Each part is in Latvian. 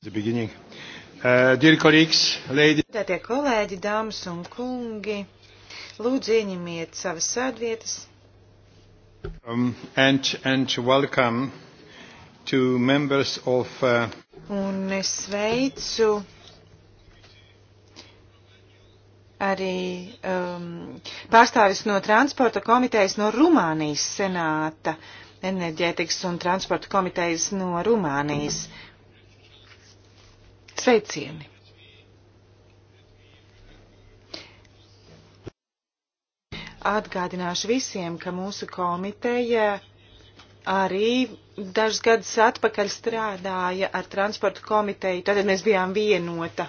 Uh, Tātie kolēģi, dāmas un kungi, lūdzu ieņemiet savas sēdvietas. Um, and, and welcome to members of. Uh, un es sveicu arī um, pārstāvis no transporta komitejas no Rumānijas senāta, enerģētikas un transporta komitejas no Rumānijas. Mm. Sveicieni! Atgādināšu visiem, ka mūsu komiteja arī dažus gadus atpakaļ strādāja ar transportu komiteju, tad mēs bijām vienota.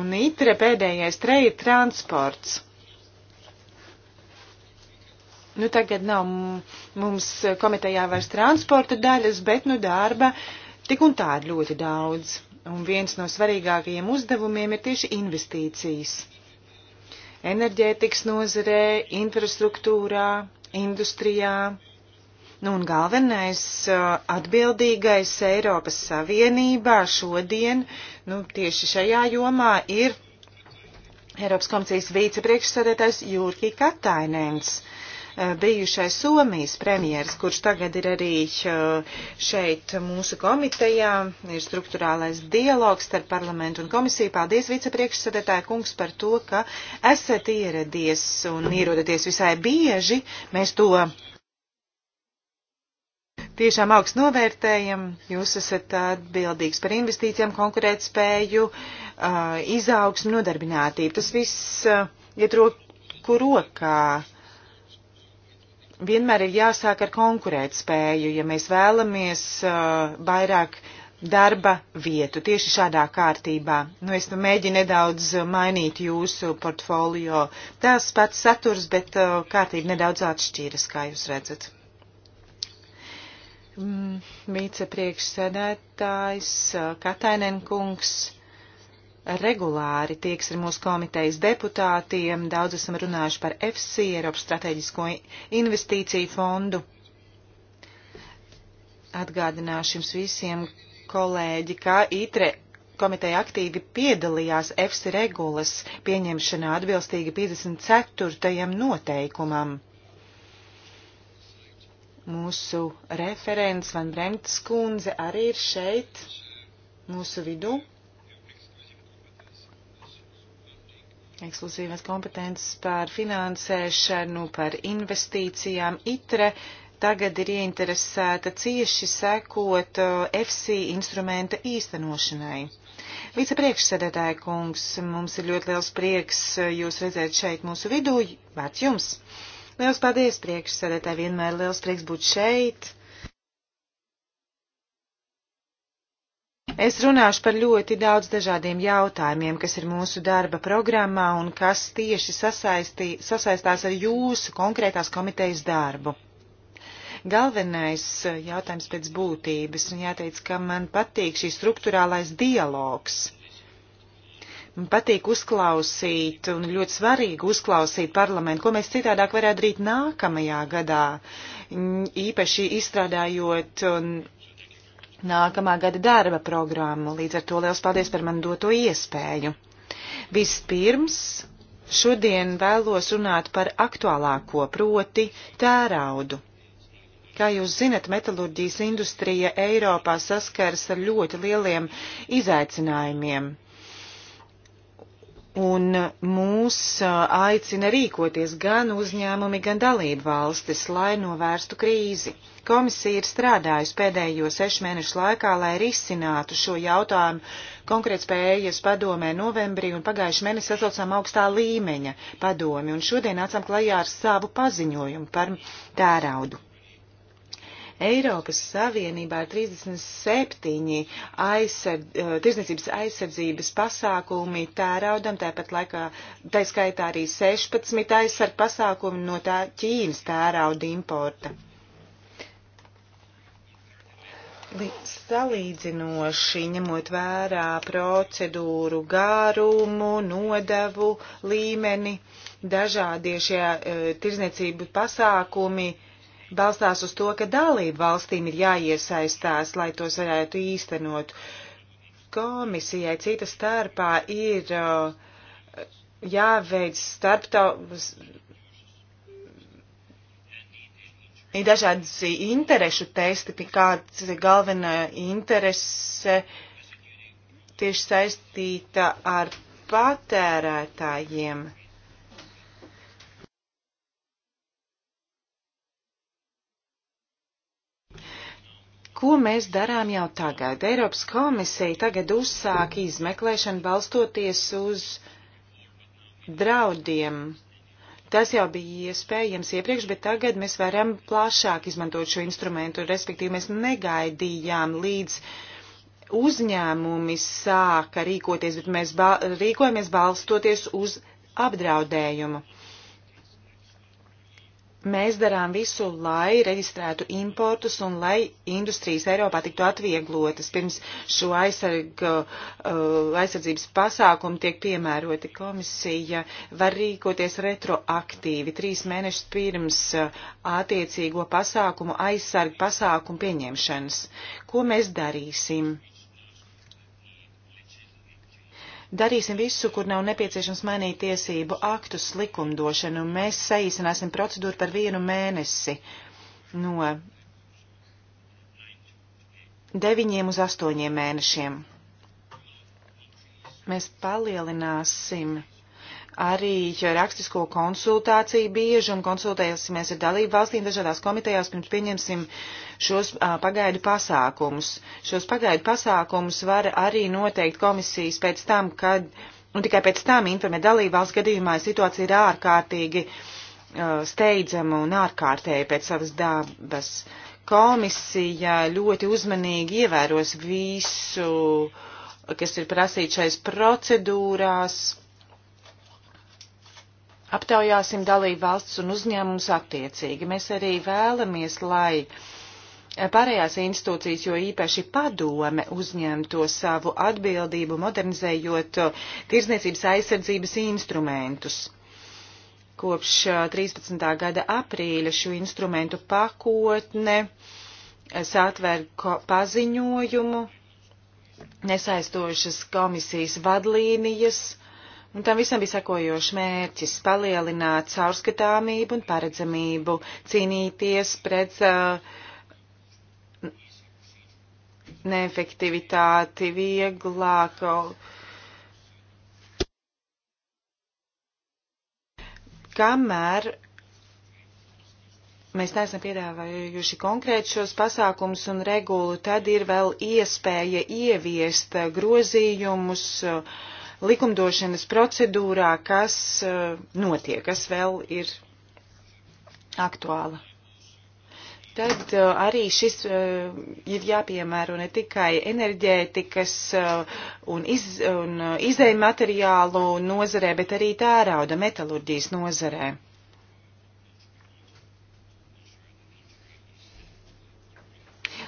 Un itre pēdējais treja ir transports. Nu, tagad nav mums komitejā vairs transporta daļas, bet, nu, darba tik un tā ļoti daudz. Un viens no svarīgākajiem uzdevumiem ir tieši investīcijas. Enerģētikas nozarē, infrastruktūrā, industrijā. Nu, un galvenais atbildīgais Eiropas Savienībā šodien, nu, tieši šajā jomā ir Eiropas komisijas vicepriekšsēdētājs Jūrkī Katainēns. Uh, Eh, bijušais Somijas premjers, kurš tagad ir arī eh, šeit mūsu komitejā, ir struktūrālais dialogs starp parlamentu un komisiju. Paldies, vicepriekšsēdētāja kungs, par to, ka esat ieradies un ierodaties visai bieži. Mēs to tiešām augstu novērtējam. Jūs esat atbildīgs par investīcijām, konkurētspēju, eh, izaugsmu, nodarbinātību. Tas viss iet roku rokā vienmēr ir jāsāk ar konkurētspēju, ja mēs vēlamies uh, vairāk darba vietu tieši šādā kārtībā. Nu, es nu mēģinu nedaudz mainīt jūsu portfolio. Tās pats saturs, bet uh, kārtība nedaudz atšķīras, kā jūs redzat. Mm, Vicepriekšsēdētājs Katainen kungs regulāri tieks ar mūsu komitejas deputātiem. Daudz esam runājuši par FC, Eiropas strateģisko investīciju fondu. Atgādināšu jums visiem, kolēģi, ka ITRE komiteja aktīvi piedalījās EFSI regulas pieņemšanā atbilstīgi 54. noteikumam. Mūsu referents Van Bremts kundze arī ir šeit mūsu vidū. ekskluzīvas kompetences par finansēšanu, par investīcijām. ITRE tagad ir ieinteresēta cieši sekot uh, FC instrumenta īstenošanai. Vicepriekšsēdētāja kungs, mums ir ļoti liels prieks uh, jūs redzēt šeit mūsu vidū. Vārds jums! Liels paldies priekšsēdētāji, vienmēr liels prieks būt šeit. Es runāšu par ļoti daudz dažādiem jautājumiem, kas ir mūsu darba programmā un kas tieši sasaistī, sasaistās ar jūsu konkrētās komitejas darbu. Galvenais eh, jautājums pēc būtības, un jāteic, ka man patīk šī struktūrālais dialogs. Man patīk uzklausīt, un ļoti svarīgi uzklausīt parlamentu, ko mēs citādāk varētu darīt nākamajā gadā, īpaši izstrādājot nākamā gada darba programmu. Līdz ar to liels paldies par man doto iespēju. Vispirms šodien vēlos runāt par aktuālāko, proti tēraudu. Kā jūs zinat, metalurģijas industrija Eiropā saskars ar ļoti lieliem izaicinājumiem un mūs aicina rīkoties gan uzņēmumi, gan dalību valstis, lai novērstu krīzi. Komisija ir strādājusi pēdējo sešu mēnešu laikā, lai risinātu šo jautājumu konkrēt spējas padomē novembrī un pagājuši mēnesi sasaucām augstā līmeņa padomi, un šodien nācām klajā ar savu paziņojumu par tēraudu. Eiropas Savienībā ir 37 aizsard, eh, tirsniecības aizsardzības pasākumi tēraudam, tāpat laikā, tā skaitā arī 16 aizsard pasākumi no tā Ķīnas tērauda importa. salīdzinoši, ņemot vērā procedūru gārumu, nodevu līmeni, dažādie šie uh, tirzniecību pasākumi uh, balstās uz to, ka dalību valstīm ir jāiesaistās, lai tos varētu īstenot. Komisijai cita starpā ir uh, jāveic starptautas. Ir dažādas interešu testi, kāds ir galvenā interese tieši saistīta ar patērētājiem. Ko mēs darām jau tagad? Eiropas komisija tagad uzsāk izmeklēšanu balstoties uz draudiem. Tas jau bija iespējams iepriekš, bet tagad mēs varam plašāk izmantot šo instrumentu, respektīvi mēs negaidījām līdz uzņēmumi sāka rīkoties, bet mēs ba rīkojamies balstoties uz apdraudējumu mēs darām visu, lai reģistrētu importus un lai industrijas Eiropā tiktu atvieglotas pirms šo aizsarg, uh, aizsardzības pasākumu tiek piemēroti. Komisija var rīkoties retroaktīvi trīs mēnešus pirms uh, attiecīgo pasākumu aizsarg pasākumu pieņemšanas. Ko mēs darīsim? Darīsim visu, kur nav nepieciešams mainīt tiesību aktus likumdošanu. Mēs saīsināsim procedūru par vienu mēnesi no deviņiem uz astoņiem mēnešiem. Mēs palielināsim arī rakstisko konsultāciju bieži un konsultēsimies ar dalību valstīm dažādās komitejās, pirms pieņemsim šos a, pagaidu pasākumus. Šos pagaidu pasākumus var arī noteikt komisijas pēc tam, kad, un nu, tikai pēc tam informēt dalību valsts gadījumā, ja situācija ir ārkārtīgi a, steidzama un ārkārtēja pēc savas dabas. Komisija ļoti uzmanīgi ievēros visu, kas ir prasīts šais procedūrās Aptaujāsim dalību valsts un uzņēmums attiecīgi. Mēs arī vēlamies, lai eh, pārējās institūcijas, jo īpaši padome, uzņemto savu atbildību, modernizējot eh, tirzniecības aizsardzības instrumentus. Kopš 13. Eh, gada aprīļa šo instrumentu pakotne satver paziņojumu, nesaistošas komisijas vadlīnijas, Un tam visam bija sekojošs mērķis - palielināt caurskatāmību un paredzamību, cīnīties pret uh, neefektivitāti, vieglāko. Kamēr mēs neesam piedāvājuši konkrēt šos pasākumus un regulu, tad ir vēl iespēja ieviest grozījumus, uh, likumdošanas procedūrā, kas eh, notiek, kas vēl ir aktuāla. Tad eh, arī šis eh, ir jāpiemēro ne tikai enerģētikas un, iz, un izējumateriālu nozarē, bet arī tērauda metalurģijas nozarē.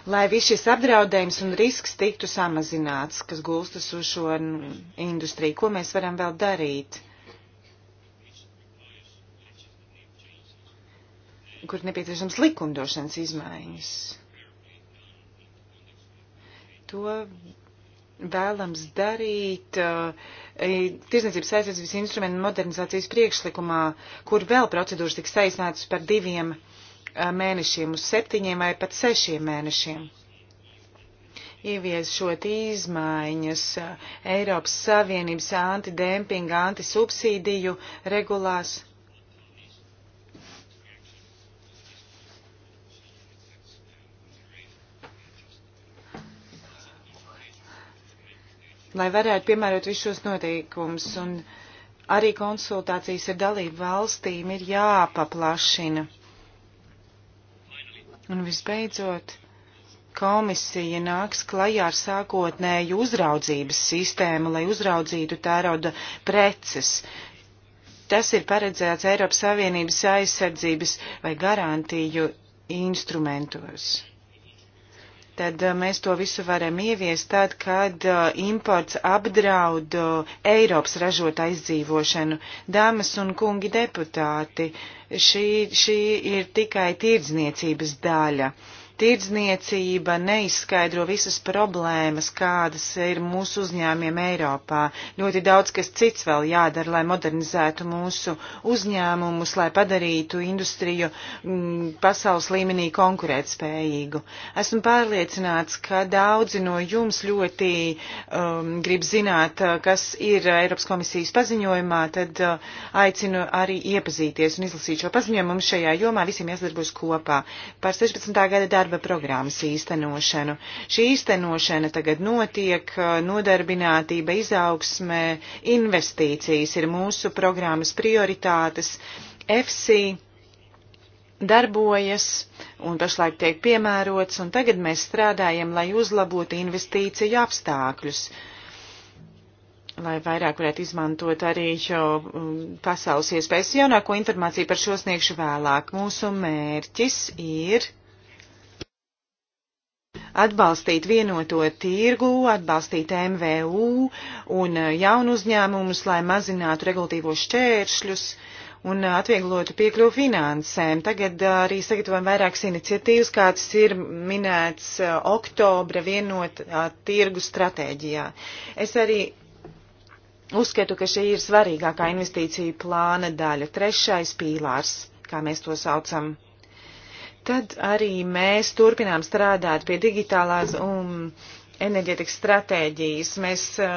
lai viss šis apdraudējums un risks tiktu samazināts, kas gulstas uz šo industriju. Ko mēs varam vēl darīt? Kur nepieciešams likumdošanas izmaiņas. To vēlams darīt uh, tirsniecības aizsardzības instrumentu modernizācijas priekšlikumā, kur vēl procedūras tiks saīsnētas par diviem uh, mēnešiem uz septiņiem vai pat sešiem mēnešiem. Ieviešot izmaiņas Eiropas Savienības antidempinga, antisubsīdiju regulās. Lai varētu piemērot visus šos noteikumus un arī konsultācijas ar dalību valstīm ir jāpaplašina Un visbeidzot, komisija nāks klajā ar sākotnēju uzraudzības sistēmu, lai uzraudzītu tērauda preces. Tas ir paredzēts Eiropas Savienības aizsardzības vai garantiju instrumentos tad eh, mēs to visu varam ieviest tad, kad eh, imports apdraud eh, Eiropas ražotā izdzīvošanu. Dāmas un kungi deputāti, šī, šī ir tikai tirdzniecības daļa. Uh, tirdzniecība neizskaidro visas problēmas, kādas ir mūsu uzņēmiem Eiropā. Ļoti daudz kas cits vēl jādara, lai modernizētu mūsu uzņēmumus, lai padarītu industriju m, mm, pasaules līmenī konkurētspējīgu. Esmu pārliecināts, ka daudzi no jums ļoti um, grib zināt, uh, kas ir Eiropas komisijas paziņojumā, tad uh, aicinu arī iepazīties un izlasīt šo paziņojumu. Mums šajā jomā visiem jāsadarbojas kopā. Par 16. gada darbu darba programmas īstenošanu. Šī īstenošana tagad notiek, nodarbinātība, izaugsme, investīcijas ir mūsu programmas prioritātes. FC darbojas un pašlaik tiek piemērots, un tagad mēs strādājam, lai uzlabotu investīciju apstākļus, lai vairāk varētu izmantot arī šo um, pasaules iespējas. Jaunāko informāciju par šo sniegšu vēlāk. Mūsu mērķis ir atbalstīt vienoto tirgu, atbalstīt MVU un uh, jaunu uzņēmumus, lai mazinātu regulatīvos šķēršļus un uh, atvieglotu piekļuvu finansēm. Tagad uh, arī sagatavojam vairākas iniciatīvas, kāds ir minēts oktobra vienotā tirgu stratēģijā. Es arī Uzskatu, ka šī ir svarīgākā investīcija plāna daļa, trešais pīlārs, kā mēs to saucam. Tad arī mēs turpinām strādāt pie digitālās un enerģetikas stratēģijas. Mēs uh,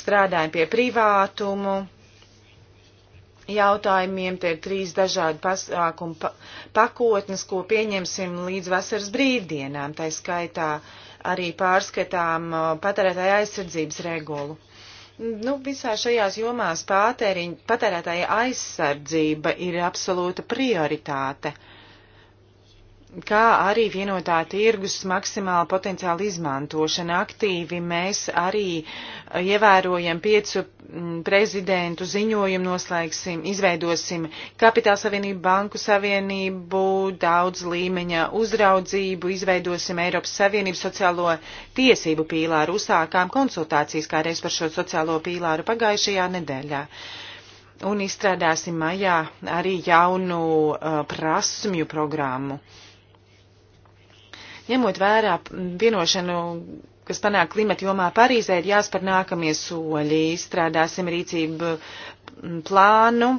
strādājam pie privātumu jautājumiem. Tie ir trīs dažādi pasākumu pa pakotnes, ko pieņemsim līdz vasaras brīvdienām. Tā skaitā arī pārskatām uh, patērētāja aizsardzības regulu. Nu, visā šajās jomās patērētāja aizsardzība ir absolūta prioritāte. Uh, kā arī vienotā tirgus maksimāla potenciāla izmantošana. Aktīvi mēs arī ievērojam piecu mm, prezidentu ziņojumu, noslēgsim, izveidosim kapitāla savienību, banku savienību, daudz līmeņa uzraudzību, izveidosim Eiropas Savienības sociālo tiesību pīlāru, uzsākām konsultācijas kādreiz par šo sociālo pīlāru pagājušajā nedēļā un izstrādāsim maijā arī jaunu uh, prasmju programmu. Uh, Ņemot vērā vienošanu, kas panāk klimata jomā Parīzē, ir jāspēr nākamie soļi. Izstrādāsim rīcību plānu.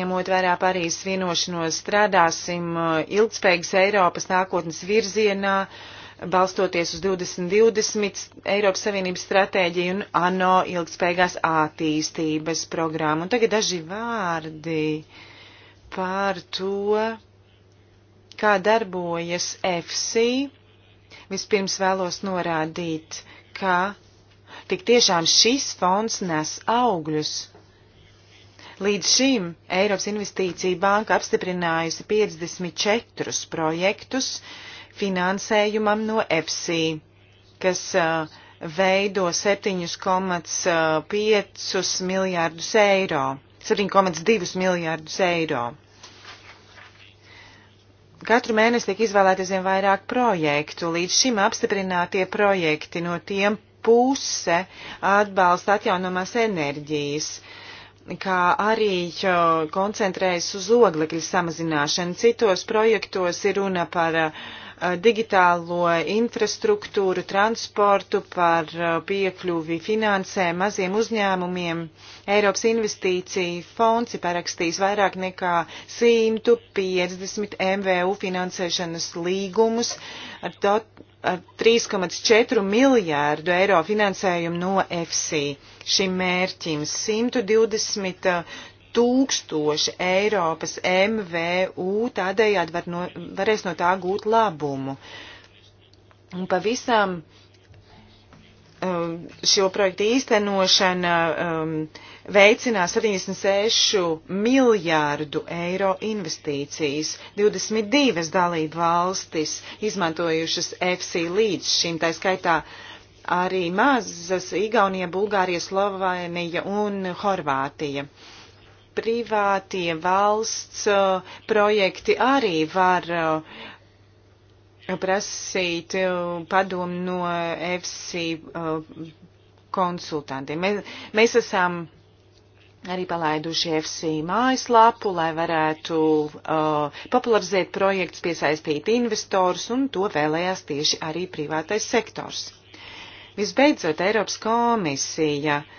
Ņemot vērā Parīzes vienošanos, strādāsim uh, ilgspējīgas Eiropas nākotnes virzienā balstoties uz 2020 Eiropas Savienības stratēģiju un ANO ilgspējīgās attīstības programmu. Un tagad daži vārdi par to, kā darbojas FC, vispirms vēlos norādīt, ka tik tiešām šis fonds nes augļus. Līdz šim Eiropas Investīcija banka apstiprinājusi 54 projektus finansējumam no EFSI, kas uh, veido 7,5 miljārdus eiro, 7,2 miljārdus eiro. Katru mēnesi tiek izvēlēti zem vairāk projektu. Līdz šim apstiprinātie projekti no tiem puse atbalsta atjaunomās enerģijas, kā arī koncentrējas uz oglekļa samazināšanu. Citos projektos ir runa par uh, digitālo infrastruktūru, transportu, par piekļuvi finansēm maziem uzņēmumiem. Eiropas investīcija fonds ir parakstījis vairāk nekā 150 MVU finansēšanas līgumus ar, ar 3,4 miljārdu eiro finansējumu no FC. Šim mērķim 120 tūkstoši Eiropas MVU tādējādi var no, varēs no tā gūt labumu. Un pavisam um, šo projektu īstenošana um, veicinās 76 miljārdu eiro investīcijas. 22 dalību valstis izmantojušas FC līdz šim, tā skaitā arī mazas Igaunija, Bulgārija, Slovenija un Horvātija. Uh, privātie valsts uh, projekti arī var uh, prasīt uh, padomu no FC konsultantiem. Mēs, mēs esam arī palaiduši FC mājaslapu, lai varētu uh, popularizēt projektus, piesaistīt investorus, un to vēlējās tieši arī privātais sektors. Visbeidzot, Eiropas komisija uh,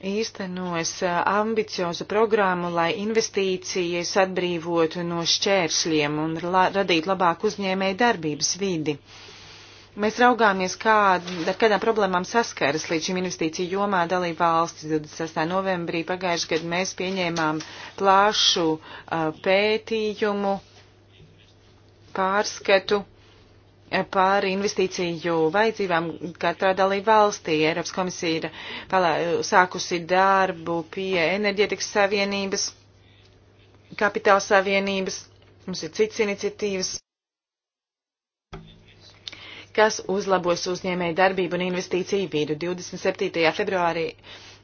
īstenos ambiciozu programmu, lai investīcijas atbrīvotu no šķēršļiem un la radītu labāku uzņēmēju darbības vidi. Mēs raugāmies, kā, ar kādām problēmām saskaras līdz šim investīciju jomā dalība valstis. 26. novembrī pagājušajā gadā mēs pieņēmām plašu uh, pētījumu pārskatu par investīciju vajadzībām katrā dalība valstī. Eiropas komisija ir palā, sākusi darbu pie enerģetikas savienības, kapitāla savienības, mums ir cits iniciatīvas kas uzlabos uzņēmēju darbību un investīciju vīdu. 27. februārī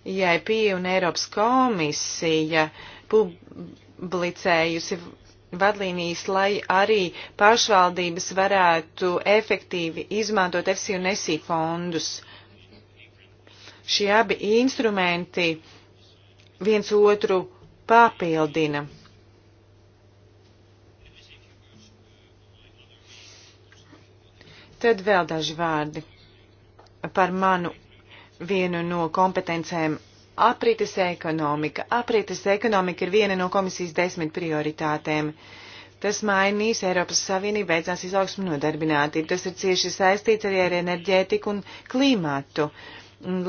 EIP un Eiropas komisija publicējusi vadlīnijas, lai arī pašvaldības varētu efektīvi izmantot EFSI un ESI fondus. Šie abi instrumenti viens otru papildina. Tad vēl daži vārdi par manu vienu no kompetencēm Aprites ekonomika. Aprites ekonomika ir viena no komisijas desmit prioritātēm. Tas mainīs Eiropas Savienību beidzās izaugsmu nodarbinātību. Tas ir cieši saistīts arī ar enerģētiku un klimatu.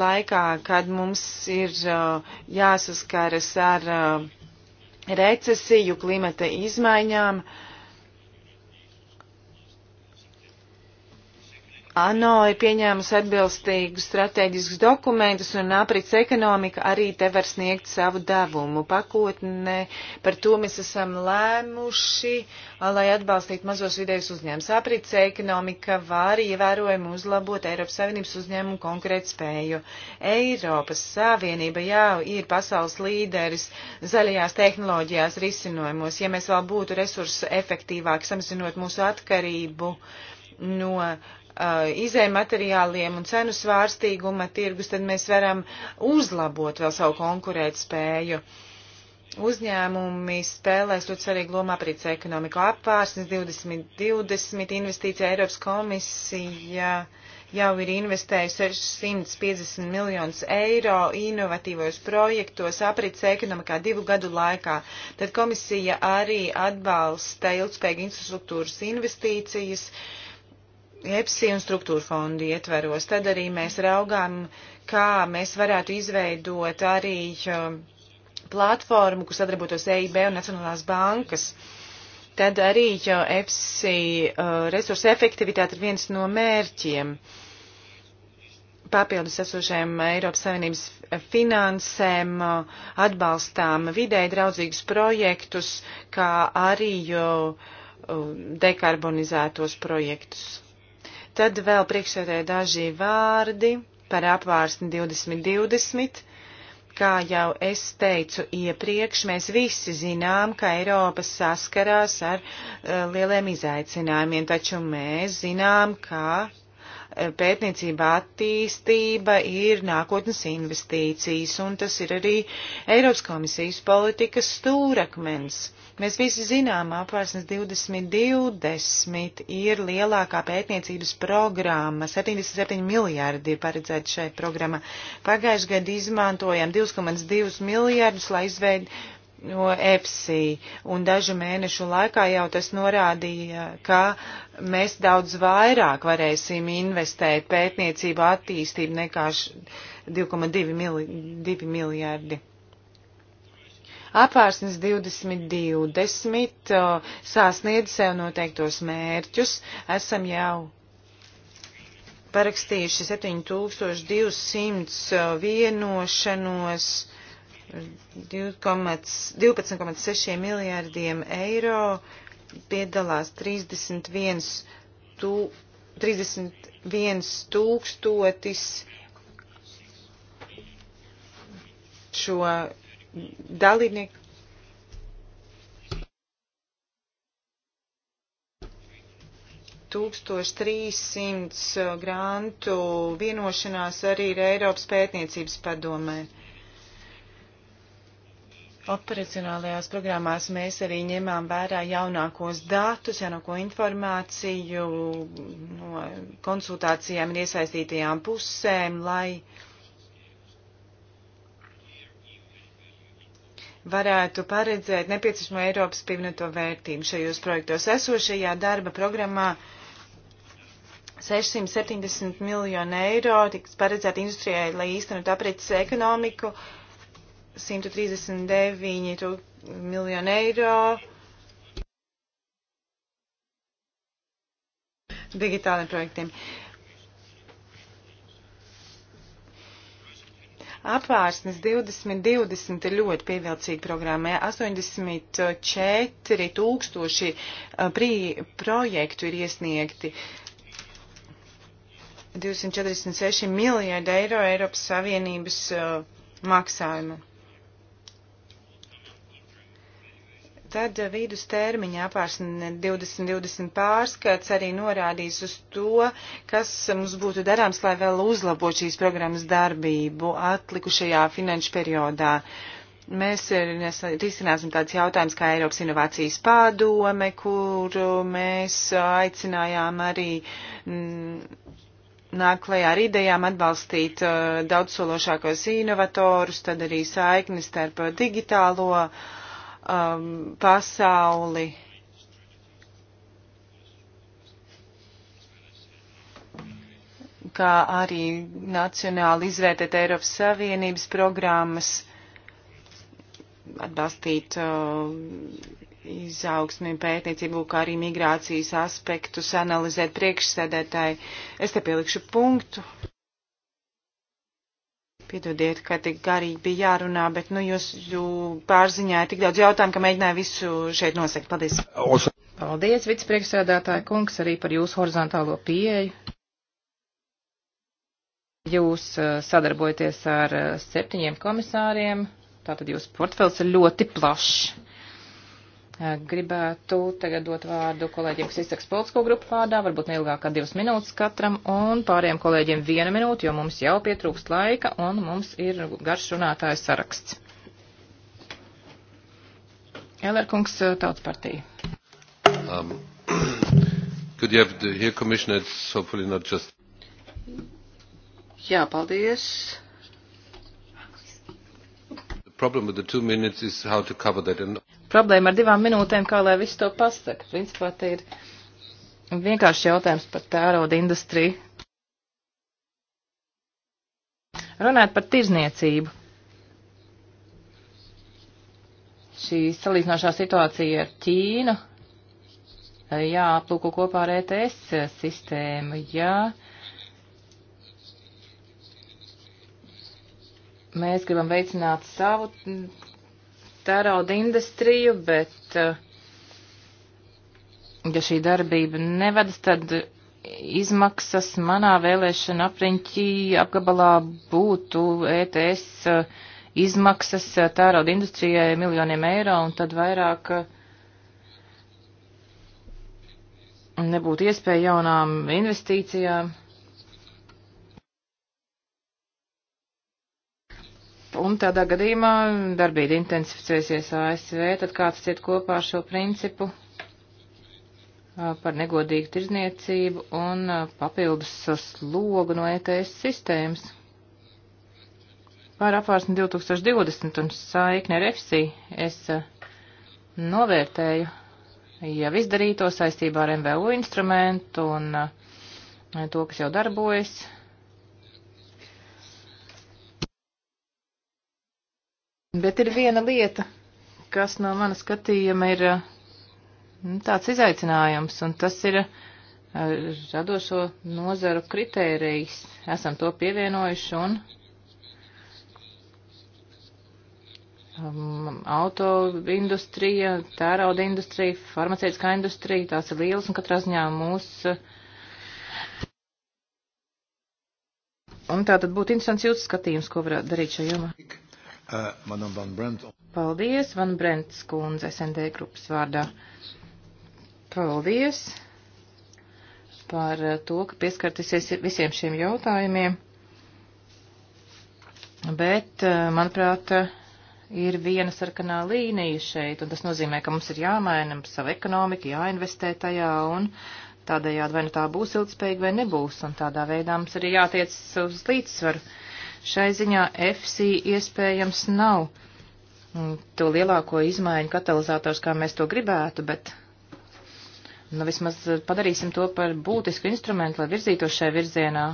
Laikā, kad mums ir uh, jāsaskaras ar uh, recesiju, klimata izmaiņām, uh, ANO ir pieņēmusi atbilstīgus strateģiskus dokumentus un aprits ekonomika arī te var sniegt savu devumu. Pakotne par to mēs esam lēmuši, lai atbalstītu mazos vidējus uzņēmumus. Aprits ekonomika var ievērojami uzlabot Eiropas Savienības uzņēmumu konkrētu spēju. Eiropas Savienība jau ir pasaules līderis zaļajās tehnoloģijās risinojumos. Ja mēs vēl būtu resursu efektīvāki, samazinot mūsu atkarību no Uh, izējumateriāliem un cenu svārstīguma tirgus, tad mēs varam uzlabot vēl savu konkurētspēju. Uzņēmumi spēlēs ļoti svarīgu lomu aprīts ekonomiku apvārsnes 2020 investīcija Eiropas komisija jau ir investējusi 650 miljonus eiro inovatīvos projektos aprits ekonomikā divu gadu laikā. Tad komisija arī atbalsta ilgspējīgu infrastruktūras investīcijas. Uh, EPSI un struktūra fondu ietveros. Tad arī mēs raugām, kā mēs varētu izveidot arī um, platformu, kur sadarbotos EIB un Nacionālās bankas. Tad arī um, EPSI uh, resursa efektivitāte ir viens no mērķiem papildus esošajām Eiropas Savienības finansēm uh, atbalstām videi draudzīgus projektus, kā arī um, dekarbonizētos projektus. Tad vēl priekšsēdē daži vārdi par apvārsni 2020. Kā jau es teicu iepriekš, mēs visi zinām, ka Eiropa saskarās ar uh, lieliem izaicinājumiem, taču mēs zinām, ka eh, pētniecība attīstība ir nākotnes investīcijas, un tas ir arī Eiropas komisijas politikas stūrakmens. Mēs visi zinām, apvērsnes 2020 ir lielākā pētniecības programma. 77 miljārdi ir paredzēti šai programma. Pagājušajā gadā izmantojam 2,2 miljārdus, lai izveidot no EPSI, un dažu mēnešu laikā jau tas norādīja, ka mēs daudz vairāk varēsim investēt pētniecību attīstību nekā 2,2 mil miljārdi. Apvērsnes 2020 sasniedz sev noteiktos mērķus. Esam jau parakstījuši 7200 vienošanos. 12,6 miljārdiem eiro piedalās 31, tū, 31 tūkstotis šo dalībnieki. Tūkstoš trīssimts grantu vienošanās arī ir Eiropas pētniecības padomē. Operacionālajās programmās mēs arī ņemām vērā jaunākos datus, jaunāko informāciju no konsultācijām ar iesaistītajām pusēm, lai uh, varētu paredzēt nepieciešamo Eiropas pievienoto vērtību šajos projektos. Esošajā darba programmā 670 miljonu eiro tiks paredzēta industrijai, lai īstenot aprits ekonomiku, 139 miljonu eiro. Digitāliem projektiem. Uh, Apvārsnes 2020 ir ļoti pievilcīga programma. 84 tūkstoši projektu ir iesniegti. 246 miljārdi eiro Eiropas Savienības maksājumu. Tad eh, vidus termiņa apārsne 2020 pārskats arī norādīs uz to, kas mums būtu darāms, lai vēl uzlabotu šīs programmas darbību atlikušajā finanšu periodā. Mēs risināsim tāds jautājums kā Eiropas inovācijas padome, kuru mēs aicinājām arī mm, nāk klajā ar idejām atbalstīt uh, daudzsološākos inovatorus, tad arī saiknis starp digitālo uh, um, pasauli. kā arī nacionāli izvērtēt Eiropas Savienības programmas, atbalstīt uh, izaugsmi pētniecību, kā arī migrācijas aspektus analizēt priekšsēdētāji. Es te pielikšu punktu. Piedodiet, ka tik garīgi bija jārunā, bet nu, jūs jū pārziņā ir tik daudz jautājumu, ka mēģināju visu šeit nosegt. Paldies! Paldies, vicepriekšsēdētāja kungs, arī par jūsu horizontālo pieeju. Jūs eh, sadarbojaties ar eh, septiņiem komisāriem, tātad jūsu portfels ir ļoti plašs. Gribētu tagad dot vārdu kolēģiem, kas izsaka politisko grupu vārdā, varbūt neilgāk kā divas minūtes katram, un pāriem kolēģiem viena minūte, jo mums jau pietrūkst laika, un mums ir garš runātājs saraksts. Elerkungs, Tautas partija. Um, could you have the, here commissioner, it's hopefully not just... Jā, paldies problem with the two minutes is how to cover that. And problēma ar divām minūtēm, kā lai visu to pasaka. Principā te ir vienkārši jautājums par tērauda industriju. Runāt par tirzniecību. Šī salīdzinošā situācija ar Ķīnu eh, jāaplūko kopā ar ETS sistēmu. Jā, mēs gribam veicināt savu tērauda industriju, bet eh, ja šī darbība nevedas, tad izmaksas manā vēlēšana apriņķī apgabalā būtu ETS eh, izmaksas eh, tērauda industrijai miljoniem eiro un tad vairāk nebūtu iespēja jaunām investīcijām. Un tādā gadījumā darbība intensificēsies ASV, tad kāds ciet kopā šo principu par negodīgu tirzniecību un papildus slogu no ETS sistēmas. Par apvārsni 2020 un saikni ar EFSI es novērtēju jau izdarīto saistībā ar MVU instrumentu un to, kas jau darbojas, Bet ir viena lieta, kas no mana skatījuma ir nu, tāds izaicinājums, un tas ir eh, radošo nozaru kritērijs. Esam to pievienojuši un um, auto industrija, tērauda industrija, farmaceitiskā industrija, tās ir lielas un katrā ziņā mūs. Un tā tad būtu interesants jūsu skatījums, ko varētu darīt šajā jomā. Uh, Paldies, Van Brents kundze, SND grupas vārdā. Paldies par uh, to, ka pieskartīsies visiem šiem jautājumiem. Bet, uh, manuprāt, ir viena sarkanā līnija šeit, un tas nozīmē, ka mums ir jāmaina savu ekonomiku, jāinvestē tajā, un tādējādi vai nu tā būs ilgspējīga vai nebūs, un tādā veidā mums arī jātiec uz līdzsvaru. Uh, Šai ziņā FC iespējams nav mm, to lielāko izmaiņu katalizators, kā mēs to gribētu, bet nu, vismaz eh, padarīsim to par būtisku instrumentu, lai virzītos šajā virzienā.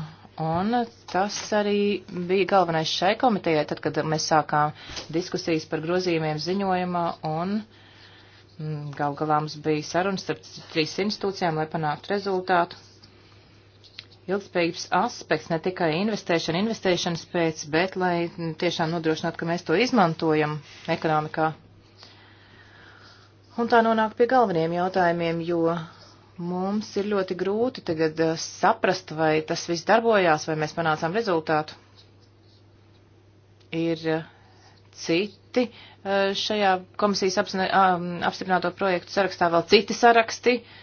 Un tas arī bija galvenais šai komitejai, tad, kad mēs sākām diskusijas par grozījumiem ziņojumā un mm, gal galā mums bija sarunas starp trīs institūcijām, lai panāktu rezultātu ilgspējības aspekts, ne tikai investēšana investēšanas pēc, bet lai mm, tiešām nodrošinātu, ka mēs to izmantojam ekonomikā. Un tā nonāk pie galveniem jautājumiem, jo mums ir ļoti grūti tagad eh, saprast, vai tas viss darbojās, vai mēs panācām rezultātu. Ir eh, citi eh, šajā komisijas mm, apstiprināto projektu sarakstā, vēl citi saraksti, uh,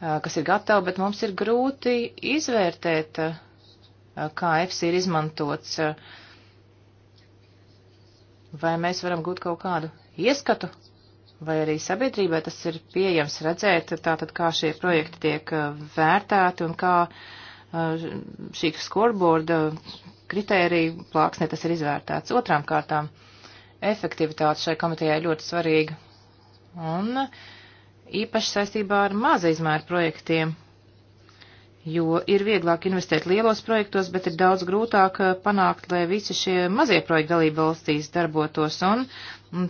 Uh, kas ir gatava, bet mums ir grūti izvērtēt, uh, kā EFSI ir izmantots. Uh, vai mēs varam gūt kaut kādu ieskatu, vai arī sabiedrībai tas ir pieejams redzēt, tātad kā šie projekti tiek vērtēti un kā šī scoreboarda kritērija plāksnē tas ir izvērtēts. Otrām kārtām efektivitāte šai komitejai ļoti svarīga. Un uh, īpaši saistībā ar maza izmēra projektiem, jo ir vieglāk investēt lielos projektos, bet ir daudz grūtāk eh, panākt, lai visi šie mazie projekti dalība valstīs darbotos. Un mm,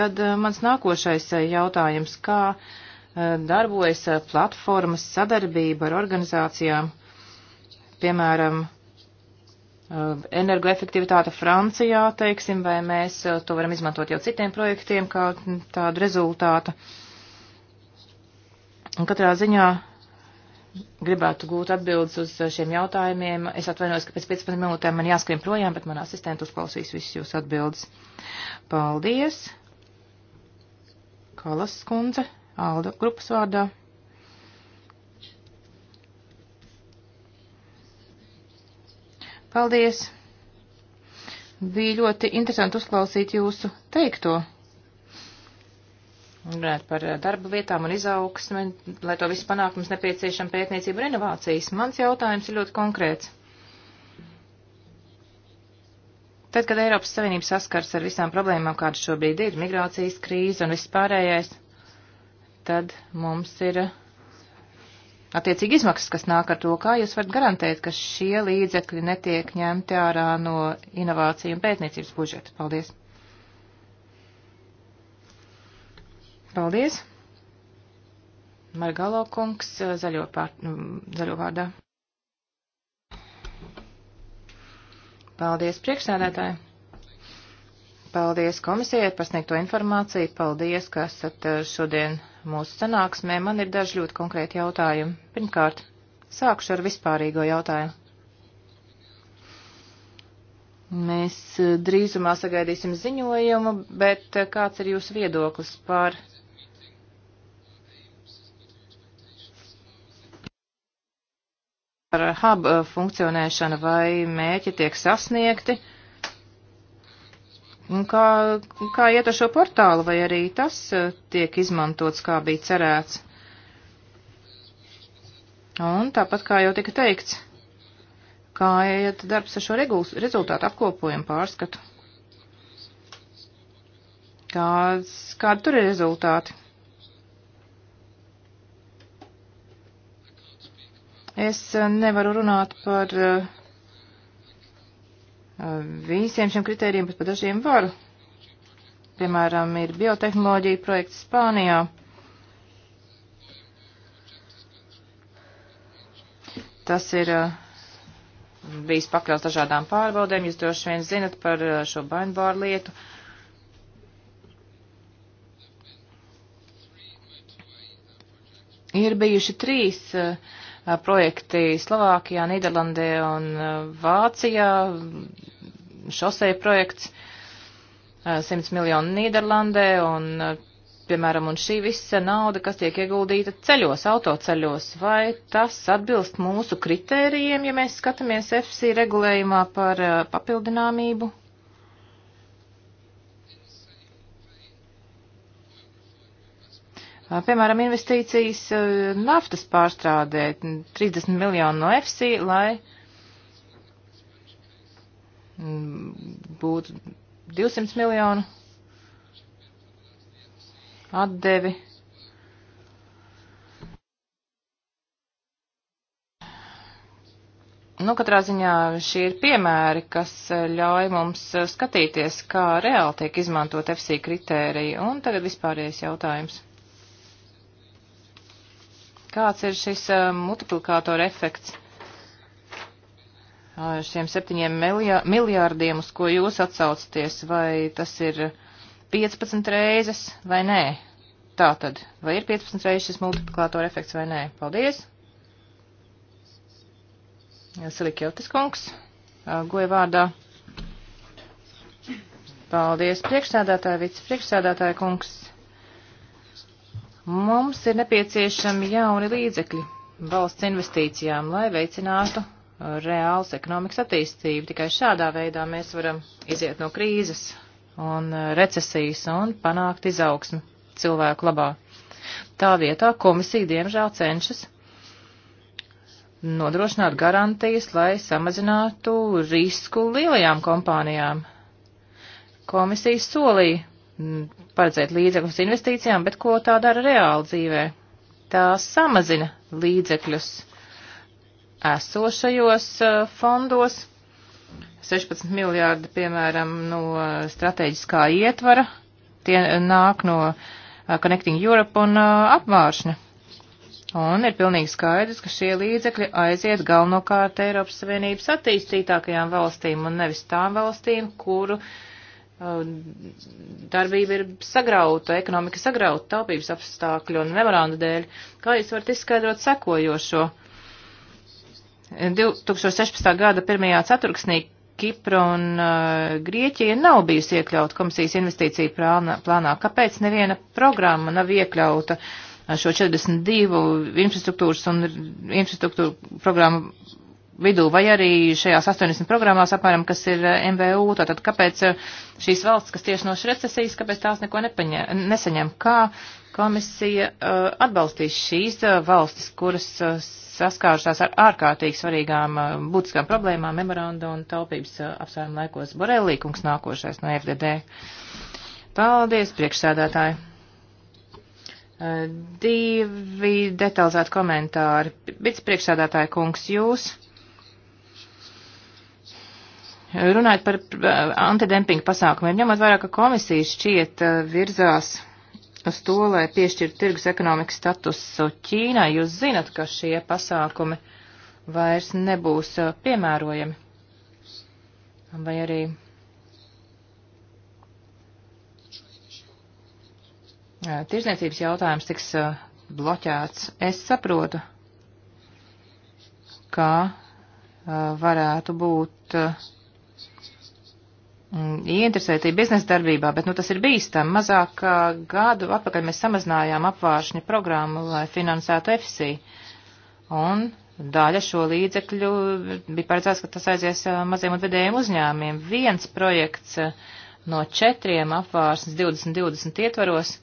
tad eh, mans nākošais eh, jautājums, kā darbojas platformas sadarbība ar organizācijām, piemēram, energoefektivitāte Francijā, teiksim, vai mēs to varam izmantot jau citiem projektiem kā mm, tādu rezultātu. Uh, Un katrā ziņā gribētu gūt atbildes uz eh, šiem jautājumiem. Es atvainojos, ka pēc 15 minūtēm man jāskrien projām, bet mana asistenta uzklausīs visus jūsu atbildes. Paldies! Kalas skundze, Alda grupas vārdā. Paldies! Bija ļoti interesanti uzklausīt jūsu teikto. Runājot par eh, darba vietām un izaugsmi, lai to visu panākt, mums nepieciešama pētniecība un inovācijas. Mans jautājums ir ļoti konkrēts. Tad, kad Eiropas Savienība saskars ar visām problēmām, kādas šobrīd ir, migrācijas krīze un viss pārējais, tad mums ir eh, attiecīgi izmaksas, kas nāk ar to, kā jūs varat garantēt, ka šie līdzekļi netiek ņemti ārā no inovāciju un pētniecības budžeta. Paldies! Paldies. Margalo kungs eh, zaļo, pār, mm, zaļo vārdā. Paldies priekšsēdētāji. Paldies komisijai par sniegto informāciju. Paldies, ka esat eh, šodien mūsu sanāksmē. Man ir daži ļoti konkrēti jautājumi. Pirmkārt, sākšu ar vispārīgo jautājumu. Mēs eh, drīzumā sagaidīsim ziņojumu, bet kāds ir jūsu viedoklis par par hub eh, funkcionēšanu, vai mēķi tiek sasniegti. Un kā, kā iet ar šo portālu, vai arī tas eh, tiek izmantots, kā bija cerēts? Un tāpat kā jau tika teikts, kā iet darbs ar šo regulas rezultātu apkopojumu pārskatu? Kāds, kādi tur ir rezultāti? Es eh, nevaru runāt par eh, visiem šiem kritērijiem, bet par dažiem varu. Piemēram, ir biotehnoloģija projekts Spānijā. Tas ir eh, bijis pakļauts dažādām pārbaudēm. Jūs droši vien zinat par šo bainbāru lietu. Ir bijuši trīs uh, projekti Slovākijā, Nīderlandē un Vācijā, šoseja projekts 100 miljonu Nīderlandē un, piemēram, un šī visa nauda, kas tiek ieguldīta ceļos, autoceļos, vai tas atbilst mūsu kritērijiem, ja mēs skatāmies FC regulējumā par papildināmību? Piemēram, investīcijas naftas pārstrādē 30 miljonu no EFSI, lai būtu 200 miljonu atdevi. Nu, katrā ziņā šie ir piemēri, kas ļauj mums skatīties, kā reāli tiek izmantot FC kritērija. Un tagad vispārējais jautājums. Kāds ir šis eh, multiplikātora efekts? Ar šiem septiņiem miljārdiem, uz ko jūs atsaucaties, vai tas ir 15 reizes vai nē? Tā tad, vai ir 15 reizes šis multiplikātora efekts vai nē? Paldies! Silikjotis kungs, goja vārdā. Paldies, priekšsēdētāja, vicepriekšsēdētāja kungs. Mums ir nepieciešami jauni līdzekļi valsts investīcijām, lai veicinātu reāls ekonomikas attīstību. Tikai šādā veidā mēs varam iziet no krīzes un recesijas un panākt izaugsmi cilvēku labā. Tā vietā komisija diemžēl cenšas nodrošināt garantijas, lai samazinātu risku lielajām kompānijām. Komisija solīja paredzēt līdzekļus investīcijām, bet ko tā dara reāli dzīvē? Tā samazina līdzekļus esošajos eh, fondos. 16 miljārdi, piemēram, no strateģiskā ietvara, tie nāk no eh, Connecting Europe un eh, apvāršņa. Un ir pilnīgi skaidrs, ka šie līdzekļi aiziet galvenokārt Eiropas Savienības attīstītākajām valstīm un nevis tām valstīm, kuru uh, darbība ir sagrauta, ekonomika sagrauta taupības apstākļu un memoranda dēļ. Kā jūs varat izskaidrot sekojošo? 2016. gada 1. ceturksnī Kipra un uh, Grieķija nav bijusi iekļauta komisijas investīciju plānā, plānā. Kāpēc neviena programma nav iekļauta šo 42 infrastruktūras un infrastruktūru programmu vidū, vai arī šajās 80 programmās, apmēram, kas ir eh, MVU, tātad kāpēc eh, šīs valsts, kas tieši no šīs recesijas, kāpēc tās neko nepaņē, nesaņem? Kā komisija uh, atbalstīs šīs uh, valstis, kuras uh, saskārušās ar ārkārtīgi svarīgām būtiskām problēmām memoranda un taupības apsvērumu laikos? Borelī, kungs nākošais no FDD. Paldies, priekšsēdētāji! Divi detalizēti komentāri. Vicepriekšsādātāja kungs, jūs Runājot par eh, antidempinga pasākumiem, ņemot vairāk, ka komisija šķiet eh, virzās uz to, lai piešķirtu tirgus ekonomikas statusu Ķīnai, jūs zinat, ka šie pasākumi vairs nebūs eh, piemērojami. Vai arī tirzniecības jautājums tiks bloķēts. Es saprotu, kā varētu būt ieinteresētība mm, biznesa darbībā, bet nu, tas ir bīstam. Mazāk kā gadu atpakaļ mēs samazinājām apvāršņu programmu, lai finansētu FSI. Un daļa šo līdzekļu bija paredzēts, ka tas aizies maziem un vidējiem uzņēmumiem. Viens projekts no četriem apvārsnes 2020 ietvaros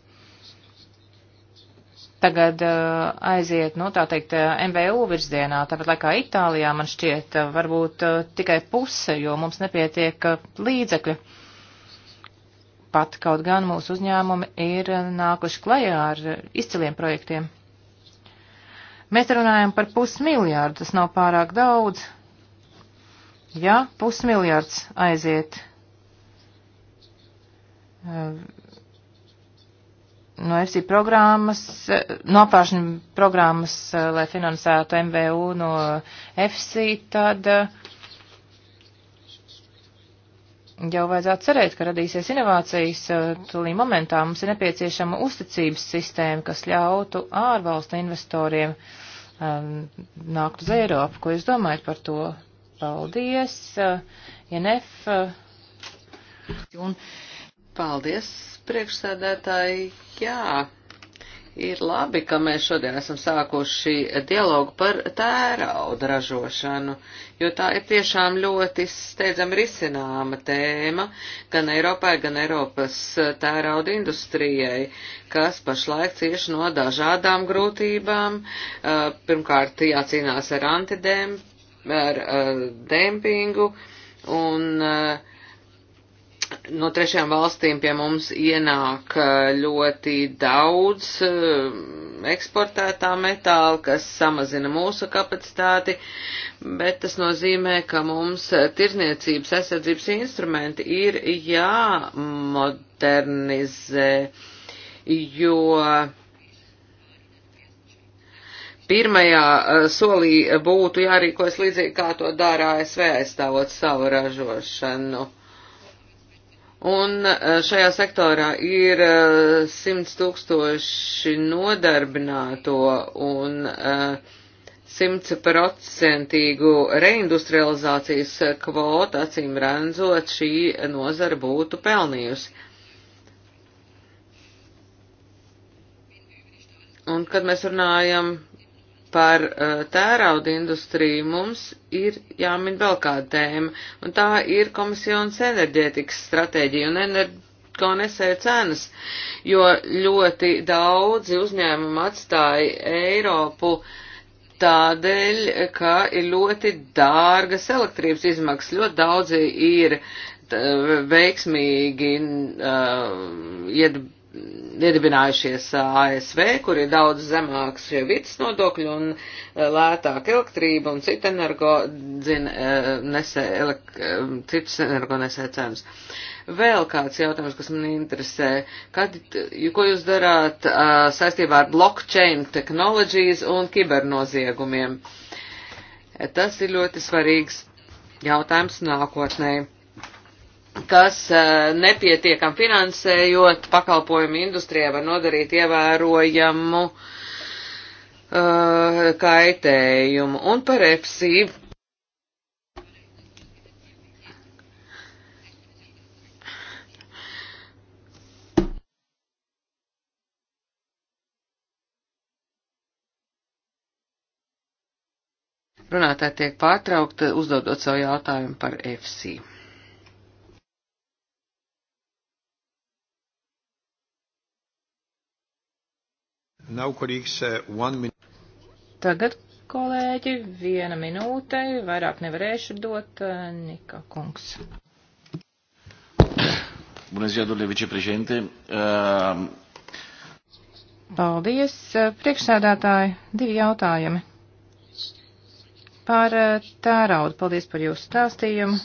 tagad uh, aiziet, nu, tā teikt, eh, MVU virzienā, tāpat laikā Itālijā, man šķiet, eh, varbūt uh, tikai puse, jo mums nepietiek uh, līdzekļu. Pat kaut gan mūsu uzņēmumi ir nākuši klajā ar izciliem projektiem. Mēs runājam par pusmiljārdu, tas nav pārāk daudz. Ja pusmiljārds aiziet no FC programmas, nopāršņu programmas, eh, lai finansētu MVU no FC, tad eh, jau vajadzētu cerēt, ka radīsies inovācijas. Eh, Tūlī momentā mums ir nepieciešama uzticības sistēma, kas ļautu ārvalstu investoriem um, nākt uz Eiropu. Ko jūs domājat par to? Paldies, INF. Ja Paldies, priekšsēdētāji. Jā, ir labi, ka mēs šodien esam sākuši dialogu par tērauda ražošanu, jo tā ir tiešām ļoti steidzam risināma tēma gan Eiropai, gan Eiropas tērauda industrijai, kas pašlaik cieši no dažādām grūtībām. Eh, pirmkārt, jācīnās ar antidemp, ar eh, dempingu un uh, no trešajām valstīm pie mums ienāk eh, ļoti daudz eh, eksportētā metāla, kas samazina mūsu kapacitāti, bet tas nozīmē, ka mums eh, tirzniecības aizsardzības instrumenti ir jāmodernizē, jo pirmajā solī būtu jārīkojas līdzīgi, kā to dara ASV aizstāvot savu ražošanu Un eh, šajā sektorā ir 100 eh, tūkstoši nodarbināto un 100% eh, reindustrializācijas kvota, acīm redzot, šī nozara būtu pelnījusi. Un kad mēs runājam par uh, tērauda industriju mums ir jāmin vēl kāda tēma, un tā ir komisijas enerģētikas stratēģija un energo nesēja cenas, jo ļoti daudzi uzņēmumi atstāja Eiropu tādēļ, ka ir ļoti dārgas elektrības izmaksas, ļoti daudzi ir veiksmīgi uh, eh, iedibināti iedibinājušies ASV, kur ir daudz zemāks vietas nodokļu un eh, lētāka elektrība un citu energo eh, nesē, elek, eh, citus energo nesē cenas. Vēl kāds jautājums, kas man interesē. Kad, ko jūs darāt saistībā ar blockchain technologies un kibernoziegumiem? Tas ir ļoti svarīgs jautājums nākotnēji kas eh, nepietiekam finansējot pakalpojumu industrijai var nodarīt ievērojamu uh, kaitējumu. Un par EFSI runātāji tiek pārtraukti, uzdodot savu jautājumu par FC. Now, colleagues, one minute. Tagad, kolēģi, viena minūte, vairāk nevarēšu dot, eh, Nika kungs. Bună ziua, domnule vicepreședinte. Uh... Paldies, eh, priekšsēdētāji. Divi jautājumi. Par tēraudu, paldies par jūsu stāstījumu.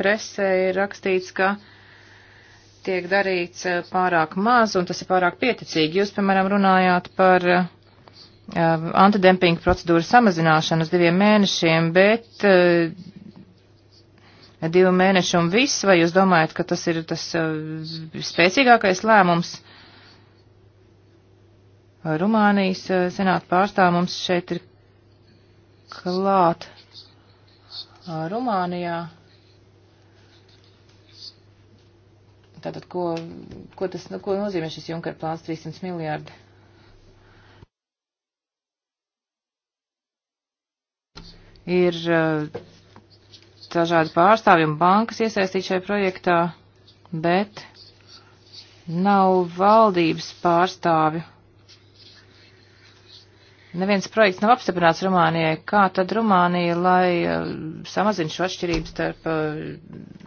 Presē ir rakstīts, ka uh, tiek darīts eh, pārāk maz un tas ir pārāk pieticīgi. Jūs, piemēram, runājāt par uh, antidempinga procedūru samazināšanu uz diviem mēnešiem, bet uh, divu mēnešu un viss, vai jūs domājat, ka tas ir tas uh, spēcīgākais lēmums? Rumānijas senāta pārstāv mums šeit ir klāt Rumānijā. Tātad, ko, ko tas nu, ko nozīmē šis Junker plāns 300 miljārdi? Ir eh, dažādi pārstāvji un bankas iesaistīti šajā projektā, bet nav valdības pārstāvju Neviens projekts nav apstiprināts Rumānijai. Kā tad Rumānija, lai eh, samazina šo atšķirību starp eh,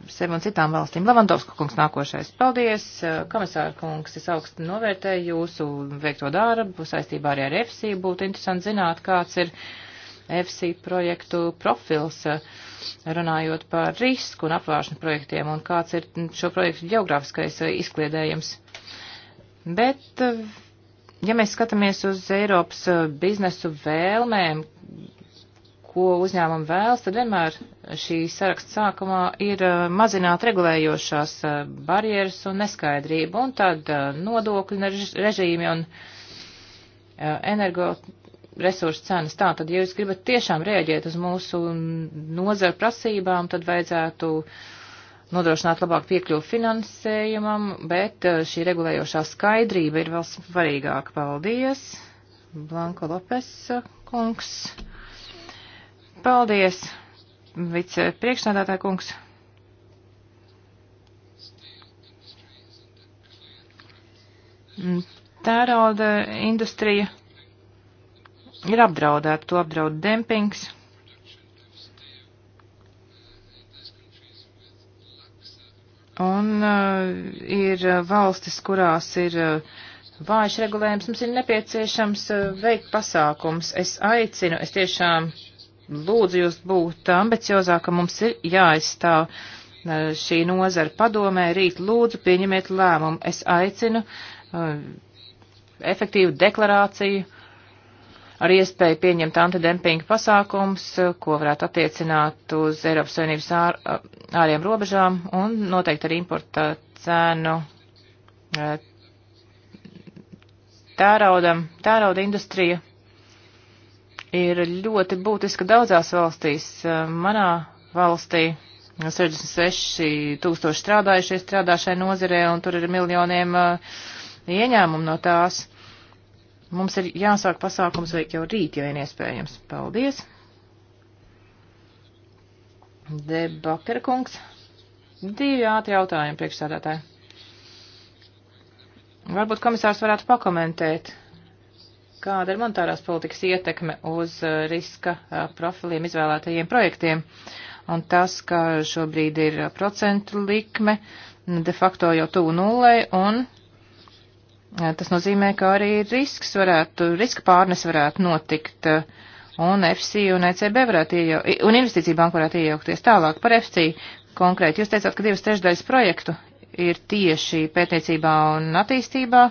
sevi un citām valstīm? Lavandovska kungs nākošais. Paldies, eh, komisāra kungs, es augstu novērtēju jūsu veikto darbu saistībā arī ar FC. Būtu interesanti zināt, kāds ir FC projektu profils, runājot par risku un apvāršanu projektiem, un kāds ir šo projektu geogrāfiskais izkliedējums. Bet Ja mēs skatāmies uz Eiropas uh, biznesu vēlmēm, ko uzņēmumi vēlas, tad vienmēr šī saraksta sākumā ir uh, mazināt regulējošās uh, barjeras un neskaidrību, un tad nodokļu režīmi un energo resursu cenas. Tā tad, ja jūs gribat tiešām rēģēt uz mūsu nozaru prasībām, tad vajadzētu uh, nodrošināt labāk piekļuvu finansējumam, bet eh, šī regulējošā skaidrība ir vēl svarīgāka. Paldies, Blanko Lopes eh, kungs. Paldies, vice priekšnādātāja kungs. Mm, tērauda industrija ir apdraudēta, to apdraud dempings. Un uh, ir uh, valstis, kurās ir uh, vājš regulējums, mums ir nepieciešams uh, veikt pasākums. Es aicinu, es tiešām lūdzu jūs būt ambiciozākam, mums ir jāaizstāv uh, šī nozara padomē, rīt lūdzu pieņemiet lēmumu. Es aicinu uh, efektīvu deklarāciju ar iespēju pieņemt antidempinga pasākums, eh, ko varētu attiecināt uz Eiropas Savienības ār, eh, āriem robežām un noteikti ar importa cēnu eh, tēraudam, tērauda industrija ir ļoti būtiska daudzās valstīs. Manā valstī 66 tūkstoši strādājušie strādā šai nozirē, un tur ir miljoniem ieņēmumu no tās. Mums ir jāsāk pasākums veikt jau rīt, ja vien iespējams. Paldies! Debakera kungs. Divi ātri jautājumi priekšsādātāji. Varbūt komisārs varētu pakomentēt, kāda ir monetārās politikas ietekme uz uh, riska uh, profiliem izvēlētajiem projektiem. Un tas, ka šobrīd ir uh, procentu likme, de facto jau tuvu nulē, un Tas nozīmē, ka arī risks varētu, riska pārnes varētu notikt, un FC un ECB varētu iejaukties, un investīcija banka varētu iejaukties tālāk par FC konkrēti. Jūs teicāt, ka divas trešdaļas projektu ir tieši pētniecībā un attīstībā.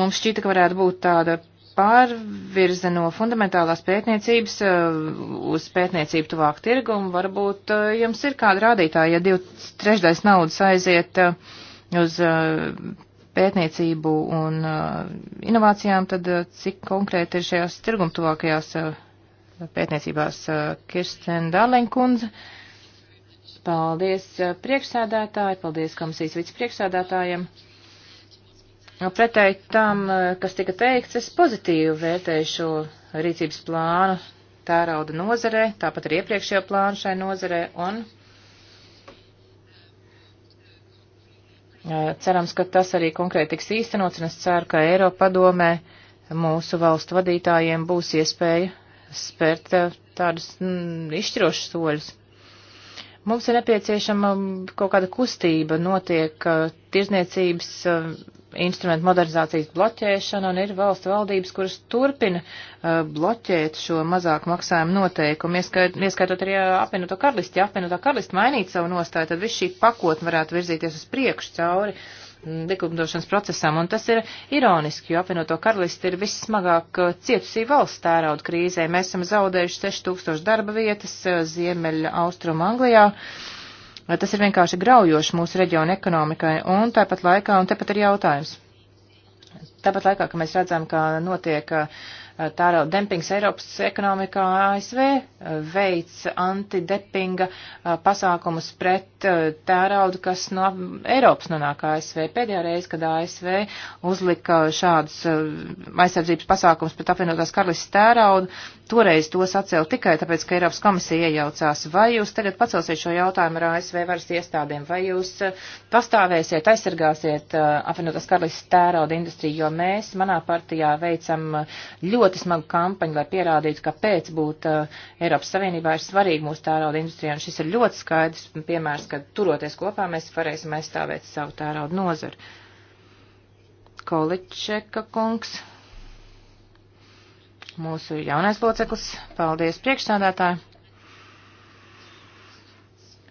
Mums šķita, ka varētu būt tāda pārvirze no fundamentālās pētniecības uz pētniecību tuvāk tirgumu. Varbūt eh, jums ir kāda rādītāja, ja divi trešdaļas naudas aiziet eh, uz eh, pētniecību un uh, inovācijām, tad uh, cik konkrēti ir šajās tirgumtuvākajās uh, pētniecībās Kirsten Dārleņkundze? Paldies priekšsēdētāji, paldies komisijas vicepriekšsēdētājiem. Pretēji tam, kas tika teikts, es pozitīvi vērtēju šo rīcības plānu tērauda nozarē, tāpat arī iepriekšējo plānu šai nozarē, un Eh, cerams, ka tas arī konkrēti tiks īstenots, un es ceru, ka Eiropa padomē mūsu valstu vadītājiem būs iespēja spērt eh, tādus mm, izšķirošus soļus. Mums ir nepieciešama mm, kaut kāda kustība, notiek eh, tirzniecības instrumentu modernizācijas bloķēšana, un ir valstu valdības, kuras turpina uh, bloķēt šo mazāk maksājumu noteikumu, ieskait, ieskaitot arī uh, apvienoto karalisti. Ja apvienotā karalisti mainītu savu nostāju, tad viss šī pakotne varētu virzīties uz priekšu cauri mm, likumdošanas procesam, un tas ir ironiski, jo apvienoto karalisti ir vissmagāk uh, cietusī valsts tērauda krīzē. Mēs esam zaudējuši 6000 darba vietas uh, Ziemeļa austruma Anglijā. Uh, Tas ir vienkārši graujoši mūsu reģiona ekonomikai un tāpat laikā, un tepat ir jautājums. Tāpat laikā, ka mēs redzam, ka notiek uh, Eh, tāra dempings Eiropas ekonomikā ASV eh, veic antidepinga eh, pasākumus pret tēraudu, kas no Eiropas nonāk ASV. Pēdējā reize, kad ASV uzlika šādus aizsardzības pasākumus pret apvienotās karalistas tēraudu, toreiz tos atcēla tikai tāpēc, ka Eiropas komisija iejaucās. Vai jūs tagad pacelsiet šo jautājumu ar ASV varas iestādēm? Vai jūs pastāvēsiet, aizsargāsiet apvienotās karalistas tērauda industriju? Jo mēs manā partijā veicam ļoti ļoti smagu kampaņu, lai pierādītu, kāpēc būt uh, Eiropas Savienībā ir svarīgi mūsu tērauda industrijā. Un šis ir ļoti skaidrs piemērs, ka turoties kopā mēs varēsim aizstāvēt savu tērauda nozaru. Količeka kungs, mūsu jaunais loceklis, paldies priekšsādātāji.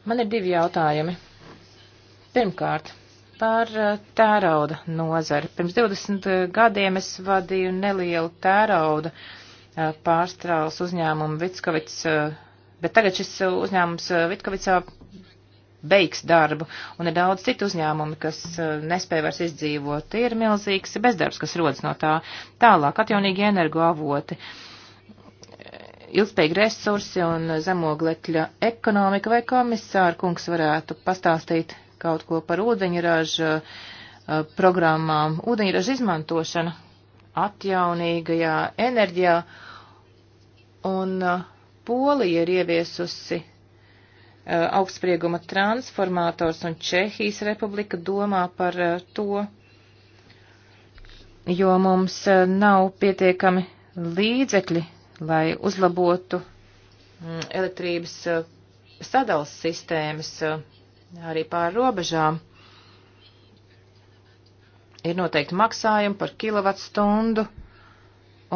Man ir divi jautājumi. Pirmkārt, par eh, tērauda nozari. Pirms 20 eh, gadiem es vadīju nelielu tērauda eh, pārstrāles uzņēmumu Vitkovits, bet tagad šis uzņēmums Vitkovicā beigs darbu, un ir daudz citu uzņēmumu, kas nespēja vairs izdzīvot. Ir milzīgs bezdarbs, kas rodas no tā. Tālāk atjaunīgi energoavoti. Ilgspējīgi resursi un zemoglekļa ekonomika vai komisāra kungs varētu pastāstīt kaut ko par ūdeņraža eh, programmām, ūdeņraža izmantošana atjaunīgajā enerģijā, un eh, Polija ir ieviesusi eh, augstsprieguma transformators, un Čehijas republika domā par to, jo mums nav pietiekami līdzekļi, lai uzlabotu mm, elektrības sadals sistēmas arī pāri robežām. Ir noteikti maksājumi par kilovatstundu,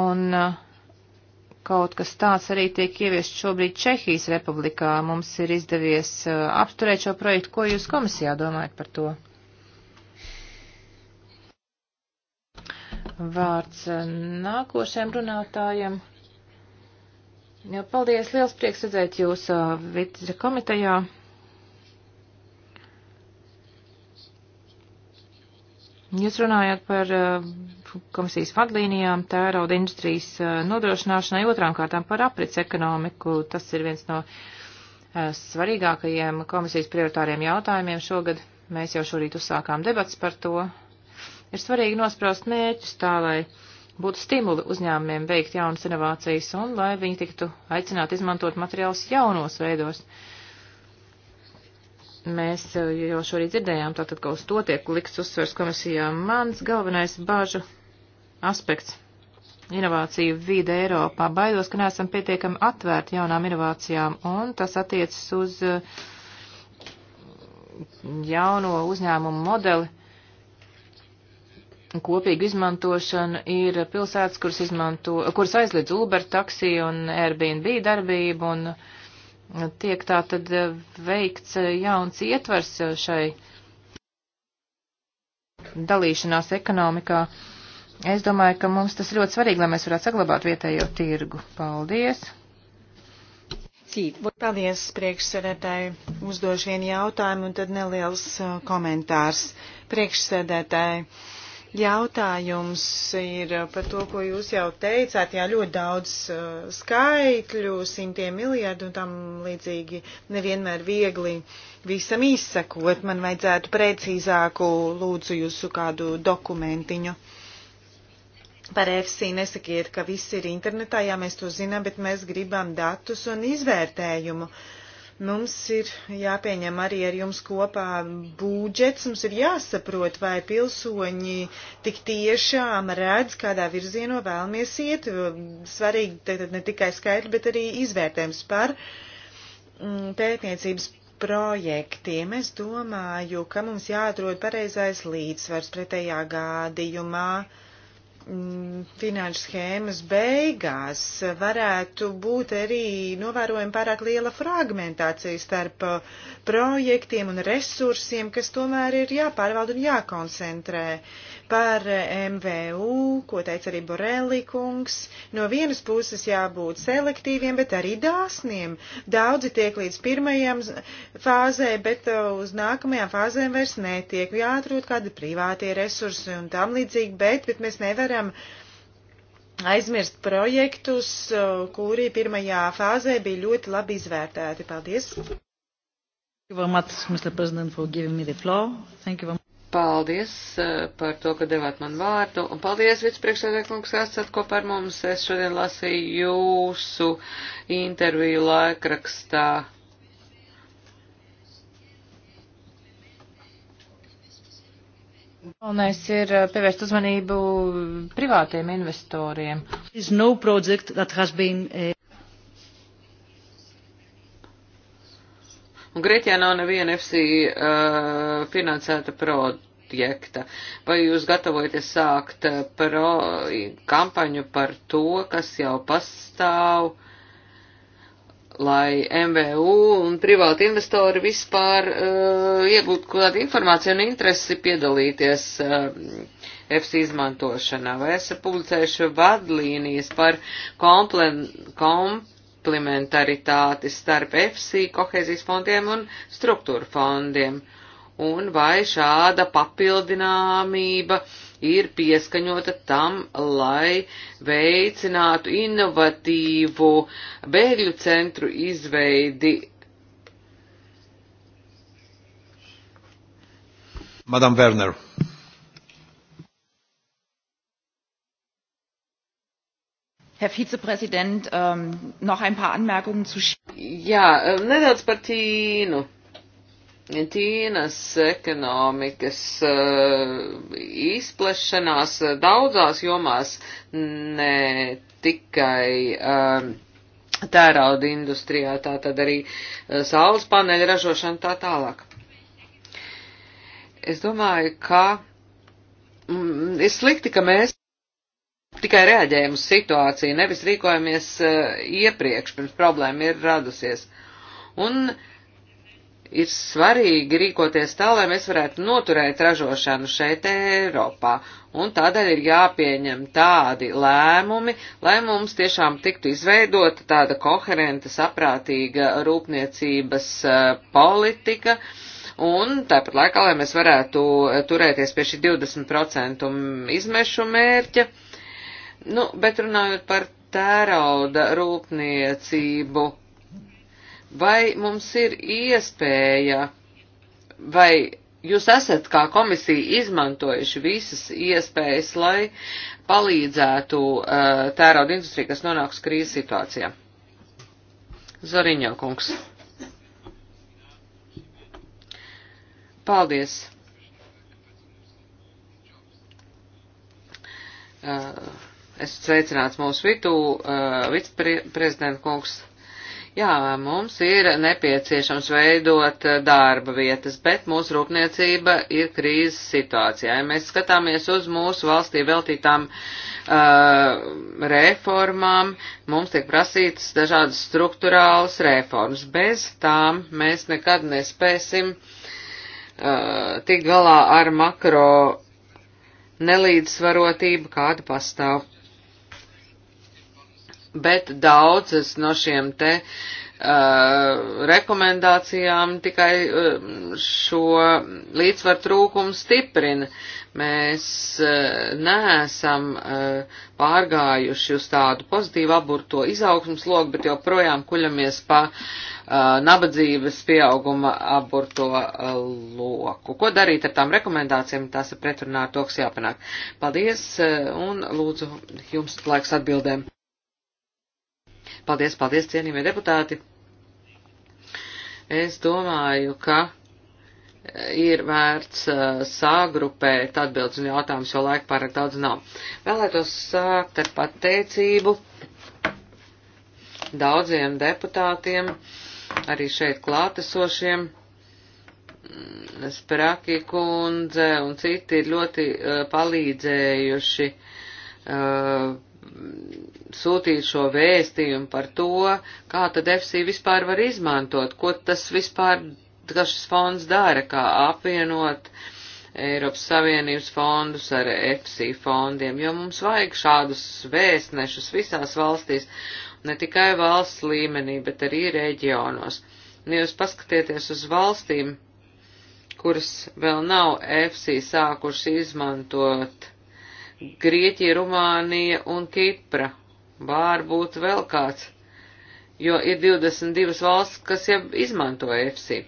un uh, kaut kas tāds arī tiek ieviest šobrīd Čehijas republikā. Mums ir izdevies uh, apturēt šo projektu. Ko jūs komisijā domājat par to? Vārds uh, nākošajam runātājam. Jā, paldies, liels prieks redzēt jūs uh, vicekomitejā. komitejā. Jūs runājāt par eh, komisijas vadlīnijām tērauda industrijas eh, nodrošināšanai, otrām kārtām par aprits ekonomiku. Tas ir viens no eh, svarīgākajiem komisijas prioritāriem jautājumiem šogad. Mēs jau šorīt uzsākām debats par to. Ir svarīgi nospraust mērķus tā, lai būtu stimuli uzņēmumiem veikt jaunas inovācijas un lai viņi tiktu aicināti izmantot materiālus jaunos veidos. Uh, Mēs eh, jau šorīt dzirdējām, tātad, ka uz to tiek likts uzsvers komisijā. Mans galvenais bāžu aspekts - inovāciju vīde Eiropā. Baidos, ka neesam pietiekami atvērti jaunām inovācijām, un tas attiecas uz eh, jauno uzņēmumu modeli. Kopīga izmantošana ir pilsētas, kuras, izmanto, kuras aizliedz Uber, taksiju un Airbnb darbību. Un, uh, tiek tā tad e, veikts e, jauns ietvers e, šai dalīšanās ekonomikā. Es domāju, ka mums tas ļoti svarīgi, lai mēs varētu saglabāt vietējo tirgu. Paldies! Paldies, priekšsēdētāji. Uzdošu vienu jautājumu un tad neliels komentārs. Priekšsēdētāji. Jautājums ir par to, ko jūs jau teicāt, jā, ļoti daudz uh, skaitļu, simtiem miljardu un tam līdzīgi nevienmēr viegli visam izsakot. Man vajadzētu precīzāku lūdzu jūsu kādu dokumentiņu. Par FC nesakiet, ka viss ir internetā, jā, mēs to zinām, bet mēs gribam datus un izvērtējumu. Uh, Mums ir jāpieņem arī ar jums kopā būdžets, mums ir jāsaprot, vai pilsoņi tik tiešām redz, kādā virzienā vēlamies iet. Svarīgi tad ne tikai skaidri, bet arī izvērtējums par mm, pētniecības projektiem. Es domāju, ka mums jāatrod pareizais līdzsvars pretējā gādījumā Mm, finanšu schēmas beigās varētu būt arī novērojama pārāk liela fragmentācija starp uh, projektiem un resursiem, kas tomēr ir jāpārvalda un jākoncentrē. Par uh, MVU, ko teica arī Borelli kungs, no vienas puses jābūt selektīviem, bet arī dāsniem. Daudzi tiek līdz pirmajam fāzē, bet uh, uz nākamajām fāzēm vairs netiek. Jāatrod kādi privātie resursi un tam līdzīgi, bet, bet mēs nevaram nevaram aizmirst projektus, kuri pirmajā fāzē bija ļoti labi izvērtēti. Paldies! Paldies e, par to, ka devāt man vārdu, un paldies, vicepriekšsēdētājs, ka esat kopā ar mums. Es šodien lasīju jūsu interviju laikrakstā Galvenais ir eh, pievērst uzmanību privātiem investoriem. No been... Eh, Un Grieķijā nav neviena FC uh, eh, finansēta projekta. Vai jūs gatavojaties sākt pro, kampaņu par to, kas jau pastāv? Uh, lai MVU un privāti investori vispār uh, iegūtu kādu informāciju un interesi piedalīties uh, eh, EFSI izmantošanā. Vai esat publicējuši vadlīnijas par komplem, komplementaritāti starp EFSI, kohēzijas fondiem un struktūra fondiem? Un vai šāda papildināmība uh, ir pieskaņota tam, lai veicinātu inovatīvu bēgļu centru izveidi. Madam Werner. Herr Vizepräsident, ähm, noch ein paar Anmerkungen zu China. Ähm, ja, nedaudz par Ķīnu. Ķīnas ekonomikas eh, izplešanās daudzās jomās, ne tikai eh, tērauda industrijā, tā tad arī eh, saules paneļa ražošana tā tālāk. Es domāju, ka mm, ir slikti, ka mēs tikai reaģējam uz situāciju, nevis rīkojamies iepriekš, pirms problēma ir radusies. Un uh, ir svarīgi rīkoties tā, lai mēs varētu noturēt ražošanu šeit Eiropā. Un tādēļ ir jāpieņem tādi lēmumi, lai mums tiešām tiktu izveidota tāda koherenta, saprātīga rūpniecības eh, politika. Un tāpat laikā, lai mēs varētu eh, turēties pie šī 20% izmešu mērķa. Nu, bet runājot par tērauda rūpniecību, Vai mums ir iespēja, vai jūs esat kā komisija izmantojuši visas iespējas, lai palīdzētu uh, tērauda industrija, kas nonāks krīzes situācijā? Zoriņo kungs. Paldies. Uh, es sveicināts mūsu vidū, uh, viceprezidenta kungs. Jā, mums ir nepieciešams veidot eh, darba vietas, bet mūsu rūpniecība ir krīzes situācijā. Ja mēs skatāmies uz mūsu valstī veltītām uh, reformām, mums tiek prasītas dažādas struktūrālas reformas. Bez tām mēs nekad nespēsim uh, tik galā ar makro nelīdzsvarotību, kāda pastāv bet daudzas no šiem te uh, rekomendācijām tikai uh, šo līdzsvaru trūkumu stiprina. Mēs uh, neesam uh, pārgājuši uz tādu pozitīvu aburto izaugsmas loku, bet joprojām kuļamies pa uh, nabadzības pieauguma aburto uh, loku. Ko darīt ar tām rekomendācijām, tās ir pretrunā ar to, kas jāpanāk. Paldies un lūdzu jums laiks atbildēm. Paldies, paldies, cienījamie deputāti. Es domāju, ka ir vērts uh, sāgrupēt atbildes un jautājumus, jo laika pārāk daudz nav. Vēlētos sākt ar pateicību daudziem deputātiem, arī šeit klātesošiem. Mm, Spraki kundze un citi ir ļoti uh, palīdzējuši uh, sūtīt šo vēstījumu par to, kā tad FC vispār var izmantot, ko tas vispār, kā šis fonds dara, kā apvienot Eiropas Savienības fondus ar FC fondiem, jo mums vajag šādus vēstnešus visās valstīs, ne tikai valsts līmenī, bet arī reģionos. Un jūs paskatieties uz valstīm, kuras vēl nav FC sākuši izmantot Grieķija, Rumānija un Kipra. Varbūt vēl kāds, jo ir 22 valsts, kas jau izmanto EFSI.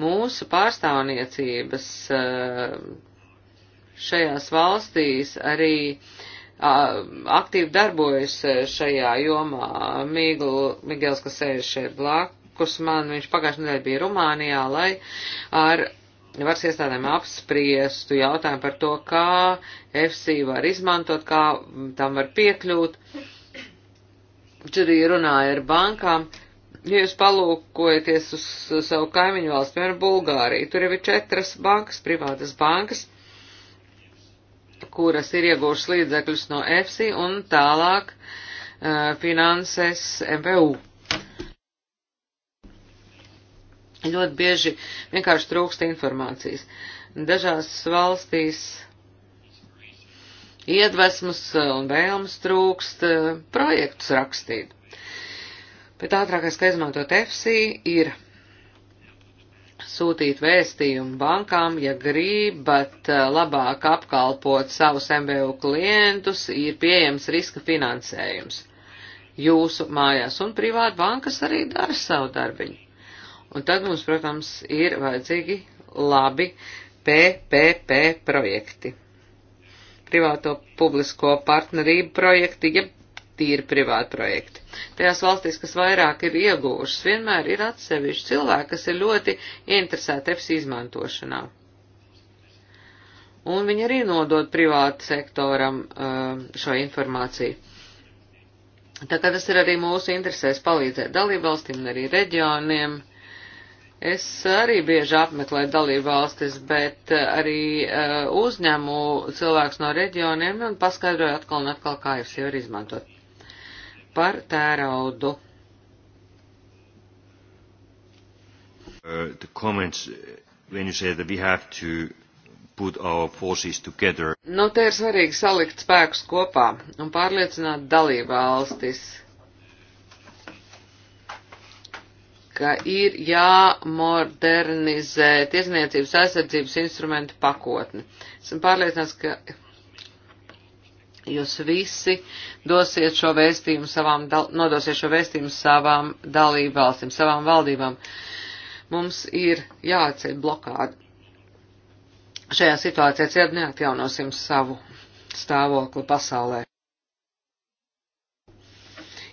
Mūsu pārstāvniecības eh, šajās valstīs arī aktīvi darbojas eh, šajā jomā. Mīgl, Migels, kas sēž šeit blakus man, viņš pagājušajā nedēļā bija Rumānijā, lai ar varas iestādēm apspriestu jautājumu par to, kā FC var izmantot, kā tam var piekļūt. Tur arī runāja ar bankām. Ja jūs palūkojaties uz savu kaimiņu valsts, piemēram, Bulgāriju, tur jau ir četras bankas, privātas bankas, kuras ir iegūšas līdzekļus no EFSI un tālāk uh, finanses MPU. Ļoti bieži vienkārši trūkst informācijas. Dažās valstīs iedvesmas un vēlmes trūkst projektus rakstīt. Bet ātrākais, ka izmantot FC, ir sūtīt vēstījumu bankām, ja gribat eh, labāk apkalpot savus MBU klientus, ir pieejams riska finansējums jūsu mājās, un privāta bankas arī dara savu darbiņu. Un tad mums, protams, ir vajadzīgi labi PPP projekti. Privāto publisko partnerību projekti, jeb tīri privāti projekti. Tajās valstīs, kas vairāk ir iegūšas, vienmēr ir atsevišķi cilvēki, kas ir ļoti interesēti EFSI izmantošanā. Un viņi arī nodod privātu sektoram uh, šo informāciju. Tā kā tas ir arī mūsu interesēs palīdzēt dalībvalstīm un arī reģioniem Es arī bieži apmeklēju dalību valstis, bet eh, arī uh, uzņemu cilvēkus no reģioniem un paskaidroju atkal un atkal, kā jūs jau var izmantot. Par tēraudu. Uh, the comments uh, when you say that we have to put our forces together. Nu, te ir svarīgi salikt spēkus kopā un pārliecināt dalību valstis ka ir jāmodernizē tiesniecības aizsardzības instrumentu pakotne. Esmu pārliecināts, ka jūs visi dosiet šo vēstījumu savām, nodosiet šo vēstījumu savām dalību valstīm, savām valdībām. Mums ir jāatceļ blokādi. Šajā situācijā ciet neatjaunosim savu stāvokli pasaulē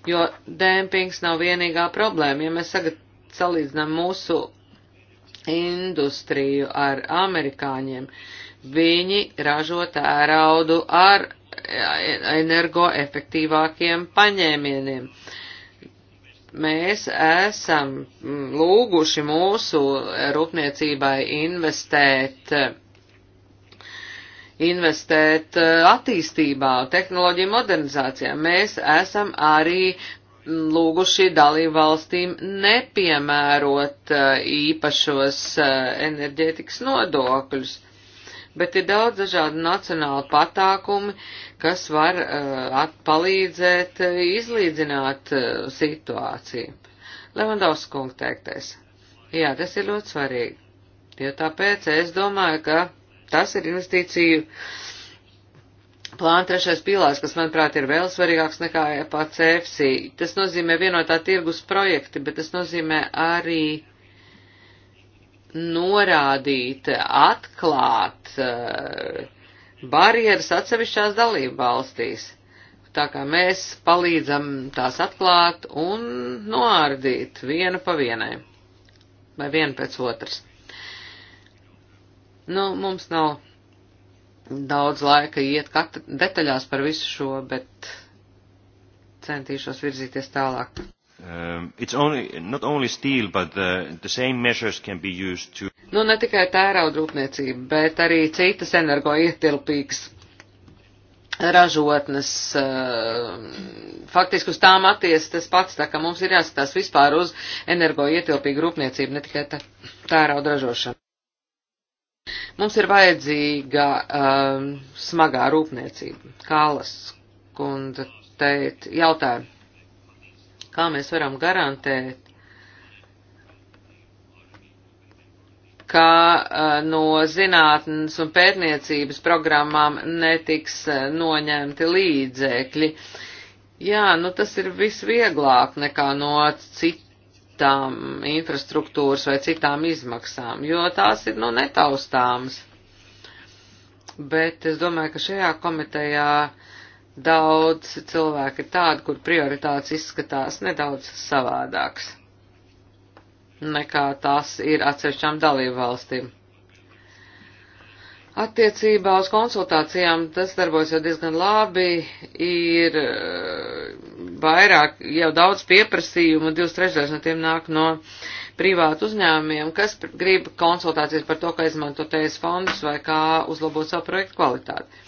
jo dēmpings nav vienīgā problēma. Ja mēs sagat, salīdzinām mūsu industriju ar amerikāņiem, viņi ražo tēraudu ar energoefektīvākiem paņēmieniem. Mēs esam lūguši mūsu rūpniecībai investēt investēt attīstībā, tehnoloģiju modernizācijā. Mēs esam arī lūguši dalību valstīm nepiemērot eh, īpašos eh, enerģētikas nodokļus, bet ir daudz dažādu nacionālu patākumi, kas var eh, palīdzēt izlīdzināt situāciju. Levandovskungs teiktais. Jā, tas ir ļoti svarīgi, jo tāpēc es domāju, ka tas ir investīciju uh, Plāna trešais pīlārs, kas, manuprāt, ir vēl svarīgāks nekā pats EFSI. Tas nozīmē vienotā tirgus projekti, bet tas nozīmē arī norādīt, atklāt eh, barjeras atsevišķās dalību valstīs. Tā kā mēs palīdzam tās atklāt un noārdīt vienu pa vienai, vai vienu pēc otras. Nu, mums nav daudz laika iet detaļās par visu šo, bet centīšos virzīties tālāk. Um, it's only, not only steel, but the, uh, the same measures can be used to. Nu, ne tikai tērauda rūpniecība, bet arī citas energo ietilpīgas ražotnes. Uh, faktiski uz tām attiec tas pats, tā ka mums ir jāskatās vispār uz energo ietilpīgu rūpniecību, ne tikai tērauda ražošanu. Mums ir vajadzīga um, smagā rūpniecība. Kālas kundze teica, jautāja, kā mēs varam garantēt, ka uh, no zinātnes un pētniecības programmām netiks uh, noņemti līdzēkļi. Jā, nu tas ir visvieglāk nekā no citu citām infrastruktūras vai citām izmaksām, jo tās ir, nu, netaustāmas. Bet es domāju, ka šajā komitejā daudz cilvēku ir tādi, kur prioritātes izskatās nedaudz savādāks nekā tās ir atsevišķām dalību valstīm. Attiecībā uz konsultācijām tas darbojas jau diezgan labi, ir vairāk jau daudz pieprasījumu, divas trešdaļas no tiem nāk no privātu uzņēmumiem, kas grib konsultācijas par to, kā izmanto tējas fondus vai kā uzlabot savu projektu kvalitāti.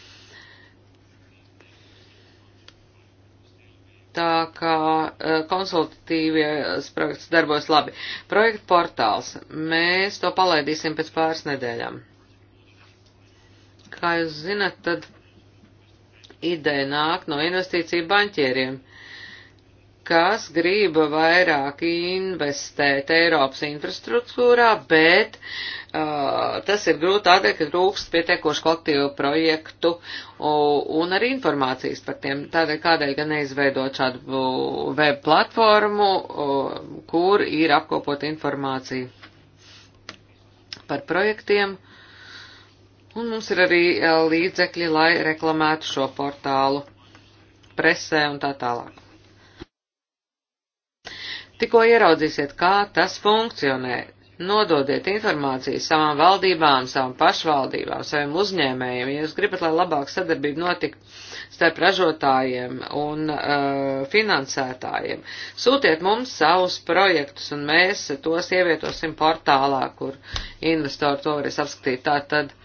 tā kā eh, konsultatīvies projekts darbojas labi. Projekta portāls. Mēs to palaidīsim pēc pāris nedēļām. Kā jūs zinat, tad ideja nāk no investīciju baņķieriem, kas grib vairāk investēt Eiropas infrastruktūrā, bet uh, tas ir grūti tādēļ, ka trūkst pietiekoši kolektīvu projektu uh, un arī informācijas par tiem. Tādēļ kādēļ gan neizveidot šādu web platformu, uh, kur ir apkopot informāciju par projektiem. Un mums ir arī uh, līdzekļi, lai reklamētu šo portālu presē un tā tālāk. Tikko ieraudzīsiet, kā tas funkcionē, nododiet informāciju savām valdībām, savām pašvaldībām, saviem uzņēmējiem. Ja jūs gribat, lai labāk sadarbība notiktu starp ražotājiem un uh, finansētājiem, sūtiet mums savus projektus un mēs tos ievietosim portālā, kur investori to varēs apskatīt. Tātad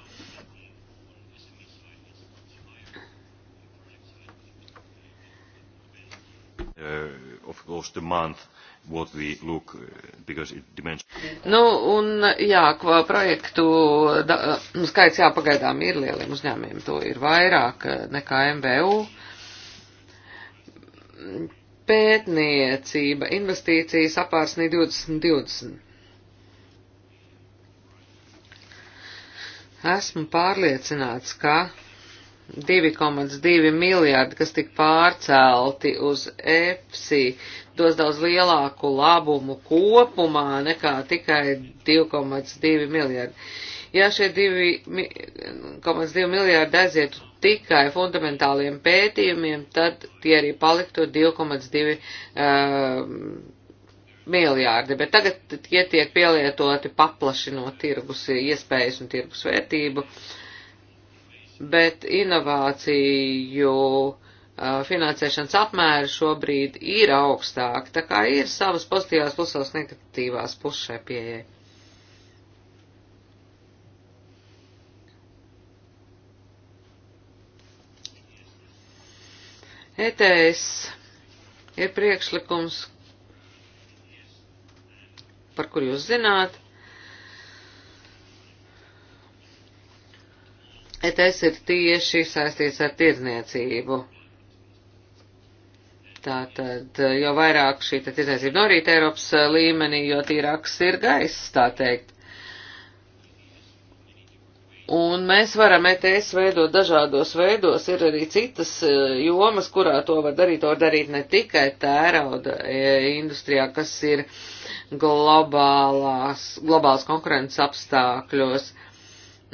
uh goes the month what we look uh, because it depends. Nu, un jā, ko projektu da, nu, skaits jāpagaidām ir lieliem uzņēmiem, to ir vairāk uh, nekā MVU. Pētniecība, investīcijas apārsnī 2020. Esmu pārliecināts, ka 2,2 miljardi, kas tik pārcelti uz EPSI, dos daudz lielāku labumu kopumā nekā tikai 2,2 miljardi. Ja šie 2,2 miljardi aizietu tikai fundamentāliem pētījumiem, tad tie arī paliktu 2,2 uh, um, miljārdi, bet tagad tie tiek pielietoti paplašinot tirgus iespējas un tirgus vērtību. Uh, bet inovāciju uh, finansēšanas apmēri šobrīd ir augstāk, tā kā ir savas pozitīvās puses, negatīvās puses šai pieejai. ETS ir priekšlikums, par kur jūs zināt, ETS ir tieši saistīts ar tirdzniecību. Tātad, eh, jo vairāk šī tirdzniecība norīt Eiropas eh, līmenī, jo tīrāks ir gaiss, tā teikt. Un mēs varam ETS veidot dažādos veidos, ir arī citas eh, jomas, kurā to var darīt, to var darīt ne tikai tērauda industrijā, kas ir globālās, globāls konkurences apstākļos. Uh,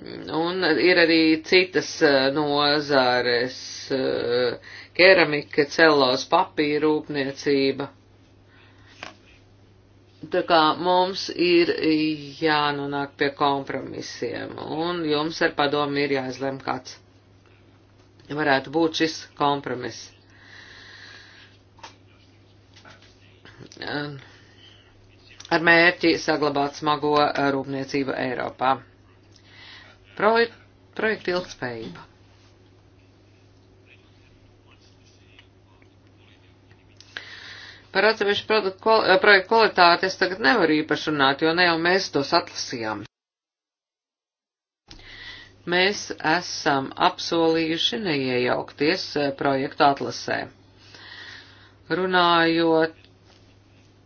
Un ir arī citas eh, nozares eh, - keramika, celos, papīra rūpniecība. Tā kā mums ir jānonāk pie kompromisiem, un jums ar padomu ir jāizlem kāds. Varētu būt šis kompromiss. Eh, ar mērķi saglabāt smago rūpniecību Eiropā. Projek projekta ilgspējība. Par atsevišķu produktu kol eh, projektu kvalitāti es tagad nevaru īpaši runāt, jo ne jau mēs tos atlasījām. Mēs esam apsolījuši neiejaukties eh, projektu atlasē. Runājot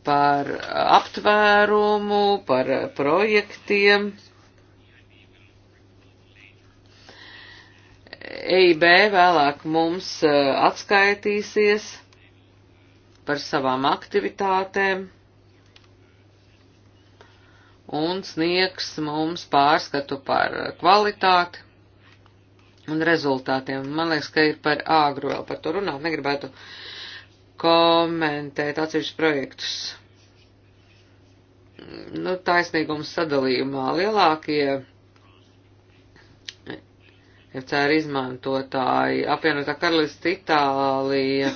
par aptvērumu, par projektiem. EIB vēlāk mums e, atskaitīsies par savām aktivitātēm un sniegs mums pārskatu par e, kvalitāti un rezultātiem. Man liekas, ka ir par āgru vēl par to runāt, negribētu komentēt atsevišķus projektus. Nu, taisnīgums sadalījumā lielākie ja cēra izmantotāji, apvienotā karalists Itālija,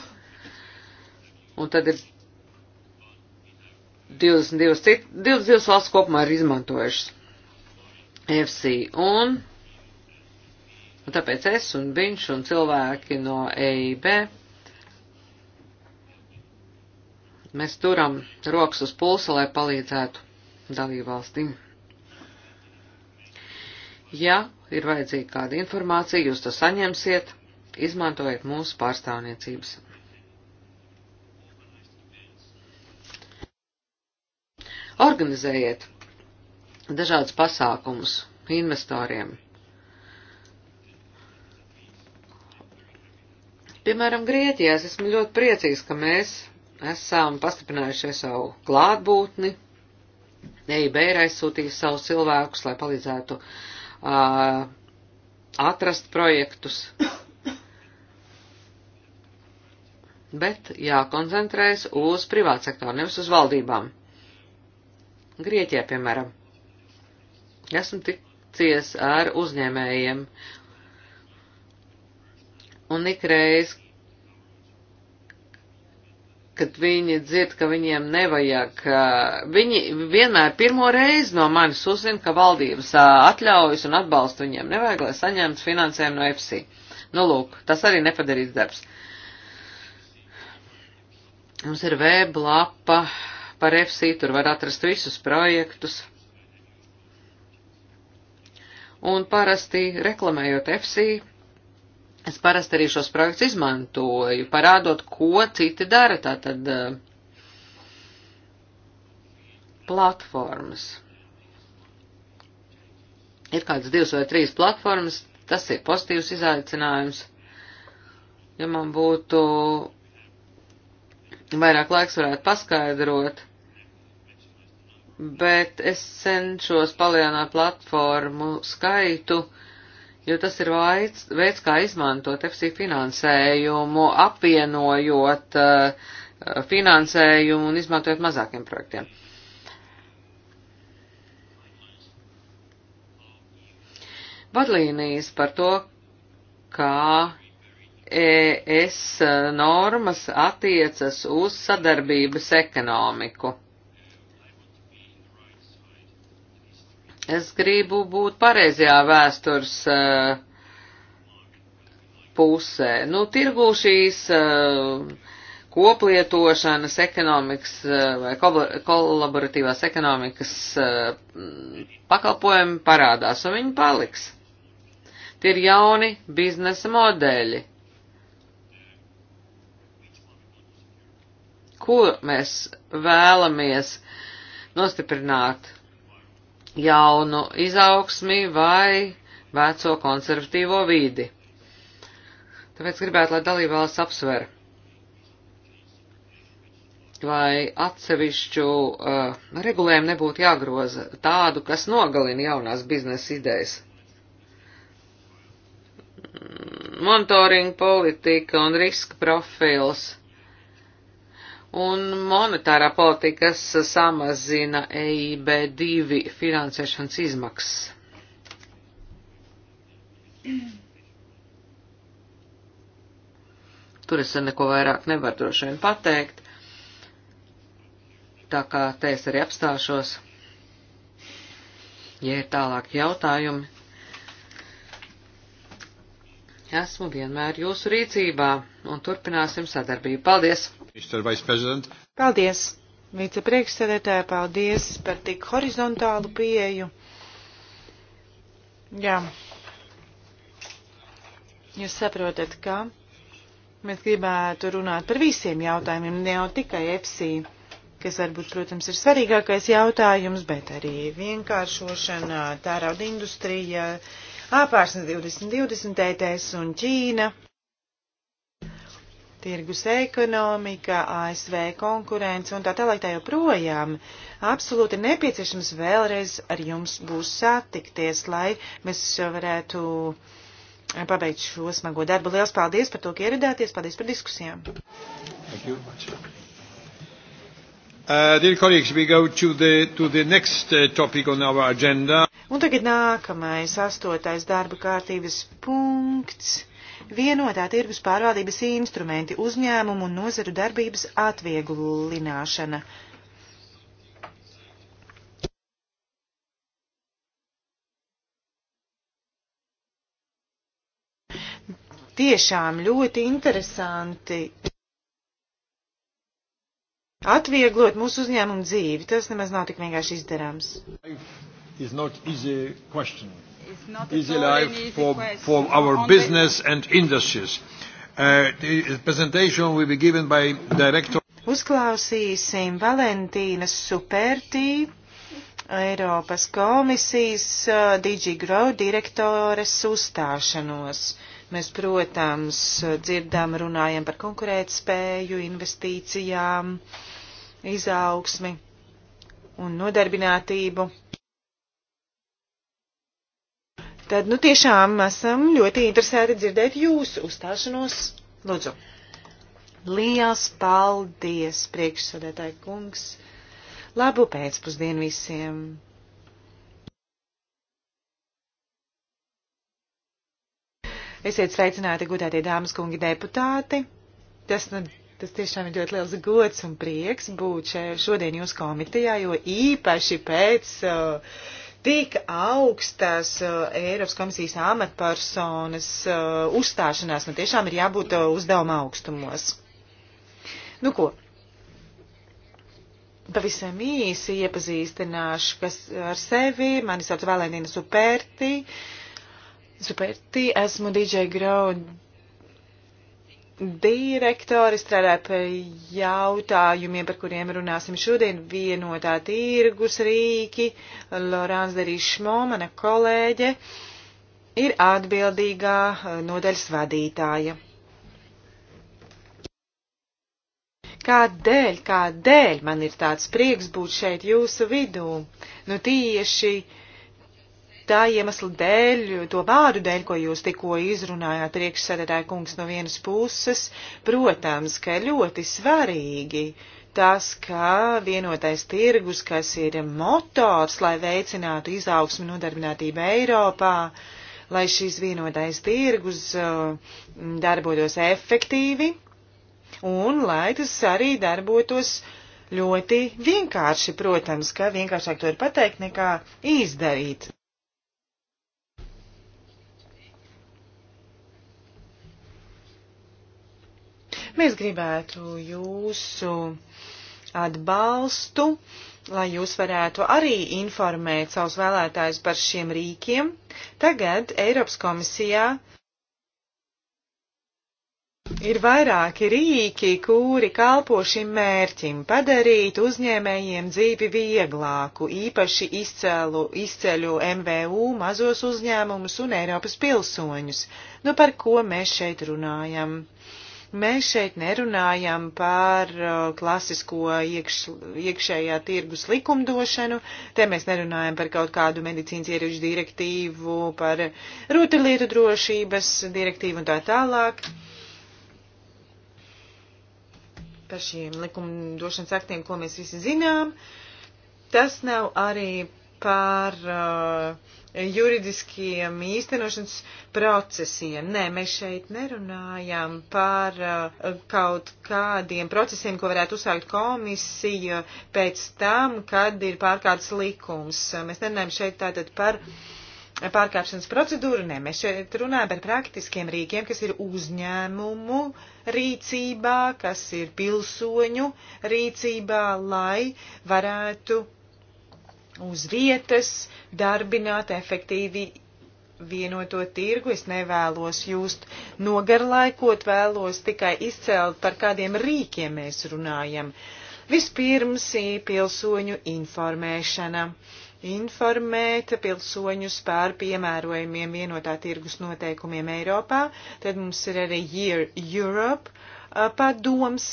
un tad ir 22, cit, 22 valsts kopumā ir izmantojušas FC, un, un tāpēc es un viņš un cilvēki no EIB, mēs turam rokas uz pulsa, lai palīdzētu dalībvalstīm. Ja ir vajadzīga kāda informācija, jūs to saņemsiet, izmantojiet mūsu pārstāvniecības. Organizējiet dažādus pasākumus investoriem. Piemēram, Grieķijā es esmu ļoti priecīgs, ka mēs esam pastiprinājuši savu klātbūtni. EIB ir aizsūtījusi savus cilvēkus, lai palīdzētu uh, atrast projektus. Bet jākoncentrējas uz privātsektoru, nevis uz valdībām. Grieķijā, piemēram, esmu ticies ar uzņēmējiem, un ikreiz, kad viņi dzird, ka viņiem nevajag, viņi vienmēr pirmo reizi no manis uzzina, ka valdības atļaujas un atbalstu viņiem nevajag, lai saņemtu finansējumu no EFSI. Nu, lūk, tas arī nepadarīts darbs. Mums ir weblapa par EFSI, tur var atrast visus projektus. Un parasti reklamējot EFSI, Es parasti arī šos projektus izmantoju, parādot, ko citi dara, tātad eh, platformas. Ir kādas divas vai trīs platformas, tas ir pozitīvs izaicinājums. Ja man būtu vairāk laiks, varētu paskaidrot, bet es cenšos palielināt platformu skaitu, uh, jo tas ir vaids, veids, kā izmantot EFSI finansējumu, apvienojot uh, finansējumu un izmantojot mazākiem projektiem. Vadlīnijas par to, kā ES normas attiecas uz sadarbības ekonomiku. Es gribu būt pareizajā vēstures uh, pusē. Nu, tirgū šīs uh, koplietošanas ekonomikas uh, vai kolaboratīvās ekonomikas pakalpojumi parādās, un viņi paliks. Tie ir jauni biznesa modeļi. Ko mēs vēlamies nostiprināt jaunu izaugsmi vai veco konservatīvo vīdi. Tāpēc gribētu, lai dalībvalsts apsver, vai atsevišķu uh, regulējumu nebūtu jāgroza tādu, kas nogalina jaunās biznesa idejas. Monitoring politika un riska profils un monetārā politika, kas samazina EIB divi finansēšanas izmaksas. Tur es neko vairāk nevaru droši vien pateikt, tā kā te es arī apstāšos. Ja ir tālāk jautājumi, esmu vienmēr jūsu rīcībā un turpināsim sadarbību. Paldies! Paldies, vicepriekšsēdētāja, paldies par tik horizontālu pieeju. Jā. Jūs saprotat, ka mēs gribētu runāt par visiem jautājumiem, ne jau tikai FC, kas varbūt, protams, ir svarīgākais jautājums, bet arī vienkāršošana, tērauda industrija, āpārsnes 2020 ETS un Ķīna tirgus ekonomika, ASV konkurence un tā tālāk tā joprojām. Absolūti nepieciešams vēlreiz ar jums būs satikties, lai mēs varētu pabeigt šo smago darbu. Liels paldies par to, ka ieradāties. Paldies par diskusijām. Uh, dear colleagues, we go to the, to the next uh, topic on our agenda. Un tagad nākamais, astotais darba kārtības punkts vienotā tirgus pārvaldības instrumenti, uzņēmumu un nozaru darbības atvieglināšana. Tiešām ļoti interesanti atvieglot mūsu uzņēmumu dzīvi. Tas nemaz nav tik vienkārši izdarāms easy life for, for our business and industries. Uh, the presentation will be given by director. Uzklausīsim Valentīnas Supertī, Eiropas komisijas uh, DigiGrow direktores uzstāšanos. Mēs, protams, dzirdām, runājam par konkurētspēju, investīcijām, izaugsmi un nodarbinātību. Tad, nu, tiešām esam ļoti interesēti dzirdēt jūsu uzstāšanos. Lūdzu. Liels paldies, priekšsādētāji kungs. Labu pēcpusdienu visiem. Esiet sveicināti, gudētie dāmas kungi deputāti. Tas, nu, tas tiešām ir ļoti liels gods un prieks būt šodien jūsu komitejā, jo īpaši pēc uh, tik augstas uh, Eiropas komisijas amatpersonas uh, uzstāšanās. Man nu, tiešām ir jābūt uh, uzdevuma augstumos. Nu ko? Pavisam īsi iepazīstināšu, kas ar sevi. Mani sauc Valentīna Superti. Superti, esmu DJ Ground direktori strādāja pie jautājumiem, par kuriem runāsim šodien. Vienotā tirgus rīki, Lorāns Derīšmo, mana kolēģe, ir atbildīgā nodaļas vadītāja. Kādēļ, kādēļ man ir tāds prieks būt šeit jūsu vidū? Nu tieši uh, tā iemesla dēļ, to vārdu dēļ, ko jūs tikko izrunājāt priekšsēdētāja kungs no vienas puses, protams, ka ļoti svarīgi tas, ka vienotais tirgus, kas ir motors, lai veicinātu izaugsmu nodarbinātību Eiropā, lai šis vienotais tirgus uh, darbotos efektīvi un lai tas arī darbotos ļoti vienkārši, protams, ka vienkāršāk to ir pateikt nekā izdarīt. Mēs gribētu jūsu atbalstu, lai jūs varētu arī informēt savus vēlētājus par šiem rīkiem. Tagad Eiropas komisijā ir vairāki rīki, kuri kalpo šim mērķim - padarīt uzņēmējiem dzīvi vieglāku, īpaši izcēlu, izceļu MVU, mazos uzņēmumus un Eiropas pilsoņus. Nu par ko mēs šeit runājam? Mēs šeit nerunājam par uh, klasisko iekš, iekšējā tirgus likumdošanu, te mēs nerunājam par kaut kādu medicīnas ieroču direktīvu, par rotaļlietu drošības direktīvu un tā tālāk. Par šiem likumdošanas aktiem, ko mēs visi zinām, tas nav arī par uh, juridiskiem īstenošanas procesiem. Nē, mēs šeit nerunājam par uh, kaut kādiem procesiem, ko varētu uzsākt komisija pēc tam, kad ir pārkāpts likums. Mēs nerunājam šeit tātad par pārkāpšanas procedūru, nē, mēs šeit runājam par praktiskiem rīkiem, kas ir uzņēmumu rīcībā, kas ir pilsoņu rīcībā, lai varētu uz vietas darbināt efektīvi vienoto tirgu. Es nevēlos jūs nogarlaikot, vēlos tikai izcelt, par kādiem rīkiem mēs runājam. Vispirms ir pilsoņu informēšana. Informēt pilsoņus par piemērojumiem vienotā tirgus noteikumiem Eiropā. Tad mums ir arī Year Europe padoms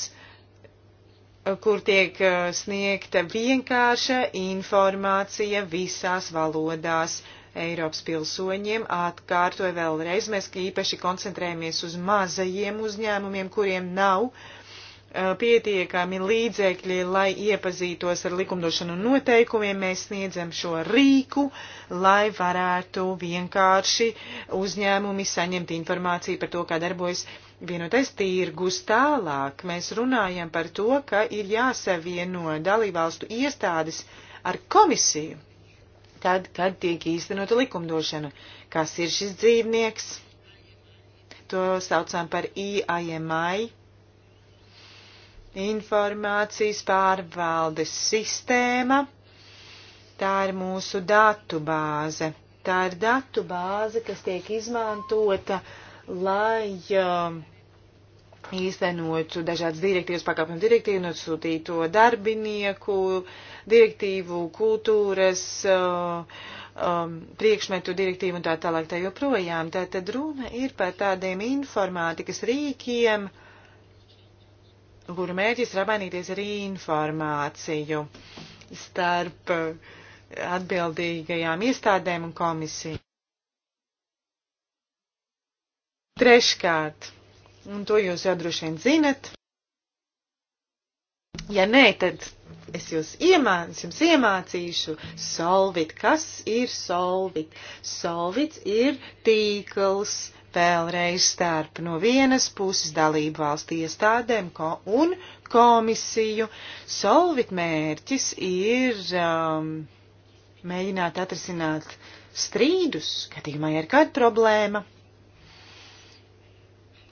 kur tiek eh, sniegta vienkārša informācija visās valodās. Eiropas pilsoņiem atkārtoja vēlreiz, mēs īpaši koncentrējamies uz mazajiem uzņēmumiem, kuriem nav eh, pietiekami līdzekļi, lai iepazītos ar likumdošanu noteikumiem, mēs sniedzam šo rīku, lai varētu vienkārši uzņēmumi saņemt informāciju par to, kā darbojas uh, vienotais tirgus tālāk. Mēs runājam par to, ka ir jāsavieno dalībvalstu iestādes ar komisiju, tad, kad tiek īstenota likumdošana. Kas ir šis dzīvnieks? To saucam par IAMI. Informācijas pārvaldes sistēma. Tā ir mūsu datu bāze. Tā ir datu bāze, kas tiek izmantota uh, lai uh, um, īstenot dažādas direktīvas, pakāpenu direktīvu, nosūtīto darbinieku, direktīvu, kultūras, uh, um, priekšmetu direktīvu un tā tālāk tā joprojām. Tātad runa ir par tādiem informātikas rīkiem, kuru mērķis ir apmainīties arī informāciju starp atbildīgajām iestādēm un komisiju. Treškārt, un to jūs jau droši vien zinat, ja nē, tad es jūs iemāc, jums iemācīšu solvit. Kas ir solvit? Solvits ir tīkls vēlreiz starp no vienas puses dalību valstu iestādēm ko, un komisiju. Solvit mērķis ir um, mēģināt atrisināt strīdus, skatījumā ir kāda problēma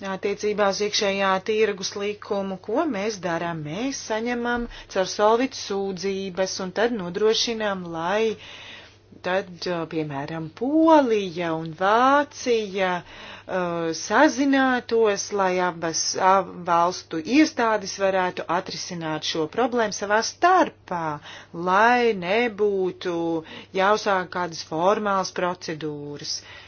attiecībā uz iekšējā tirgus likumu, ko mēs darām. Mēs saņemam caur solvitu sūdzības un tad nodrošinām, lai tad, piemēram, Polija un Vācija uh, sazinātos, lai abas ab, valstu iestādes varētu atrisināt šo problēmu savā starpā, lai nebūtu jāuzsāk kādas formālas procedūras. Uh,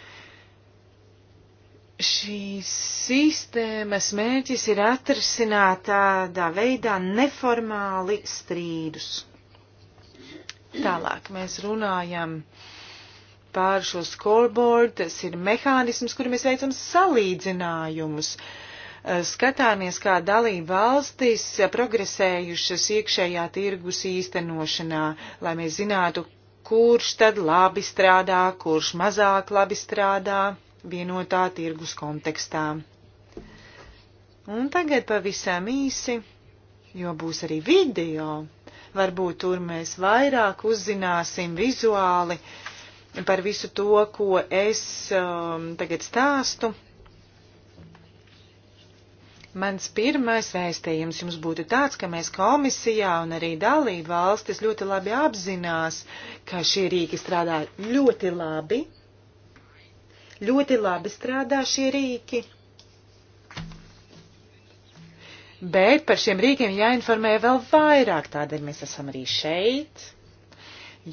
šīs sistēmas mērķis ir atrisināt tādā veidā neformāli strīdus. Tālāk mēs runājam pār šo scoreboard, tas ir mehānisms, kur mēs veicam salīdzinājumus. Skatāmies, kā dalība valstis progresējušas iekšējā tirgus īstenošanā, lai mēs zinātu, kurš tad labi strādā, kurš mazāk labi strādā vienotā tirgus kontekstā. Un tagad pavisam īsi, jo būs arī video. Varbūt tur mēs vairāk uzzināsim vizuāli par visu to, ko es um, tagad stāstu. Mans pirmais vēstījums jums būtu tāds, ka mēs komisijā un arī dalību valstis ļoti labi apzinās, ka šie rīki strādā ļoti labi Ļoti labi strādā šie rīki. Bet par šiem rīkiem jāinformē vēl vairāk, tādēļ mēs esam arī šeit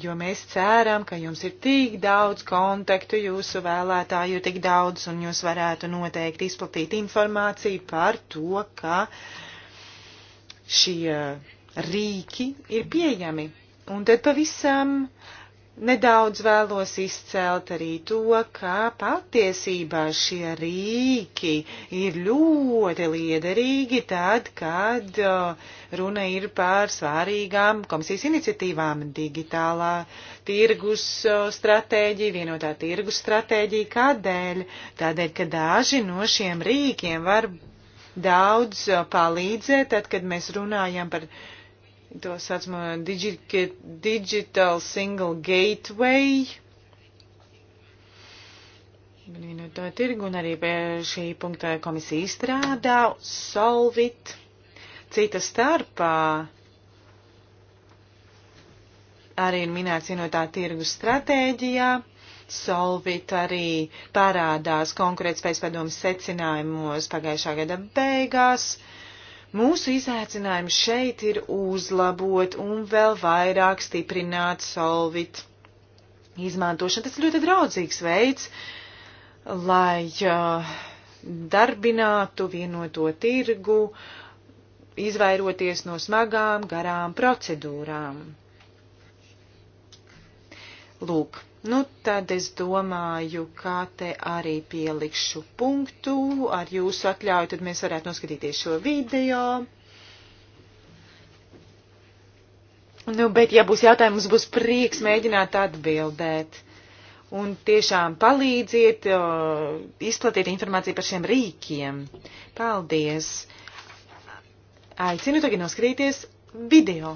jo mēs ceram, ka jums ir tik daudz kontaktu, jūsu vēlētāju ir tik daudz, un jūs varētu noteikti izplatīt informāciju par to, ka šie rīki ir pieejami. Un tad pavisam Nedaudz vēlos izcelt arī to, ka patiesībā šie rīki ir ļoti liederīgi tad, kad uh, runa ir par svārīgām komisijas iniciatīvām - digitālā tirgus uh, stratēģija, vienotā tirgus stratēģija. Kādēļ? Tādēļ, ka daži no šiem rīkiem var daudz uh, palīdzēt, tad, kad mēs runājam par to saucamo digi Digital Single Gateway. Vienoto tirgu un arī pie šī punkta komisija izstrādā Solvit. Cita starpā arī ir minēts vienotā tirgu stratēģijā. Solvit arī parādās konkurētspējas padomas secinājumos pagājušā gada beigās. Uh, Mūsu izaicinājums šeit ir uzlabot un vēl vairāk stiprināt solvit izmantošanu. Tas ir ļoti draudzīgs veids, lai uh, darbinātu vienoto tirgu, izvairoties no smagām, garām procedūrām. Lūk, Nu, tad es domāju, kā te arī pielikšu punktu. Ar jūsu atļauju tad mēs varētu noskatīties šo video. Nu, bet, ja būs jautājumi, mums būs prieks mēģināt atbildēt. Un tiešām palīdziet, o, izplatiet informāciju par šiem rīkiem. Paldies! Aicinu tagad noskatīties video.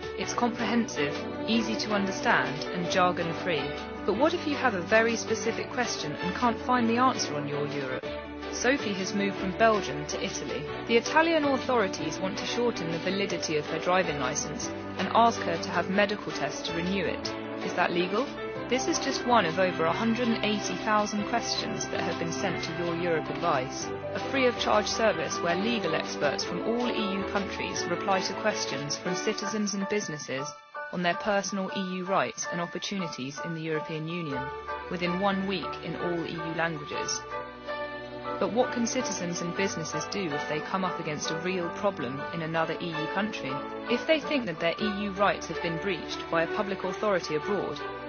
It's comprehensive, easy to understand, and jargon free. But what if you have a very specific question and can't find the answer on your Europe? Sophie has moved from Belgium to Italy. The Italian authorities want to shorten the validity of her driving license and ask her to have medical tests to renew it. Is that legal? This is just one of over 180,000 questions that have been sent to Your Europe Advice a free of charge service where legal experts from all EU countries reply to questions from citizens and businesses on their personal EU rights and opportunities in the European Union within one week in all EU languages. But what can citizens and businesses do if they come up against a real problem in another EU country? If they think that their EU rights have been breached by a public authority abroad,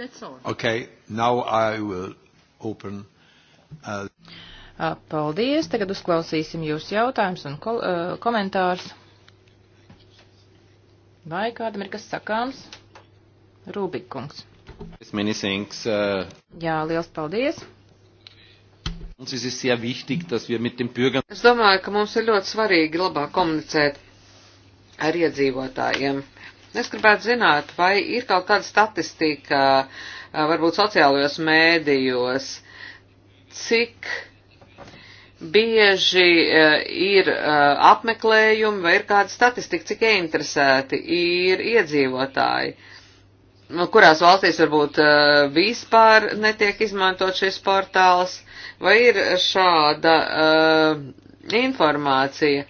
That's all. Okay, now I will open. Uh... Paldies, tagad uzklausīsim jūsu jautājumus un kol, uh, komentārus. Vai kādam ir kas sakāms? Rūbikungs. Minisings. Uh... Jā, liels paldies. Mums ir sehr wichtig, dass wir mit den Bürgern. Es domāju, ka mums ir ļoti svarīgi labāk komunicēt ar iedzīvotājiem. Uh, Es gribētu zināt, vai ir kaut kāda statistika, varbūt sociālajos mēdījos, cik bieži ir apmeklējumi vai ir kāda statistika, cik ieinteresēti ir iedzīvotāji. Nu, kurās valstīs varbūt vispār netiek izmantot šis portāls, vai ir šāda uh, informācija,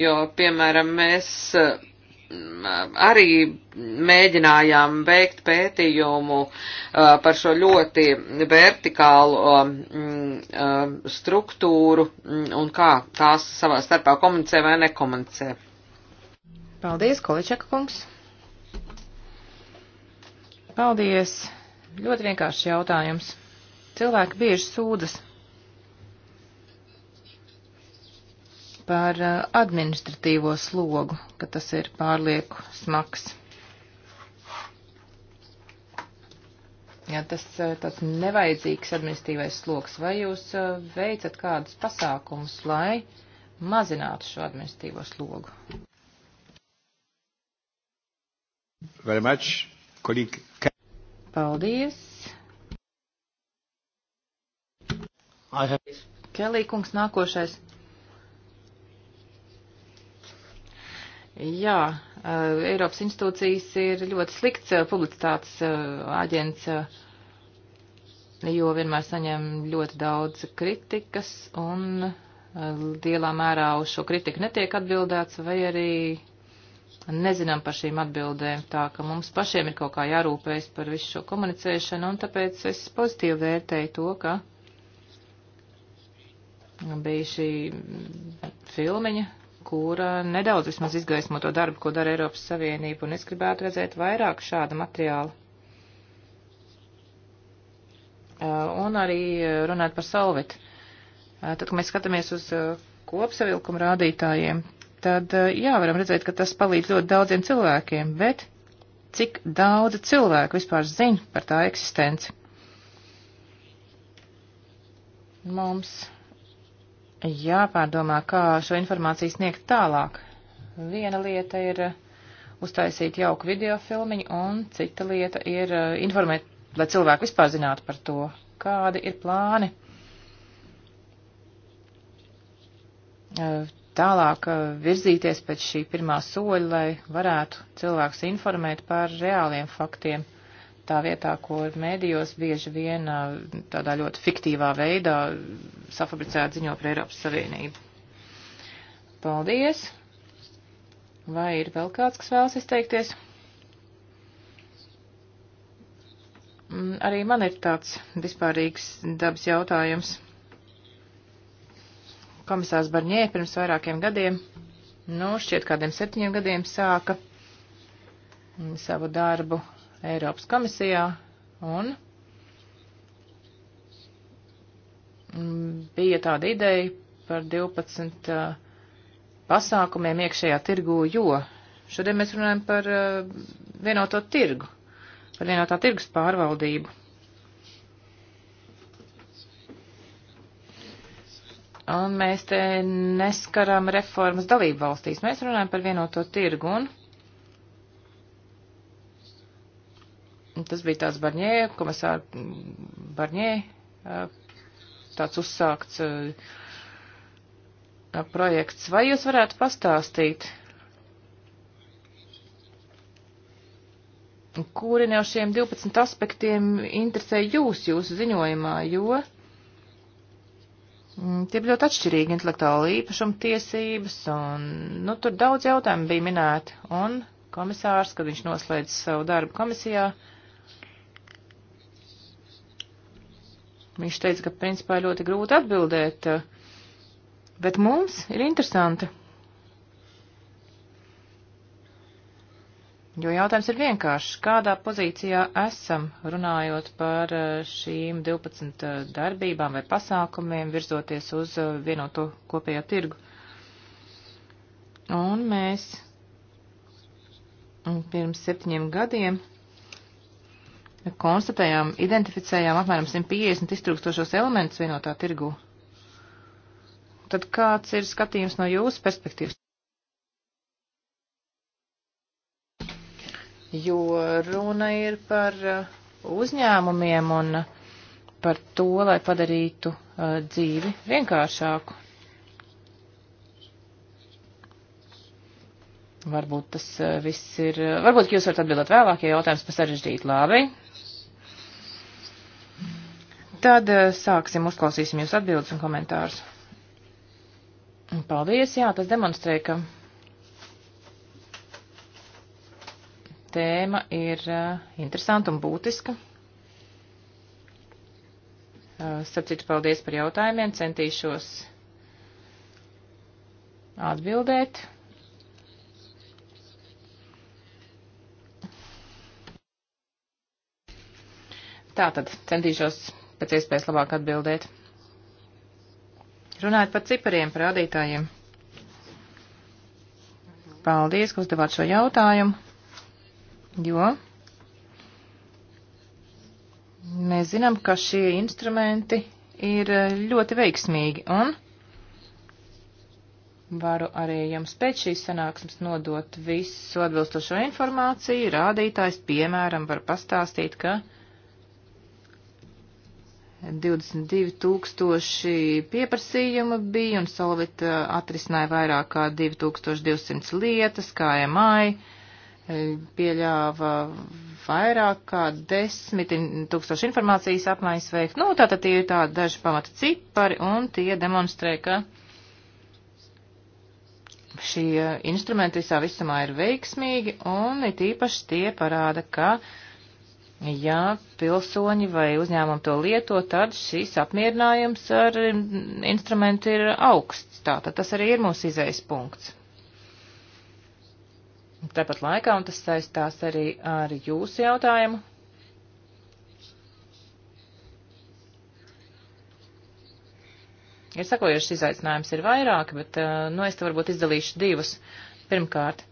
jo, piemēram, mēs uh, arī mēģinājām veikt pētījumu uh, par šo ļoti vertikālu um, um, struktūru mm, un kā tās savā starpā komunicē vai nekomunicē. Paldies, Količaka kungs. Paldies. Ļoti vienkāršs jautājums. Cilvēki bieži sūdzas par eh, administratīvo slogu, ka tas ir pārlieku smags. Jā, tas eh, tāds nevajadzīgs administratīvais sloks. Vai jūs eh, veicat kādus pasākumus, lai mazinātu šo administratīvo slogu? Very much, colleague. Paldies. Kelī kungs nākošais. Jā, eh, Eiropas institūcijas ir ļoti slikts eh, publicitātes eh, aģents, jo vienmēr saņem ļoti daudz kritikas un lielā mērā uz šo kritiku netiek atbildēts vai arī nezinām par šīm atbildēm, tā ka mums pašiem ir kaut kā jārūpējas par visu šo komunicēšanu un tāpēc es pozitīvi vērtēju to, ka bija šī filmiņa kura eh, nedaudz vismaz izgaismo to darbu, ko dara Eiropas Savienība, un es gribētu redzēt vairāk šāda materiāla. Eh, un arī eh, runāt par solvit. Tad, kad mēs skatāmies uz kopsavilkuma rādītājiem, tad, jā, varam redzēt, ka tas palīdz ļoti daudziem cilvēkiem, bet cik daudz cilvēku vispār zina par tā eksistenci? Mums jāpārdomā, kā šo informāciju sniegt tālāk. Viena lieta ir uztaisīt jauku video filmiņu, un cita lieta ir uh, informēt, lai cilvēki vispār zinātu par to, kādi ir plāni. Uh, tālāk uh, virzīties pēc šī pirmā soļa, lai varētu cilvēks informēt par reāliem faktiem tā vietā, ko mēdījos bieži vien tādā ļoti fiktīvā veidā safabricēt ziņo par Eiropas Savienību. Paldies! Vai ir vēl kāds, kas vēlas izteikties? Mm, arī man ir tāds vispārīgs dabas jautājums. Komisārs Barņē pirms vairākiem gadiem, nu, šķiet kādiem septiņiem gadiem sāka savu darbu Eiropas komisijā un bija tāda ideja par 12 uh, pasākumiem iekšējā tirgu, jo šodien mēs runājam par uh, vienoto tirgu, par vienotā tirgus pārvaldību. Un mēs te neskaram reformas dalību valstīs. Mēs runājam par vienoto tirgu un Tas bija tāds Barņē, komisāra Barņē, tāds uzsākts projekts. Vai jūs varētu pastāstīt, kuri no šiem 12 aspektiem interesē jūs jūsu ziņojumā, jo mm, tie bija ļoti atšķirīgi intelektuāla īpašuma tiesības, un nu, tur daudz jautājumu bija minēti, un komisārs, kad viņš noslēdz savu darbu komisijā, uh, Viņš teica, ka principā ir ļoti grūti atbildēt, eh, bet mums ir interesanti. Jo jautājums ir vienkāršs. Kādā pozīcijā esam runājot par eh, šīm 12 eh, darbībām vai pasākumiem virzoties uz vienoto kopējo tirgu? Un mēs pirms septiņiem gadiem konstatējām, identificējām apmēram 150 iztrūkstošos elementus vienotā tirgū. Tad kāds ir skatījums no jūsu perspektīvas? Jo runa ir par uh, uzņēmumiem un uh, par to, lai padarītu uh, dzīvi vienkāršāku. Varbūt tas viss ir, varbūt jūs varat atbildēt vēlāk, ja jautājums par sarežģītu. Labi, tad eh, sāksim, uzklausīsim jūs atbildes un komentārus. Paldies, jā, tas demonstrē, ka tēma ir eh, interesanta un būtiska. Eh, starp citu, paldies par jautājumiem, centīšos atbildēt. Tātad centīšos pēc iespējas labāk atbildēt. Runājot par cipariem, par rādītājiem. Paldies, ka uzdevāt šo jautājumu, jo mēs zinām, ka šie instrumenti ir ļoti veiksmīgi un varu arī jums pēc šīs sanāksmes nodot visu atbilstošo informāciju. Rādītājs, piemēram, var pastāstīt, ka 22 tūkstoši pieprasījumu bija, un Solvit eh, atrisināja vairāk kā 2200 lietas, kā MI eh, pieļāva vairāk kā 10 tūkstoši informācijas apmaiņas veikt. Nu, tātad tie ir tādi daži pamata cipari, un tie demonstrē, ka šie instrumenti visā visumā ir veiksmīgi, un it īpaši tie parāda, ka uh, Ja pilsoņi vai uzņēmumi to lieto, tad šīs apmierinājums ar instrumentu ir augsts. Tātad tas arī ir mūsu izējas punkts. Tāpat laikā, un tas saistās arī ar jūsu jautājumu. Ir sakojušas izaicinājums ir vairāk, bet, uh, nu, es te varbūt izdalīšu divus. Pirmkārt,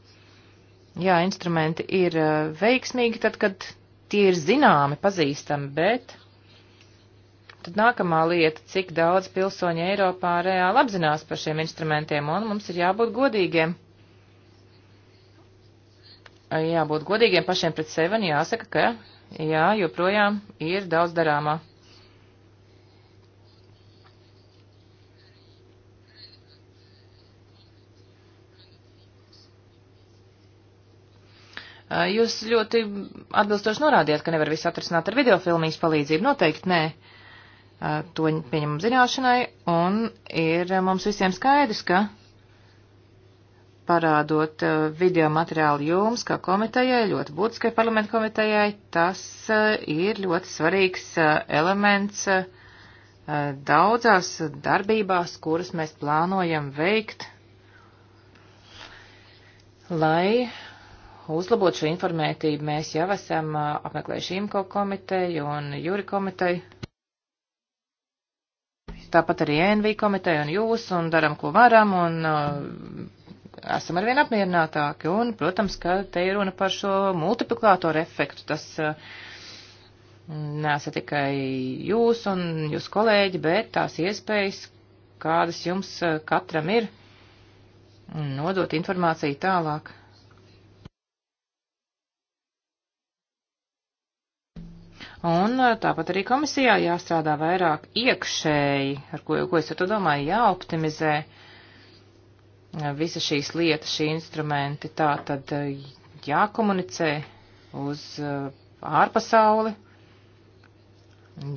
jā, instrumenti ir uh, veiksmīgi tad, kad tie ir zināmi, pazīstami, bet tad nākamā lieta, cik daudz pilsoņi Eiropā reāli apzinās par šiem instrumentiem, un mums ir jābūt godīgiem. Jābūt godīgiem pašiem pret sevi un jāsaka, ka jā, joprojām ir daudz darāmā. Eh, jūs ļoti atbilstoši norādījāt, ka nevar visu atrisināt ar videofilmijas palīdzību. Noteikti nē. Eh, to pieņemam zināšanai un ir eh, mums visiem skaidrs, ka parādot video materiālu jums, kā komitejai, ļoti būtiskai parlamentu komitejai, tas ir ļoti svarīgs elements daudzās darbībās, kuras mēs plānojam veikt, lai uzlabot šo informētību, mēs jau esam apmeklējuši IMCO komiteju un Juri komiteju. Tāpat arī ENV komiteju un jūs, un daram, ko varam, un uh, esam arvien apmierinātāki. Un, protams, ka te ir runa par šo multiplikātoru efektu. Tas uh, nesat tikai jūs un jūs kolēģi, bet tās iespējas, kādas jums katram ir, nodot informāciju tālāk. Un eh, tāpat arī komisijā jāstrādā vairāk iekšēji, ar ko, ko es ar to domāju, jāoptimizē eh, visa šīs lietas, šī instrumenti, tā tad eh, jākomunicē uz ārpasauli,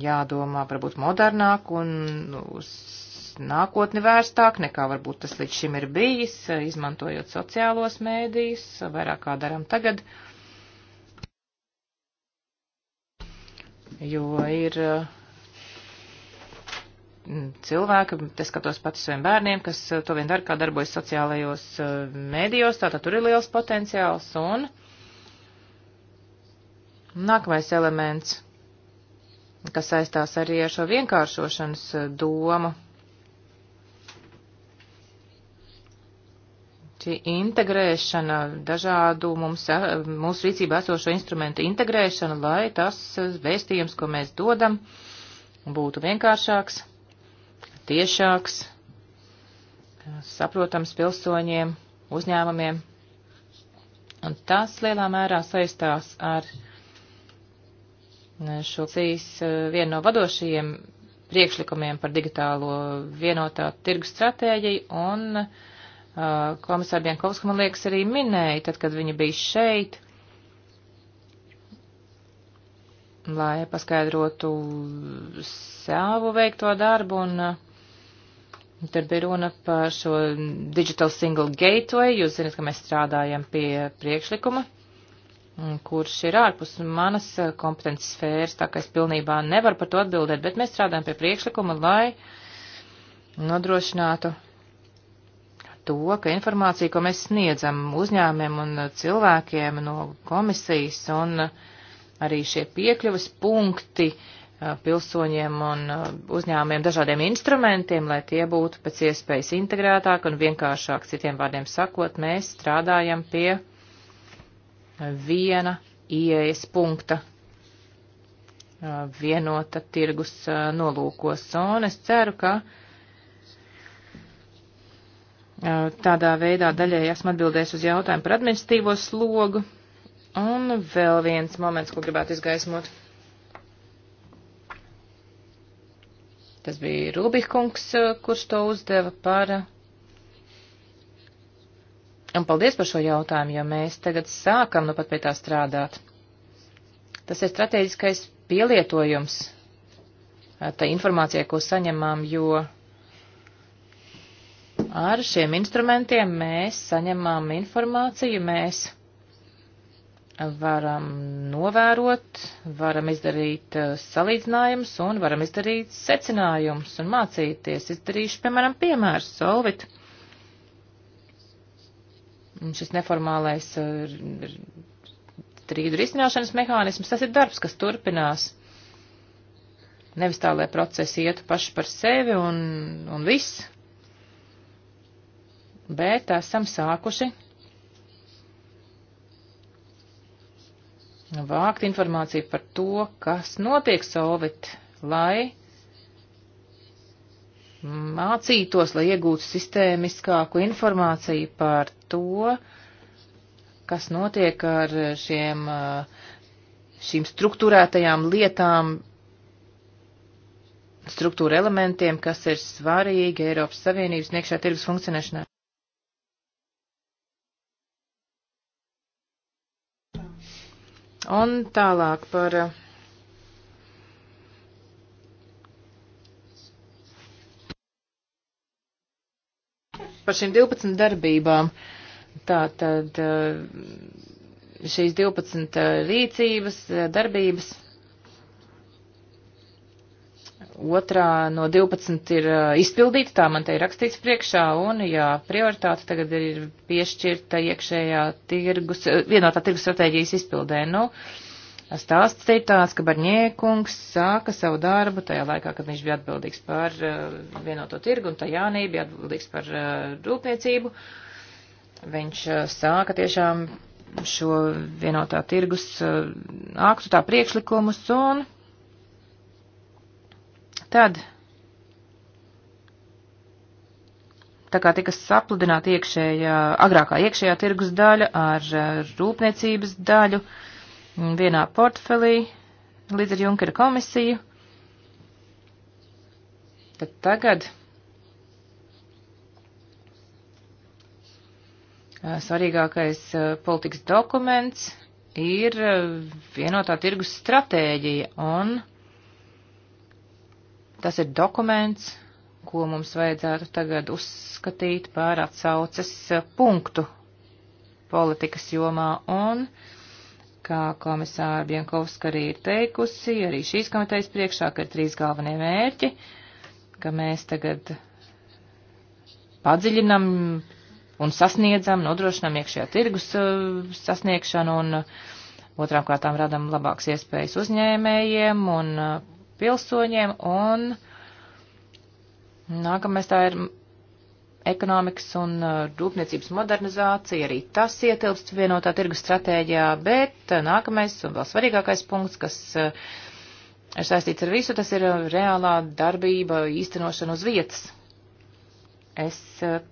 jādomā varbūt modernāk un nu, uz nākotni vērstāk nekā varbūt tas līdz šim ir bijis, izmantojot sociālos mēdījus, vairāk kā daram tagad. Uh, jo ir eh, cilvēki, es skatos pats saviem bērniem, kas eh, to vien dara, kā darbojas sociālajos eh, medijos, tātad tur ir liels potenciāls un nākamais elements, kas saistās arī ar šo vienkāršošanas domu. proti integrēšana, dažādu mums, mūsu rīcībā esošo instrumentu integrēšana, lai tas vēstījums, ko mēs dodam, būtu vienkāršāks, tiešāks, saprotams pilsoņiem, uzņēmumiem. Un tas lielā mērā saistās ar šo cīs vienu no vadošajiem priekšlikumiem par digitālo vienotā tirgu stratēģiju un uh, Uh, komisāra Bienkovska, man liekas, arī minēja, tad, kad viņa bija šeit, lai paskaidrotu savu veikto darbu, un uh, tad bija runa par šo Digital Single Gateway, jūs zinat, ka mēs strādājam pie priekšlikuma, kurš ir ārpus manas uh, kompetences sfēras, tā ka es pilnībā nevaru par to atbildēt, bet mēs strādājam pie priekšlikuma, lai nodrošinātu to, ka informācija, ko mēs sniedzam uzņēmiem un cilvēkiem no komisijas un uh, arī šie piekļuvas punkti uh, pilsoņiem un uh, uzņēmiem dažādiem instrumentiem, lai tie būtu pēc iespējas integrētāk un vienkāršāk. Citiem vārdiem sakot, mēs strādājam pie viena ieejas punkta vienota tirgus nolūkos. Un es ceru, ka uh, Eh, tādā veidā daļai esmu atbildējis uz jautājumu par administratīvo slogu. Un vēl viens moments, ko gribētu izgaismot. Tas bija Rubikungs, eh, kurš to uzdeva par. Eh, un paldies par šo jautājumu, jo mēs tagad sākam nu pat pie tā strādāt. Tas ir strateģiskais pielietojums tā informācija, ko saņemam, jo Ar šiem instrumentiem mēs saņemam informāciju, mēs varam novērot, varam izdarīt uh, salīdzinājumus un varam izdarīt secinājumus un mācīties. Izdarīšu, piemēram, piemēru Solvit. Šis neformālais strīdu uh, risināšanas mehānisms, tas ir darbs, kas turpinās. Nevis tā, lai procesi ietu paši par sevi un, un viss, bet esam sākuši vākt informāciju par to, kas notiek Solvit, lai mācītos, lai iegūtu sistēmiskāku informāciju par to, kas notiek ar šiem, šīm struktūrētajām lietām, struktūra elementiem, kas ir svarīgi Eiropas Savienības niekšā tirgus funkcionēšanai. Un tālāk par eh, par šīm 12 darbībām. Tātad eh, šīs 12 eh, rīcības, darbības otrā no 12 ir uh, izpildīta, tā man te ir rakstīts priekšā, un jā, prioritāte tagad ir piešķirta iekšējā tirgus, uh, vienotā tirgus stratēģijas izpildē. Nu, stāsts te ir tāds, ka Barņēkungs sāka savu darbu tajā laikā, kad viņš bija atbildīgs par uh, vienoto tirgu, un Tajānī bija atbildīgs par rūpniecību. Viņš sāka tiešām šo vienotā tirgus aktu tā priekšlikumus un Tad, tā kā tika sapludināta iekšējā, agrākā iekšējā tirgus daļa ar eh, rūpniecības daļu mm, vienā portfelī līdz ar Junkera komisiju, tad tagad eh, svarīgākais eh, politikas dokuments ir vienotā tirgus stratēģija un Tas ir dokuments, ko mums vajadzētu tagad uzskatīt par atsauces eh, punktu politikas jomā un, kā komisāra Bienkovska arī ir teikusi, arī šīs komitejas priekšā, ka ir trīs galvenie mērķi, ka mēs tagad padziļinam un sasniedzam, nodrošinam iekšējā tirgus eh, sasniegšanu un eh, otrām kārtām radam labāks iespējas uzņēmējiem un pilsoņiem, un nākamais tā ir ekonomikas un uh, rūpniecības modernizācija, arī tas ietilpst vienotā tirgus stratēģijā, bet uh, nākamais un vēl svarīgākais punkts, kas uh, ir saistīts ar visu, tas ir reālā darbība īstenošana uz vietas. Es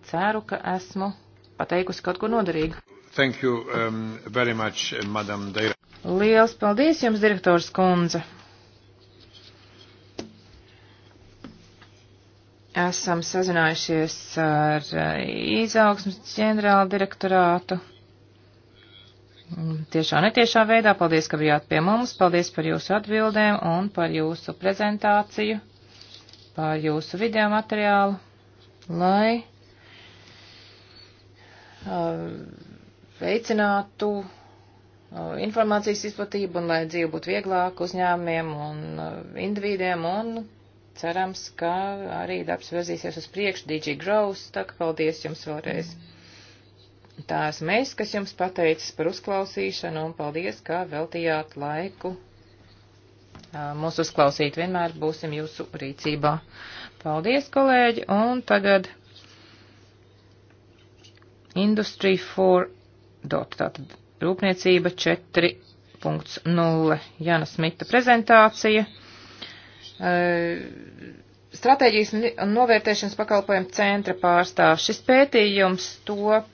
ceru, ka esmu pateikusi kaut ko noderīgu. Thank you um, very much, Madam Deira. Liels paldies jums, direktors Kunze. Esam sazinājušies ar eh, izaugsmas ģenerāla direktorātu. Tiešā netiešā veidā paldies, ka bijāt pie mums, paldies par jūsu atbildēm un par jūsu prezentāciju, par jūsu video materiālu, lai eh, veicinātu eh, informācijas izplatību un lai dzīve būtu vieglāka uzņēmumiem un individiem un cerams, ka arī darbs virzīsies uz priekšu DG Grows, tā ka paldies jums vēlreiz. Tā esmu es, kas jums pateicis par uzklausīšanu un paldies, ka veltījāt laiku. Mūs uzklausīt vienmēr būsim jūsu rīcībā. Paldies, kolēģi, un tagad Industry 4. Dot, tātad rūpniecība 4.0. Jana Smita prezentācija. Eh, stratēģijas un novērtēšanas pakalpojumu centra pārstāvs. Šis pētījums to eh,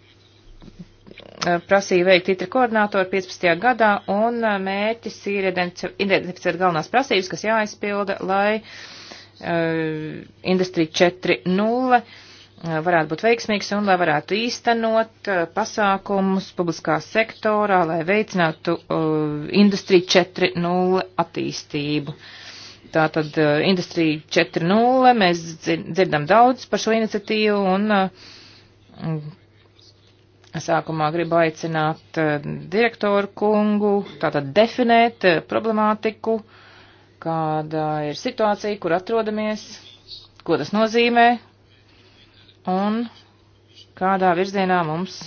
prasīja veikt itri koordinātori 15. gadā, un eh, mērķis ir identificēt galvenās prasības, kas jāizpilda, lai uh, Industrija 4.0 varētu būt veiksmīgs un lai varētu īstenot pasākumus publiskā sektorā, lai veicinātu uh, Industrija 4.0 attīstību. Uh, Tātad eh, industrija 4.0, mēs dzirdam daudz par šo iniciatīvu un eh, sākumā gribu aicināt eh, direktoru kungu, tātad definēt problemātiku, kāda ir situācija, kur atrodamies, ko tas nozīmē un kādā virzienā mums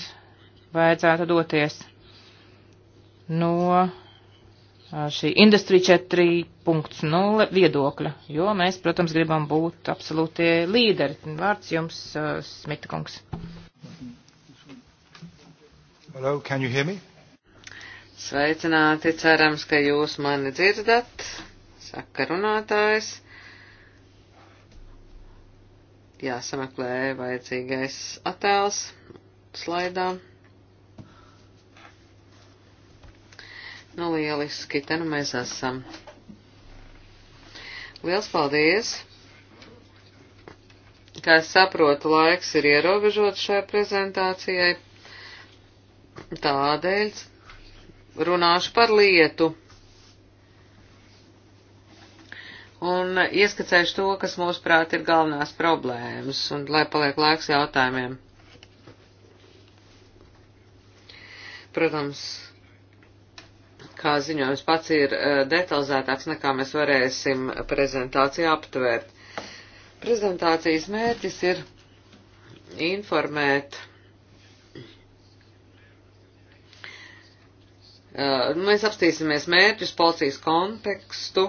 vajadzētu doties no šī industrija 4.0 viedokļa, jo mēs, protams, gribam būt absolūtie līderi. Vārds jums, uh, Smita kungs. Hello, can you hear me? Sveicināti, cerams, ka jūs mani dzirdat, saka runātājs. Jāsameklē vajadzīgais attēls slaidā. Nu, lieliski, te nu mēs esam. Liels paldies! Kā es saprotu, laiks ir ierobežots šai prezentācijai. Tādēļ runāšu par lietu. Un ieskicēšu to, kas mūsuprāt ir galvenās problēmas, un lai paliek laiks jautājumiem. Protams, kā ziņojums pats ir eh, detalizētāks nekā mēs varēsim prezentācijā aptvērt. Prezentācijas mērķis ir informēt. Eh, nu, mēs apstīsimies mērķus, policijas kontekstu,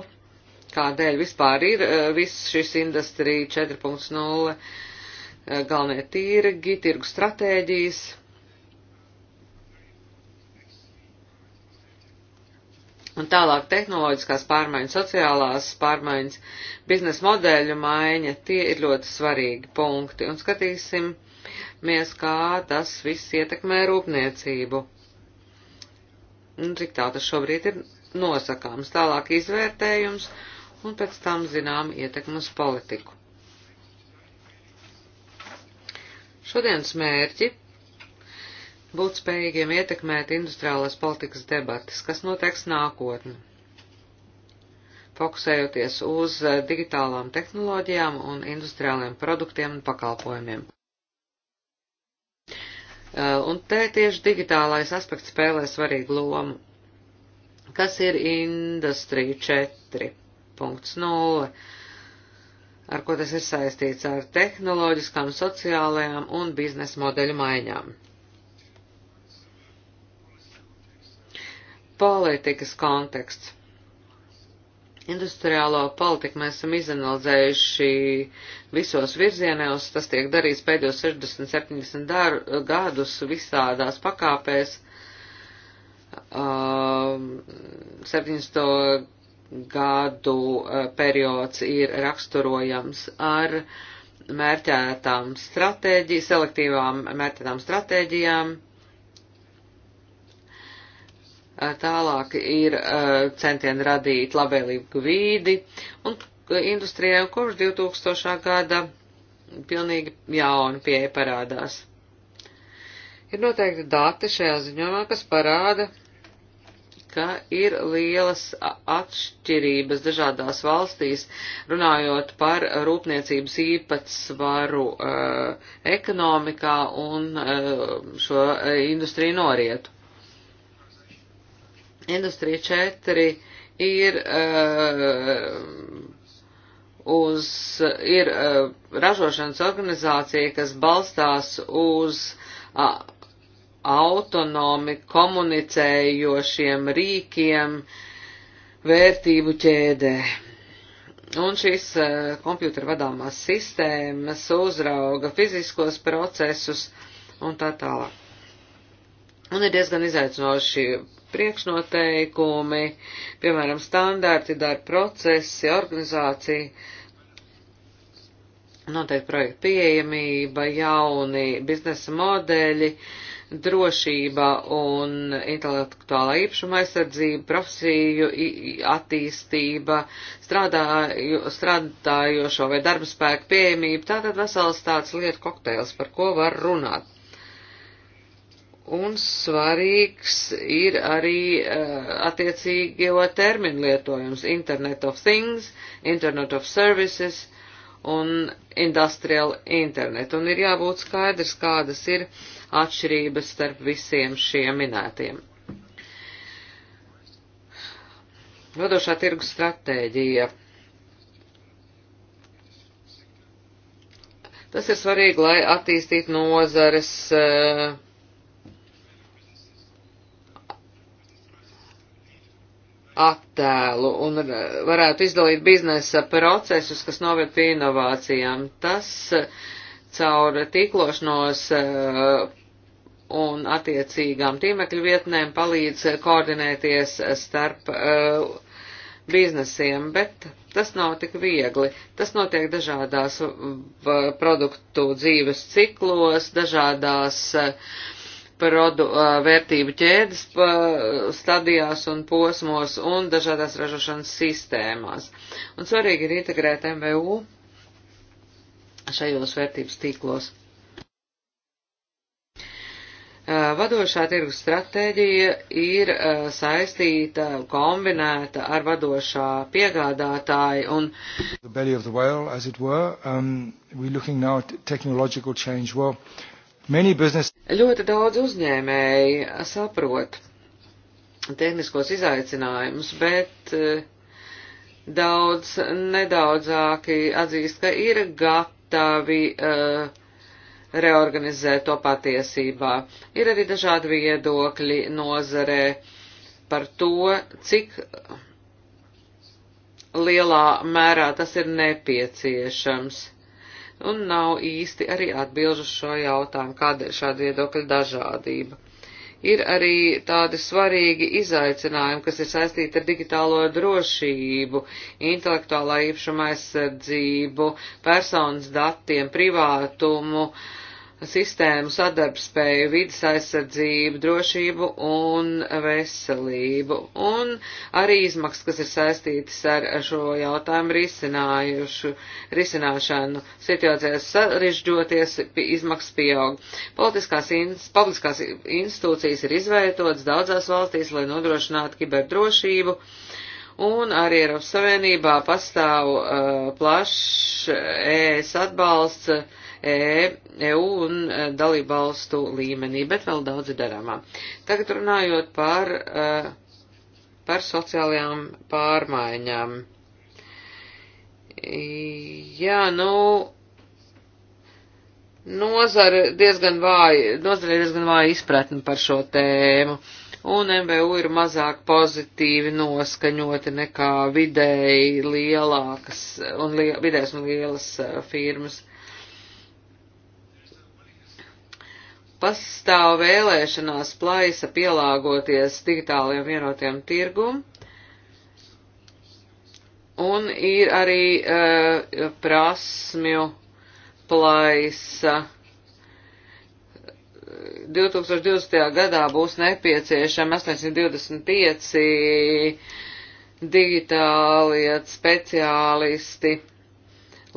kādēļ vispār ir eh, viss šis industrija 4.0, galvenie tirgi, tirgu stratēģijas Un tālāk tehnoloģiskās pārmaiņas, sociālās pārmaiņas, biznesa modeļu maiņa, tie ir ļoti svarīgi punkti. Un skatīsimies, kā tas viss ietekmē rūpniecību. Un cik tā tas šobrīd ir nosakāms. Tālāk izvērtējums un pēc tam zinām ietekmas politiku. Šodienas mērķi būt spējīgiem ietekmēt industriālās politikas debatas, kas noteiks nākotni, fokusējoties uz eh, digitālām tehnoloģijām un industriāliem produktiem un pakalpojumiem. Eh, un te tieši digitālais aspekts spēlē svarīgu lomu. Kas ir industrija 4.0? Ar ko tas ir saistīts ar tehnoloģiskām, sociālajām un biznesa modeļu maiņām? politikas konteksts. Industriālo politiku mēs esam izanalizējuši visos virzienos, tas tiek darīts pēdējos 60-70 gadus visādās pakāpēs. Um, uh, 70 gadu periods ir raksturojams ar mērķētām stratēģijām, selektīvām mērķētām stratēģijām, Tālāk ir eh, centieni radīt labvēlīgu vīdi, un industrijai kopš 2000. gada pilnīgi jauna pieeja parādās. Ir noteikti dati šajā ziņojumā, kas parāda, ka ir lielas atšķirības dažādās valstīs, runājot par rūpniecības īpatsvaru uh, ekonomikā un uh, šo industriju norietu. Industrija 4 ir uh, uz, ir uh, ražošanas organizācija, kas balstās uz uh, autonomi komunicējošiem rīkiem vērtību ķēdē. Un šīs uh, eh, kompjūtera vadāmās sistēmas uzrauga fiziskos procesus un tā tālāk. Un ir diezgan izaicinoši priekšnoteikumi, piemēram, standarti, darba procesi, organizācija, noteikti projekta pieejamība, jauni biznesa modeļi, drošība un intelektuālā īpašuma aizsardzība, profesiju attīstība, strādājo, strādājošo vai darba spēku pieejamība. Tātad vesels tāds lietu kokteils, par ko var runāt. Un svarīgs ir arī uh, eh, attiecīgo terminu lietojums - Internet of Things, Internet of Services un Industrial Internet. Un ir jābūt skaidrs, kādas ir atšķirības starp visiem šiem minētiem. Vadošā tirgus stratēģija. Tas ir svarīgi, lai attīstītu nozares. Uh, attēlu un varētu izdalīt biznesa procesus, kas noved pie inovācijām. Tas e, caur tīklošanos e, un attiecīgām tīmekļu vietnēm palīdz koordinēties starp e, biznesiem, bet tas nav tik viegli. Tas notiek dažādās produktu dzīves ciklos, dažādās uh, produ, vērtību ķēdes stadijās un posmos un dažādās ražošanas sistēmās. Un svarīgi ir integrēt MVU šajos vērtības tīklos. Vadošā tirgus stratēģija ir saistīta, kombinēta ar vadošā piegādātāju un whale, were, um, well, business... Ļoti daudz uzņēmēji saprot tehniskos izaicinājumus, bet eh, daudz nedaudzāki atzīst, ka ir gatavi uh, reorganizēt to patiesībā. Ir arī dažādi viedokļi nozarē par to, cik lielā mērā tas ir nepieciešams un nav īsti arī atbilžu šo jautājumu, kādēļ šāda viedokļa dažādība. Ir arī tādi svarīgi izaicinājumi, kas ir saistīti ar digitālo drošību, intelektuālā īpašuma aizsardzību, personas datiem, privātumu, uh, sistēmu sadarbspēju, vidas aizsardzību, drošību un veselību, un arī izmaksas, kas ir saistītas ar šo jautājumu risinājušu, risināšanu. Situācijās sarežģoties, izmaksas pieaug. Politiskās, ins, publiskās institūcijas ir izveidotas daudzās valstīs, lai nodrošinātu kiberdrošību un arī Eiropas Savienībā pastāv uh, plašs ES uh, atbalsts EU e un e, dalībvalstu līmenī, bet vēl daudz ir darāmā. Tagad runājot par, e, par sociālajām pārmaiņām. Jā, nu. Nozara diezgan vāja, nozara diezgan vāja izpratni par šo tēmu un MVU ir mazāk pozitīvi noskaņoti nekā vidēji lielākas un li vidējas un lielas firmas. pastāv vēlēšanās plaisa pielāgoties digitāliem vienotiem tirgum, un ir arī uh, prasmju plaisa. 2020. gadā būs nepieciešama 825 digitālie speciālisti,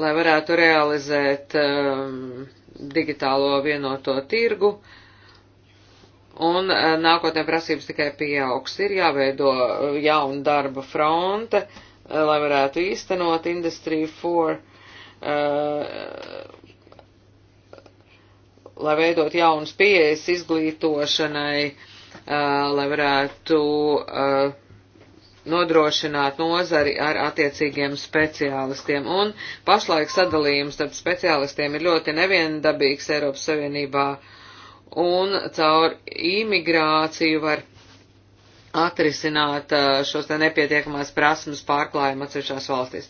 lai varētu realizēt um, digitālo vienoto tirgu, un eh, nākotnē prasības tikai pieaugs. Ir jāveido eh, jauna darba fronte, eh, lai varētu īstenot Industry 4, lai veidot jaunas pieejas izglītošanai, lai varētu nodrošināt nozari ar attiecīgiem speciālistiem. Un pašlaik sadalījums starp speciālistiem ir ļoti neviendabīgs Eiropas Savienībā, un caur imigrāciju var atrisināt uh, šos te nepietiekamās prasmes pārklājumu atsevišķās valstīs.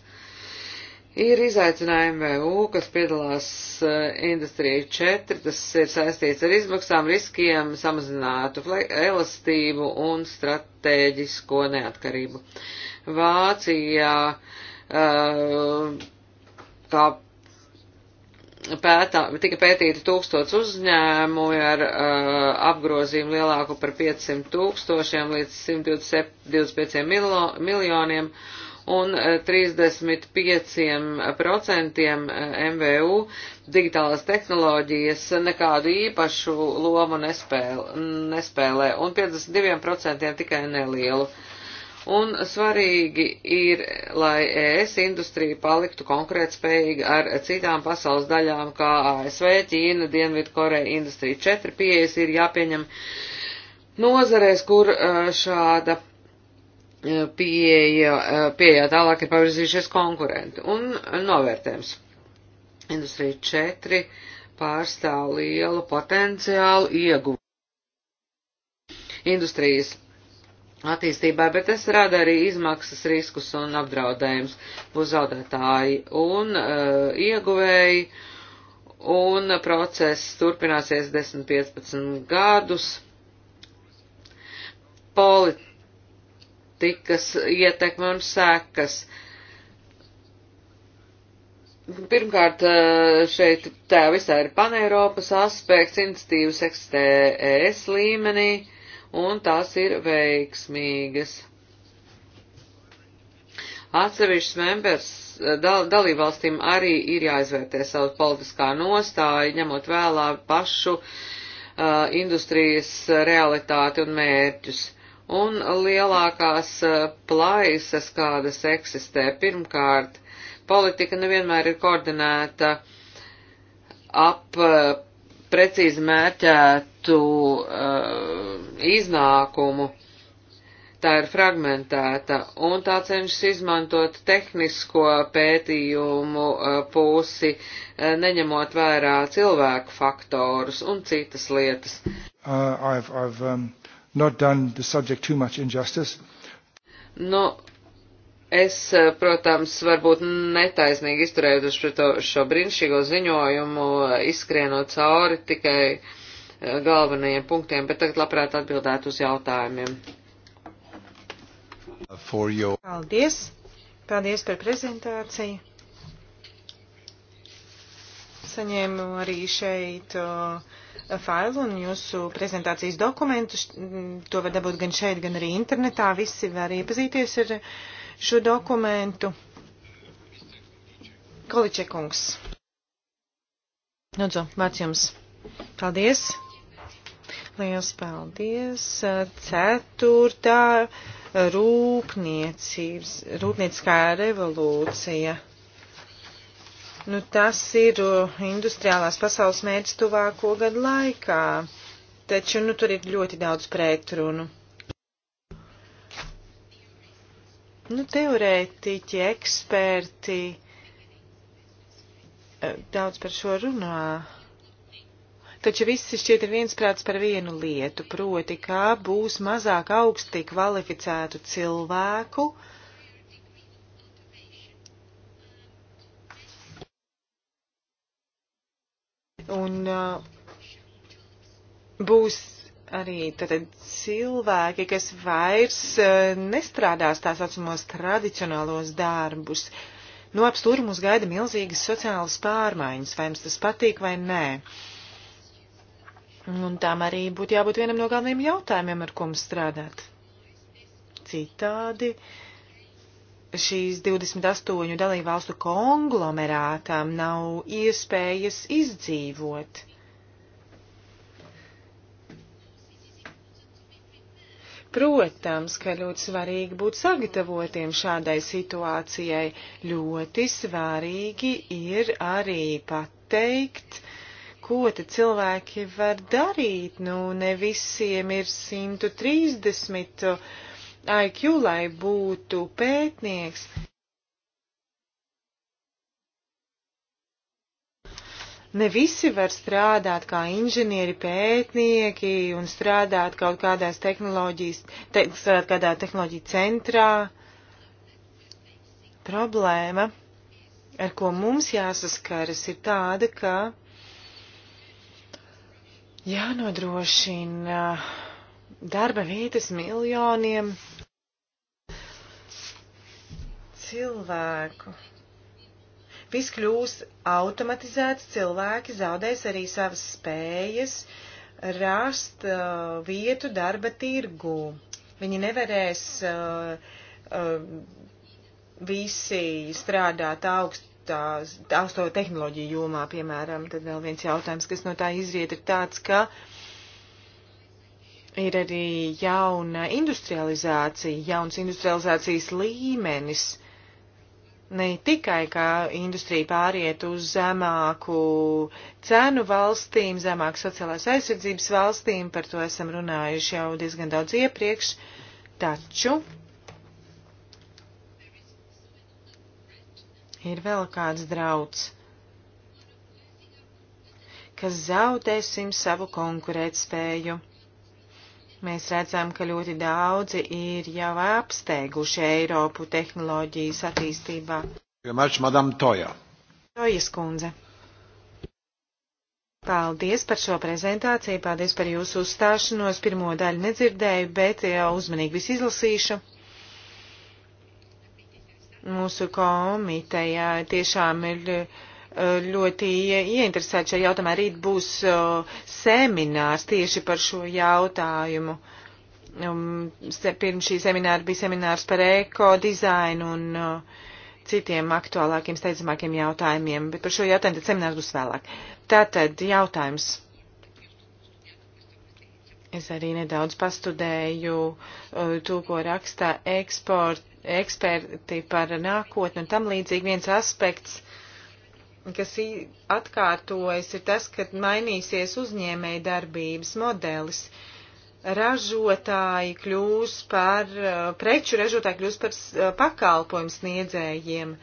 Ir izaicinājumi VU, kas piedalās eh, industrijai 4, tas ir saistīts ar izmaksām, riskiem, samazinātu elastību un stratēģisko neatkarību. Vācijā eh, kā pētā, tika pētīti tūkstots uzņēmumi ar eh, apgrozījumu lielāku par 500 tūkstošiem līdz 125 miljoniem un 35% e, e, MVU digitālās tehnoloģijas nekādu īpašu lomu nespēl, nespēlē un 52% tikai nelielu. Un svarīgi ir, lai ES industrija paliktu konkurētspējīga ar citām pasaules daļām, kā ASV, Ķīna, Dienvidkoreja industrija. Četri pieejas ir jāpieņem nozarēs, kur e, šāda pieeja, pieeja tālāk ir pavirzījušies konkurenti. Un novērtējums. Industrija 4 pārstāv lielu potenciālu ieguvumu industrijas attīstībā, bet tas rada arī izmaksas, riskus un apdraudējums. Būs zaudētāji un uh, ieguvēji, un process turpināsies 10-15 gadus. Polit politikas ietekme un sekas. Pirmkārt, eh, šeit tā visā ir paneiropas aspekts, institīvas eksistē ES līmenī, un tās ir veiksmīgas. Atsevišķas members eh, dal, dalībvalstīm arī ir jāizvērtē savu politiskā nostāju, ņemot vēlā pašu uh, industrijas realitāti un mērķus. Un lielākās eh, plaisas, kādas eksistē, pirmkārt, politika nevienmēr ir koordinēta ap eh, precīzi mērķētu uh, iznākumu. Tā ir fragmentēta, un tā cenšas izmantot tehnisko pētījumu uh, pusi, uh, neņemot vērā cilvēku faktorus un citas lietas. Uh, I've, I've, um not done the subject too much injustice. Nu, es, eh, protams, varbūt netaisnīgi izturējos pret šo brīnišķīgo ziņojumu, eh, izskrienot cauri tikai eh, galvenajiem punktiem, bet tagad labprāt atbildētu uz jautājumiem. Your... Paldies! Paldies par prezentāciju! Saņēmu arī šeit uh, failu un jūsu prezentācijas dokumentus. Mm, to var dabūt gan šeit, gan arī internetā. Visi var iepazīties ar šo dokumentu. Količekungs. Lūdzu, vārds jums. Paldies. Liels paldies. Ceturtā rūpniecības, rūpnieciskā revolūcija. Nu, tas ir uh, industriālās pasaules mērķis tuvāko gadu laikā, taču nu, tur ir ļoti daudz pretrunu. Nu, teorētiķi, eksperti uh, daudz par šo runā. Taču visi šķiet ir viensprāts par vienu lietu, proti, kā būs mazāk augsti kvalificētu cilvēku, uh, Un uh, būs arī tātad cilvēki, kas vairs uh, nestrādās tā saucamos tradicionālos darbus. No apstūra mūs gaida milzīgas sociālas pārmaiņas, vai mums tas patīk vai nē. Un tām arī būtu jābūt vienam no galvenajiem jautājumiem, ar ko mums strādāt. Citādi. Uh, šīs 28 dalībvalstu konglomerātām nav iespējas izdzīvot. Protams, ka ļoti svarīgi būt sagatavotiem šādai situācijai. Ļoti svarīgi ir arī pateikt, ko te cilvēki var darīt. Nu, ne visiem ir 130 IQ, lai būtu pētnieks. Ne visi var strādāt kā inženieri, pētnieki un strādāt kaut kādās tehnoloģijas, te, strādāt kādā tehnoloģija centrā. Problēma, ar ko mums jāsaskaras, ir tāda, ka jānodrošina darba vietas miljoniem cilvēku. Viss kļūs automatizēts, cilvēki zaudēs arī savas spējas rast uh, vietu darba tirgū. Viņi nevarēs uh, uh, visi strādāt augstu tās augsto tehnoloģiju jomā, piemēram, tad vēl viens jautājums, kas no tā izriet, ir tāds, ka ir arī jauna industrializācija, jauns industrializācijas līmenis, ne tikai, ka industrija pāriet uz zemāku cenu valstīm, zemāku sociālās aizsardzības valstīm, par to esam runājuši jau diezgan daudz iepriekš, taču ir vēl kāds drauds, ka zaudēsim savu konkurētspēju. spēju Mēs redzam, ka ļoti daudzi ir jau apsteiguši Eiropu tehnoloģijas attīstībā. Piemērš, madam Toja. Tojas kundze. Paldies par šo prezentāciju, paldies par jūsu uzstāšanos. Pirmo daļu nedzirdēju, bet jau uzmanīgi visu izlasīšu. Mūsu komiteja tiešām ir ļoti ieinteresēti šajā jautājumā. Rīt būs seminārs tieši par šo jautājumu. Um, pirms šī semināra bija seminārs par ekodizainu un citiem aktuālākiem, steidzamākiem jautājumiem, bet par šo jautājumu tad seminārs būs vēlāk. Tātad jautājums. Es arī nedaudz pastudēju to, ko rakstā eksport, eksperti par nākotni un tam līdzīgi viens aspekts kas atkārtojas, ir tas, ka mainīsies uzņēmēja darbības modelis. Ražotāji kļūs par, preču ražotāji kļūs par pakalpojumu sniedzējiem.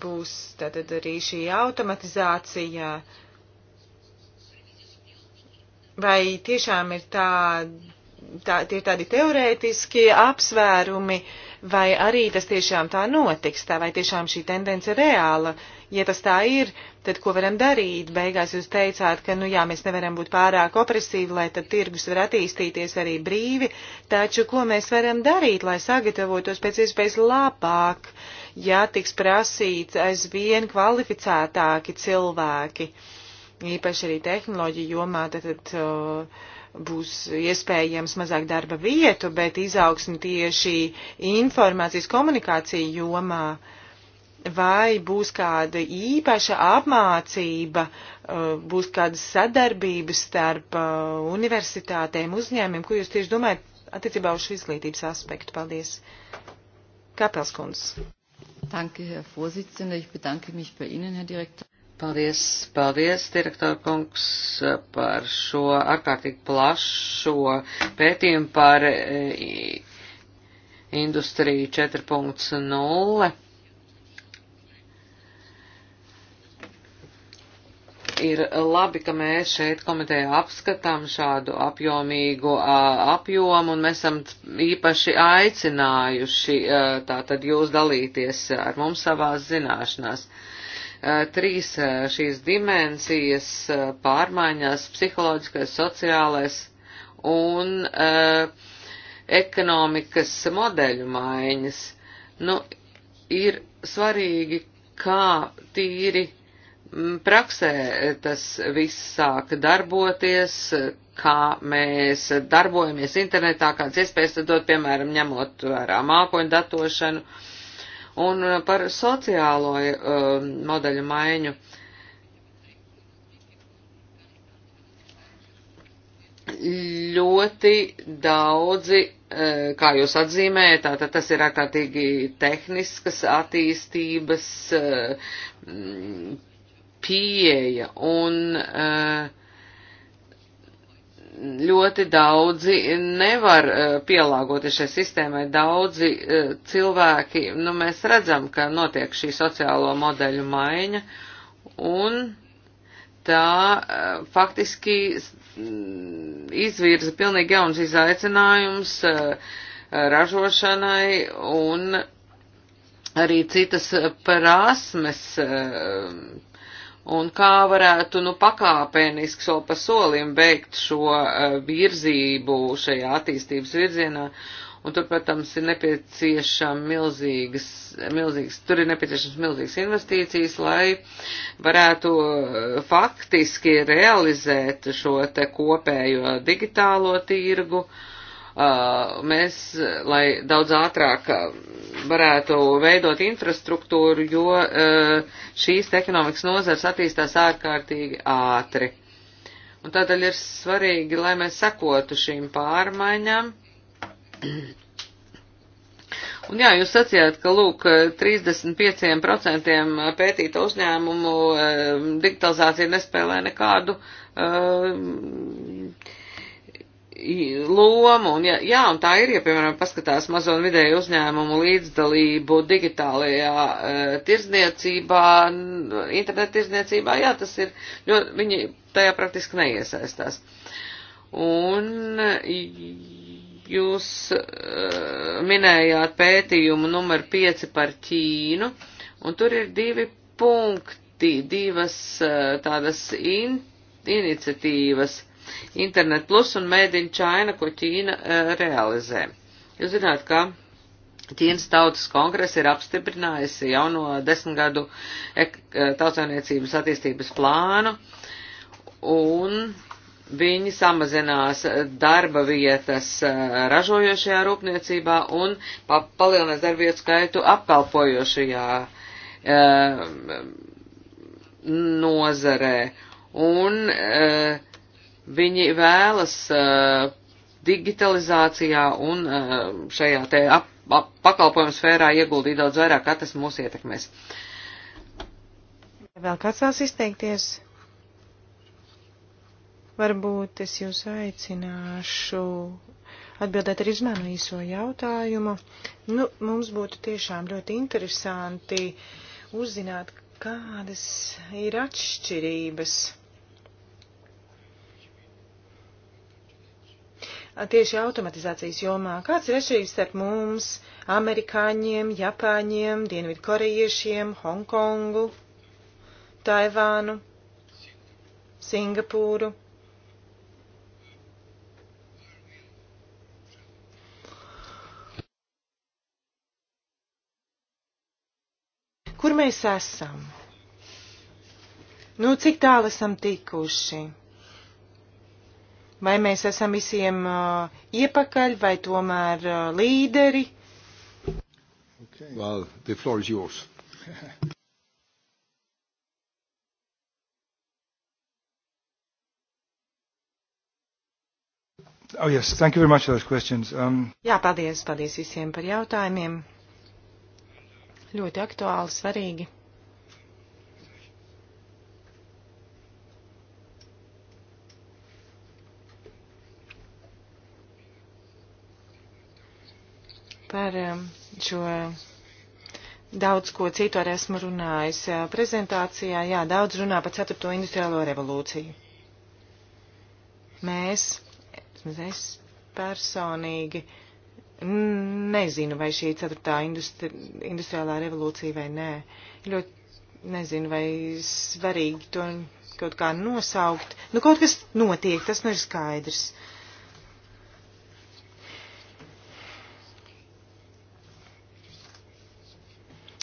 Būs tātad arī šī automatizācija. Vai tiešām ir tā, tā tie ir tādi teorētiski apsvērumi, uh, vai arī tas tiešām tā notiks, tā vai tiešām šī tendence ir reāla. Ja tas tā ir, tad ko varam darīt? Beigās jūs teicāt, ka, nu jā, mēs nevaram būt pārāk opresīvi, lai tad tirgus var attīstīties arī brīvi, taču ko mēs varam darīt, lai sagatavotos pēc iespējas labāk, ja tiks prasīts aizvien kvalificētāki cilvēki, īpaši arī tehnoloģiju jomā, tad, tad uh, būs iespējams mazāk darba vietu, bet izaugsmi tieši informācijas komunikācija jomā. Vai būs kāda īpaša apmācība, uh, būs kādas sadarbības starp uh, universitātēm, uzņēmumiem, ko jūs tieši domājat attiecībā uz šo izglītības aspektu? Paldies. Kapelskunds. Danke, Herr Vorsitzender. Ich bedanke mich bei Ihnen, Herr Direktor. Paldies, paldies, direktora kungs, par šo ārkārtīgi plašo pētījumu par eh, industriju 4.0. Ir labi, ka mēs šeit komitejā apskatām šādu apjomīgu apjomu, un mēs esam īpaši aicinājuši tātad jūs dalīties ar mums savās zināšanās. Eh, trīs eh, šīs dimensijas eh, pārmaiņas - psiholoģiskais, sociālais un ekonomikas modeļu maiņas. Nu, ir svarīgi, kā tīri mm, praksē tas viss sāk darboties, kā mēs darbojamies internetā, kādas iespējas tad dot, piemēram, ņemot vērā mākoņu datošanu, uh, Un uh, par sociālo uh, modeļu maiņu. Ļoti daudzi, uh, kā jūs atzīmējat, tātad tas ir ārkārtīgi tehniskas attīstības uh, pieeja un uh, ļoti daudzi nevar eh, pielāgoties šai sistēmai. Daudzi eh, cilvēki, nu mēs redzam, ka notiek šī sociālo modeļu maiņa un tā eh, faktiski mm, izvirza pilnīgi jauns izaicinājums ražošanai un arī citas prasmes un kā varētu nu pakāpeniski soli pa solim beigt šo uh, virzību šajā attīstības virzienā. Un tur, protams, ir nepieciešams milzīgas, milzīgas, tur ir nepieciešams milzīgas investīcijas, lai varētu uh, faktiski realizēt šo te kopējo digitālo tirgu. Uh, Uh, mēs, lai daudz ātrāk varētu veidot infrastruktūru, jo uh, šīs ekonomikas nozars attīstās ārkārtīgi ātri. Un tādēļ ir svarīgi, lai mēs sekotu šīm pārmaiņām. Un jā, jūs sacījāt, ka lūk, 35% pētīta uzņēmumu uh, digitalizācija nespēlē nekādu uh, lomu, un ja, jā, un tā ir, ja, piemēram, paskatās mazo un vidēju uzņēmumu līdzdalību digitālajā uh, tirzniecībā, internet tirzniecībā, jā, tas ir, jo viņi tajā praktiski neiesaistās. Un jūs uh, minējāt pētījumu numur 5 par Ķīnu, un tur ir divi punkti, divas uh, tādas in, iniciatīvas, uh, Internet Plus un Made in China, ko Ķīna uh, realizē. Jūs zināt, ka Ķīnas tautas kongresa ir apstiprinājusi jauno desmitgadu eh, tautsainiecības attīstības plānu, un viņi samazinās eh, darba vietas ražojošajā rūpniecībā un palielinās darba vietu skaitu apkalpojošajā e, nozarē. Un e, Viņi vēlas uh, digitalizācijā un uh, šajā te ap, ap, pakalpojumu sfērā ieguldīt daudz vairāk, kā tas mūs ietekmēs. Vēl kāds vēlas izteikties? Varbūt es jūs aicināšu atbildēt arī uz manu īso jautājumu. Nu, mums būtu tiešām ļoti interesanti uzzināt, kādas ir atšķirības tieši automatizācijas jomā. Kāds ir atšķirības starp mums, amerikāņiem, japāņiem, dienvidkorejiešiem, Hongkongu, Taivānu, Singapūru? Kur mēs esam? Nu, cik tālu esam tikuši? Vai mēs esam visiem uh, iepakaļ vai tomēr uh, līderi? Okay. Well, the floor is yours. oh, yes. Thank you very much for those questions. Um... Jā, paldies, paldies visiem par jautājumiem. Ļoti aktuāli, svarīgi. Par um, šo daudz ko citu arī esmu runājis uh, prezentācijā. Jā, daudz runā par 4. industriālo revolūciju. Mēs, es personīgi nezinu, vai šī 4. Industri, industriālā revolūcija vai nē. Ļoti nezinu, vai svarīgi to kaut kā nosaukt. Nu, kaut kas notiek, tas nu ir skaidrs. Uh,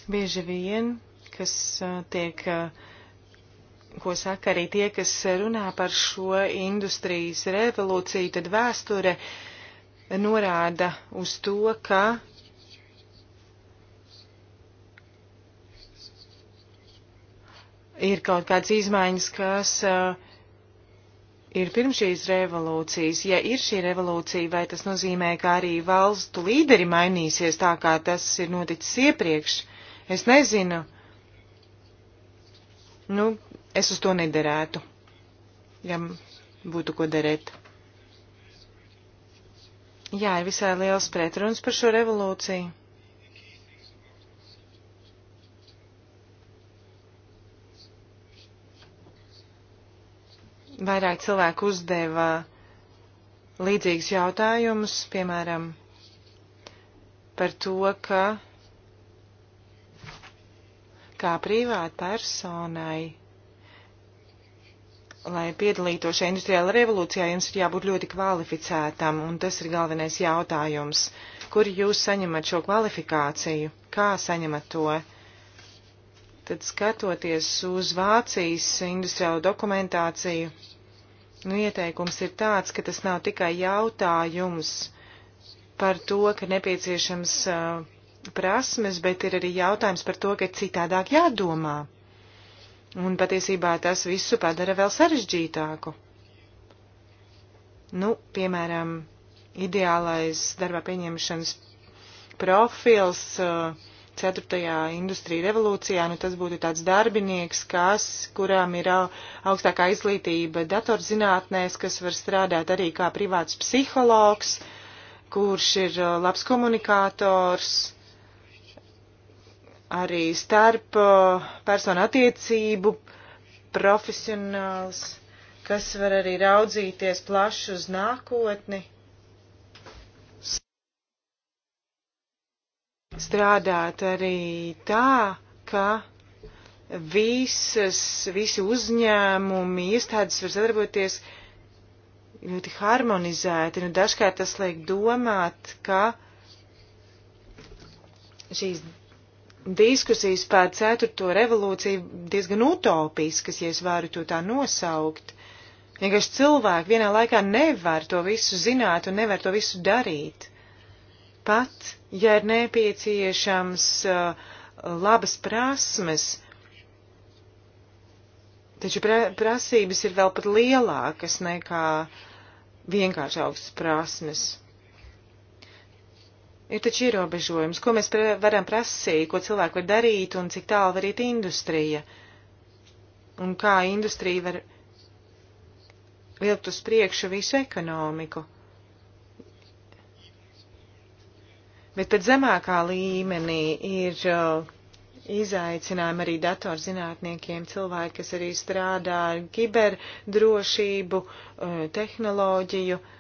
bieži vien, kas tiek, ko saka arī tie, kas runā par šo industrijas revolūciju, tad vēsture norāda uz to, ka ir kaut kādas izmaiņas, kas ir pirms šīs revolūcijas. Ja ir šī revolūcija, vai tas nozīmē, ka arī valstu līderi mainīsies tā, kā tas ir noticis iepriekš? Es nezinu. Nu, es uz to nederētu, ja būtu ko darīt. Jā, ir visai liels pretruns par šo revolūciju. Vairāk cilvēku uzdeva līdzīgus jautājumus, piemēram, par to, ka kā privāta personai, lai piedalītos šajā industriāla revolūcijā, jums ir jābūt ļoti kvalificētam, un tas ir galvenais jautājums. Kur jūs saņemat šo kvalifikāciju? Kā saņemat to? Tad skatoties uz Vācijas industriālo dokumentāciju, nu, ieteikums ir tāds, ka tas nav tikai jautājums par to, ka nepieciešams uh, prasmes, bet ir arī jautājums par to, ka ir citādāk jādomā. Un patiesībā tas visu padara vēl sarežģītāku. Nu, piemēram, ideālais darbā pieņemšanas profils uh, ceturtajā industrija revolūcijā, nu tas būtu tāds darbinieks, kas, kurām ir augstākā izglītība datorzinātnēs, kas var strādāt arī kā privāts psihologs, kurš ir uh, labs komunikators, arī starp uh, personu attiecību profesionāls, kas var arī raudzīties plaši uz nākotni. Strādāt arī tā, ka visas, visi uzņēmumi, iestādes var sadarboties ļoti harmonizēti. Nu, dažkārt tas liek domāt, ka šīs diskusijas par ceturto revolūciju diezgan utopiskas, ja es varu to tā nosaukt. Vienkārši cilvēki vienā laikā nevar to visu zināt un nevar to visu darīt. Pat, ja ir nepieciešams uh, labas prasmes, taču pra prasības ir vēl pat lielākas nekā vienkārši augstas prasmes. Ir taču ierobežojums, ko mēs pra varam prasīt, ko cilvēki var darīt un cik tālu var iet industrija. Un kā industrija var vilkt uz priekšu visu ekonomiku. Bet pat zemākā līmenī ir uh, izaicinājumi arī datorzinātniekiem, cilvēki, kas arī strādā ar kiberdrošību, uh, tehnoloģiju. Uh,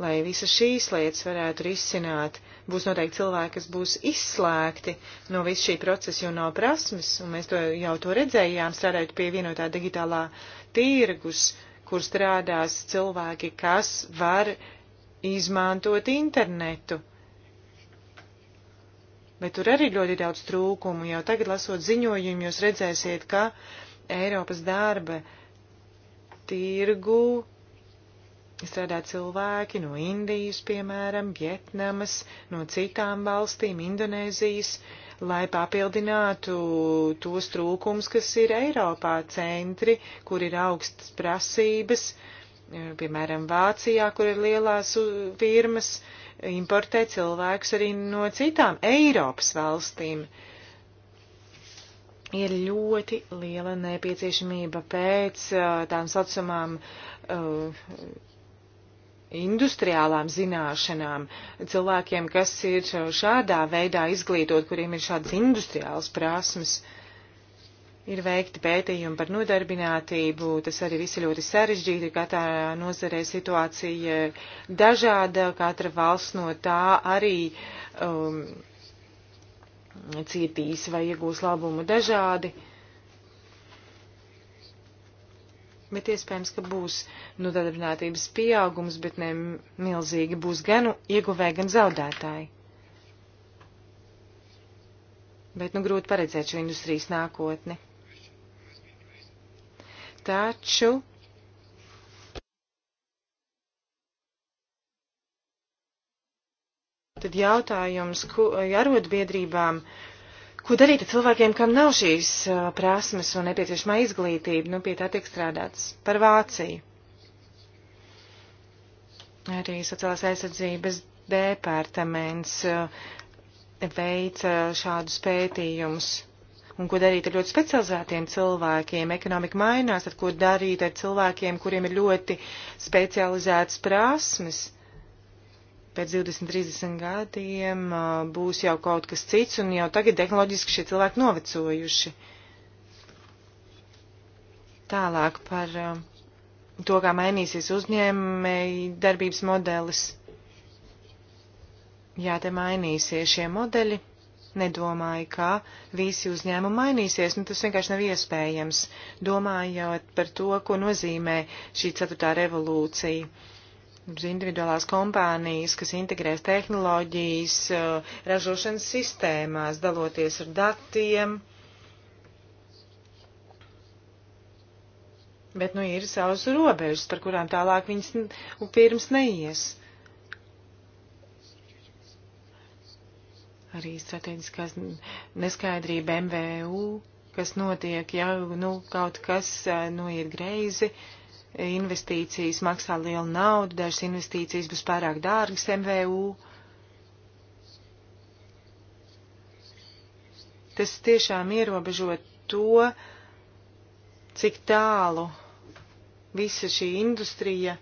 lai visas šīs lietas varētu risināt. Būs noteikti cilvēki, kas būs izslēgti no visu šī procesa, jo nav prasmes, un mēs to jau to redzējām, strādājot pie vienotā digitālā tirgus, kur strādās cilvēki, kas var izmantot internetu. Bet tur arī ļoti daudz trūkumu. Jau tagad, lasot ziņojumu, jūs redzēsiet, ka Eiropas darba tirgu strādā cilvēki no Indijas, piemēram, Vietnamas, no citām valstīm, Indonēzijas, lai papildinātu tos trūkums, kas ir Eiropā centri, kur ir augstas prasības, eh, piemēram, Vācijā, kur ir lielās firmas, importē cilvēkus arī no citām Eiropas valstīm ir ļoti liela nepieciešamība pēc eh, tām saucamām uh, industriālām zināšanām, cilvēkiem, kas ir šādā veidā izglītot, kuriem ir šādas industriālas prasmes. Ir veikti pētījumi par nodarbinātību, tas arī viss ir ļoti sarežģīti, katrā nozarē situācija dažāda, katra valsts no tā arī um, cietīs vai iegūs labumu dažādi. Uh, bet iespējams, ka būs nu, nodarbinātības pieaugums, bet ne milzīgi būs gan ieguvēji, gan zaudētāji. Bet nu grūti paredzēt šo industrijas nākotni. Taču tad jautājums arotbiedrībām Ko darīt ar cilvēkiem, kam nav šīs prasmes un nepieciešamā izglītība? Nu, pie tā tiek strādāts par Vāciju. Arī sociālās aizsardzības departaments veica šādus pētījumus un ko darīt ar ļoti specializētiem cilvēkiem. Ekonomika mainās, tad ko darīt ar cilvēkiem, kuriem ir ļoti specializētas prasmes pēc 20, 30 gadiem būs jau kaut kas cits, un jau tagad tehnoloģiski šie cilvēki novecojuši. Tālāk par to, kā mainīsies uzņēmēji darbības modelis. Jā, te mainīsies šie modeļi. Nedomāju, ka visi uzņēmumi mainīsies, nu tas vienkārši nav iespējams. Domājot par to, ko nozīmē šī ceturtā revolūcija uz individuālās kompānijas, kas integrēs tehnoloģijas eh, ražošanas sistēmās, daloties ar datiem. Bet nu ir savas robežas, par kurām tālāk viņas pirms neies. Arī strateģiskās neskaidrība MVU, kas notiek, ja nu, kaut kas eh, noiet nu, greizi. Uh, investīcijas maksā lielu naudu, dažas investīcijas būs pārāk dārgas MVU. Tas tiešām ierobežo to, cik tālu visa šī industrija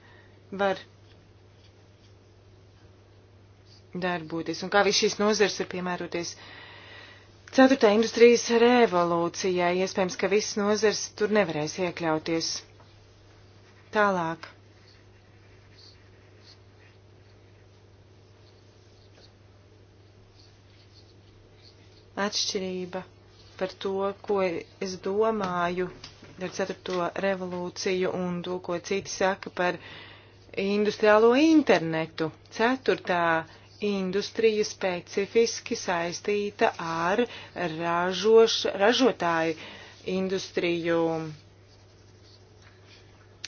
var darboties un kā viss šīs nozars var piemēroties. Ceturtā industrijas revolūcijai iespējams, ka viss nozars tur nevarēs iekļauties. Tālāk. Atšķirība par to, ko es domāju ar ceturto revolūciju un to, ko citi saka par industriālo internetu. Ceturtā industrija specifiski saistīta ar ražoš, ražotāju industriju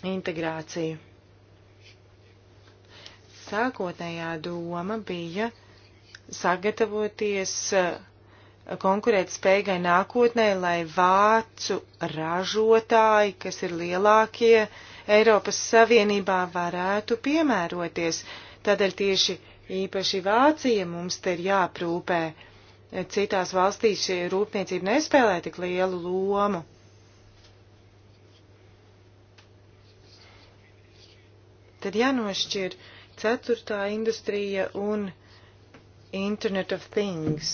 integrāciju. Sākotnējā doma bija sagatavoties eh, konkurēt spējai nākotnē, lai vācu ražotāji, kas ir lielākie Eiropas Savienībā, varētu piemēroties. Tādēļ tieši īpaši Vācija mums te ir jāprūpē. Citās valstīs šī rūpniecība nespēlē tik lielu lomu. Tad jānošķir ceturtā industrija un Internet of Things,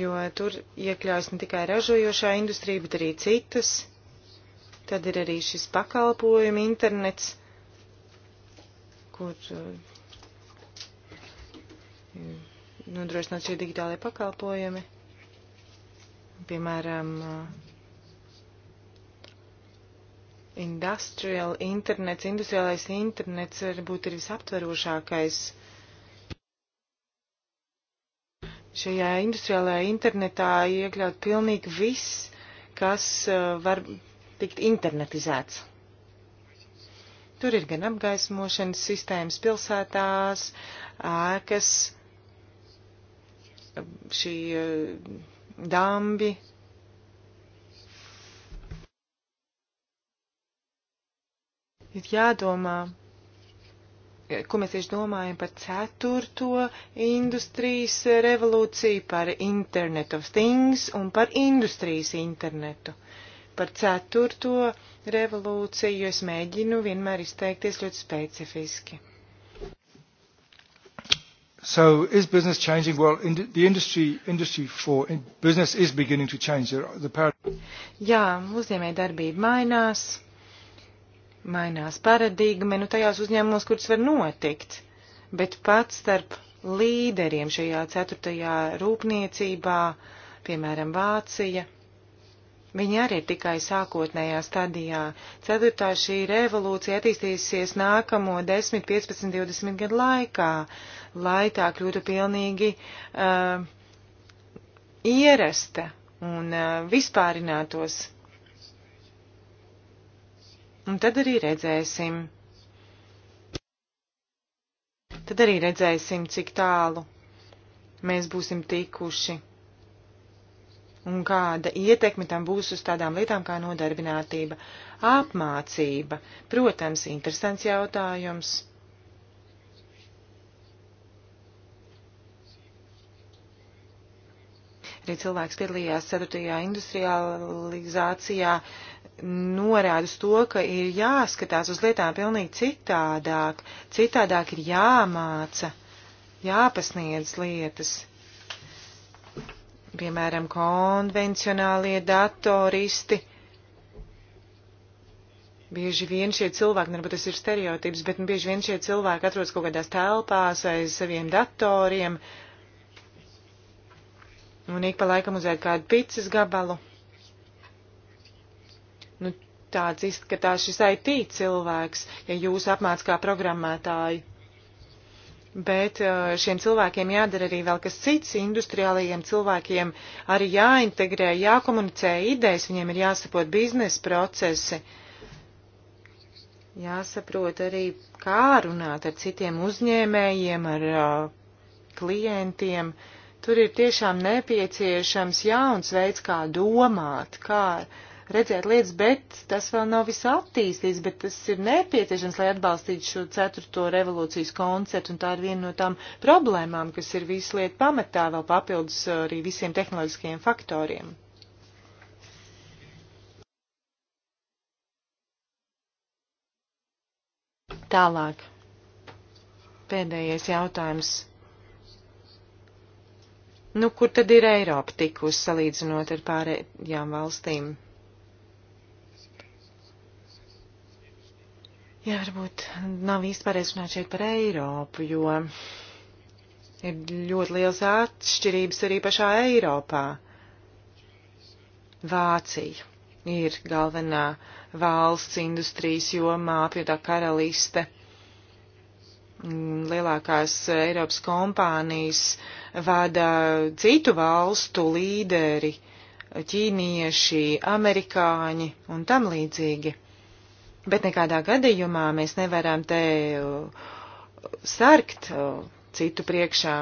jo tur iekļaus ne tikai ražojošā industrija, bet arī citas. Tad ir arī šis pakalpojuma internets, kur uh, nodrošināt šie digitālie pakalpojumi. Piemēram, uh, Industrial internets, industriālais internets varbūt ir visaptverošākais. Šajā industriālajā internetā iekļaut pilnīgi viss, kas uh, var tikt internetizēts. Tur ir gan apgaismošanas sistēmas pilsētās, ēkas, šī uh, dambi, ir jādomā, ko mēs tieši domājam par ceturto industrijas revolūciju, par Internet of Things un par industrijas internetu. Par ceturto revolūciju, jo es mēģinu vienmēr izteikties ļoti specifiski. So is business changing? Well, in the industry, industry for in business is beginning to change. The, the paradigm. Jā, uzņēmējdarbība mainās mainās paradigma, nu tajās uzņēmumos, kur tas var notikt, bet pats starp līderiem šajā ceturtajā rūpniecībā, piemēram, Vācija, viņi arī ir tikai sākotnējā stadijā. Ceturtā šī revolūcija attīstīsies nākamo 10, 15, 20 gadu laikā, lai tā kļūtu pilnīgi uh, ierasta un uh, vispārinātos Un tad arī redzēsim. Tad arī redzēsim, cik tālu mēs būsim tikuši un kāda ietekme tam būs uz tādām lietām kā nodarbinātība, apmācība. Protams, interesants jautājums. Arī cilvēks piedalījās 4. industrializācijā. Uh, norāda uz to, ka ir jāskatās uz lietām pilnīgi citādāk, citādāk ir jāmāca, jāpasniedz lietas. Piemēram, konvencionālie datoristi. Bieži vien šie cilvēki, varbūt tas ir stereotips, bet nu, bieži vien šie cilvēki atrodas kaut kādās telpās aiz saviem datoriem un ik pa laikam uzēd kādu picas gabalu tāds izskatās šis IT cilvēks, ja jūs apmāc kā programmētāji. Bet uh, šiem cilvēkiem jādara arī vēl kas cits, industriālajiem cilvēkiem arī jāintegrē, jākomunicē idejas, viņiem ir jāsaprot biznesa procesi, jāsaprot arī, kā runāt ar citiem uzņēmējiem, ar uh, klientiem. Tur ir tiešām nepieciešams jauns veids, kā domāt, kā uh, redzēt lietas, bet tas vēl nav viss attīstīts, bet tas ir nepieciešams, lai atbalstītu šo ceturto revolūcijas konceptu, un tā ir viena no tām problēmām, kas ir visu lietu pamatā, vēl papildus arī visiem tehnoloģiskajiem faktoriem. Tālāk. Pēdējais jautājums. Nu, kur tad ir Eiropa tikus salīdzinot ar pārējām valstīm? Jā, varbūt nav īsti pareizi runāt šeit par Eiropu, jo ir ļoti liels atšķirības arī pašā Eiropā. Vācija ir galvenā valsts industrijas jomā, apvienotā karaliste. Lielākās Eiropas kompānijas vada citu valstu līderi, ķīnieši, amerikāņi un tam līdzīgi Bet nekādā gadījumā mēs nevaram te uh, sarkt uh, citu priekšā.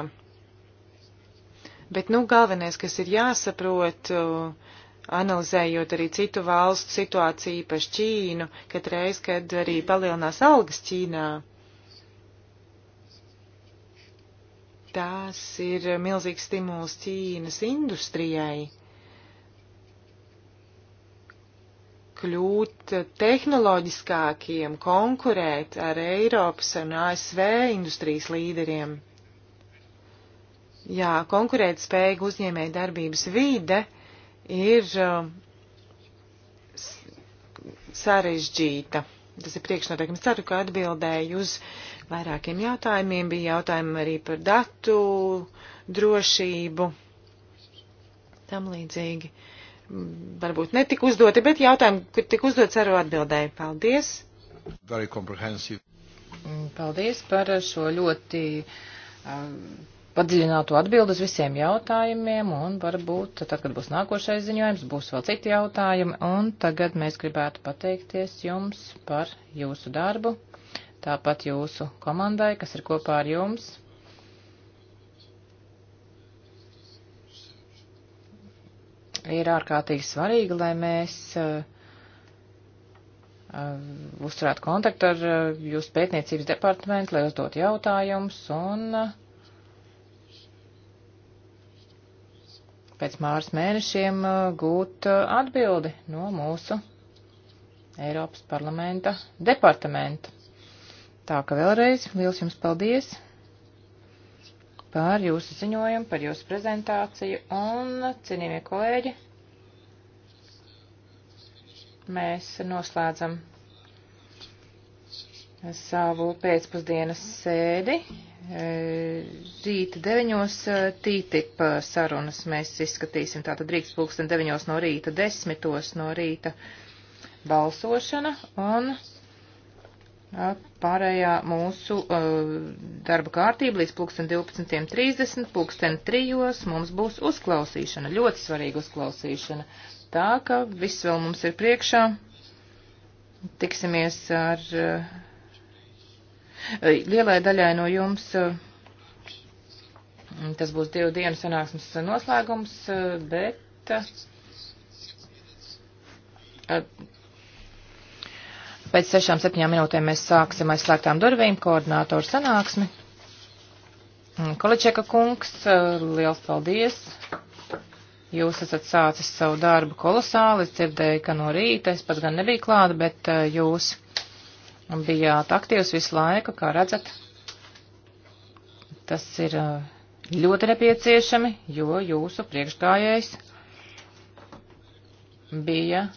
Bet, nu, galvenais, kas ir jāsaprot, uh, analizējot arī citu valstu situāciju, īpaši Ķīnu, kad reiz, kad arī palielinās algas Ķīnā, tās ir milzīgs stimuls Ķīnas industrijai kļūt tehnoloģiskākiem, konkurēt ar Eiropas un ASV industrijas līderiem. Jā, konkurēt spēja uzņēmēja darbības vīde ir uh, sarežģīta. Tas ir priekšnoteikums. Ceru, ka atbildēju uz vairākiem jautājumiem. Bija jautājumi arī par datu drošību. Tam līdzīgi. Mm, varbūt netika uzdoti, bet jautājumi, kur tika uzdot, ceru atbildēju. Paldies! Mm, paldies par šo ļoti um, padziļinātu atbildu uz visiem jautājumiem, un varbūt tad, kad būs nākošais ziņojums, būs vēl citi jautājumi, un tagad mēs gribētu pateikties jums par jūsu darbu, tāpat jūsu komandai, kas ir kopā ar jums. ir ārkārtīgi svarīgi, lai mēs uh, uzturētu kontaktu ar uh, jūsu pētniecības departamentu, lai uzdot jautājumus un uh, pēc māras mēnešiem uh, gūt uh, atbildi no mūsu Eiropas parlamenta departamenta. Tā ka vēlreiz liels jums paldies! par jūsu ziņojumu, par jūsu prezentāciju un, cienījamie kolēģi, mēs noslēdzam savu pēcpusdienas sēdi. E, rīta 9. E, TTIP e, sarunas mēs izskatīsim. Tātad drīkst pulksten 9. no rīta, 10. no rīta balsošana un pārējā mūsu uh, darba kārtība līdz pulksten 12.30, pulksten 3. mums būs uzklausīšana, ļoti svarīga uzklausīšana. Tā ka viss vēl mums ir priekšā. Tiksimies ar uh, lielai daļai no jums. Uh, tas būs divu dienu sanāksmes noslēgums, uh, bet uh, Pēc 6-7 minūtēm mēs sāksim aizslēgtām durvīm koordinātoru sanāksmi. Mm, Količeka kungs, eh, liels paldies! Jūs esat sācis savu darbu kolosāli, es dzirdēju, ka no rīta es pat gan nebiju klāta, bet eh, jūs bijāt aktīvs visu laiku, kā redzat. Tas ir eh, ļoti nepieciešami, jo jūsu priekšgājējs bija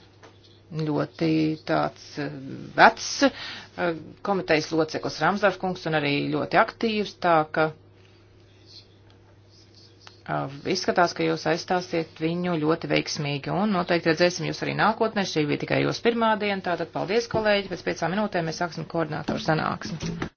ļoti tāds eh, vecs eh, komitejas loceklis Ramsdorf kungs un arī ļoti aktīvs, tā ka eh, izskatās, ka jūs aizstāsiet viņu ļoti veiksmīgi un noteikti redzēsim jūs arī nākotnē. Šī bija tikai jūs pirmā diena, tātad paldies kolēģi, pēc piecām minūtēm mēs sāksim koordinātoru sanāksmi.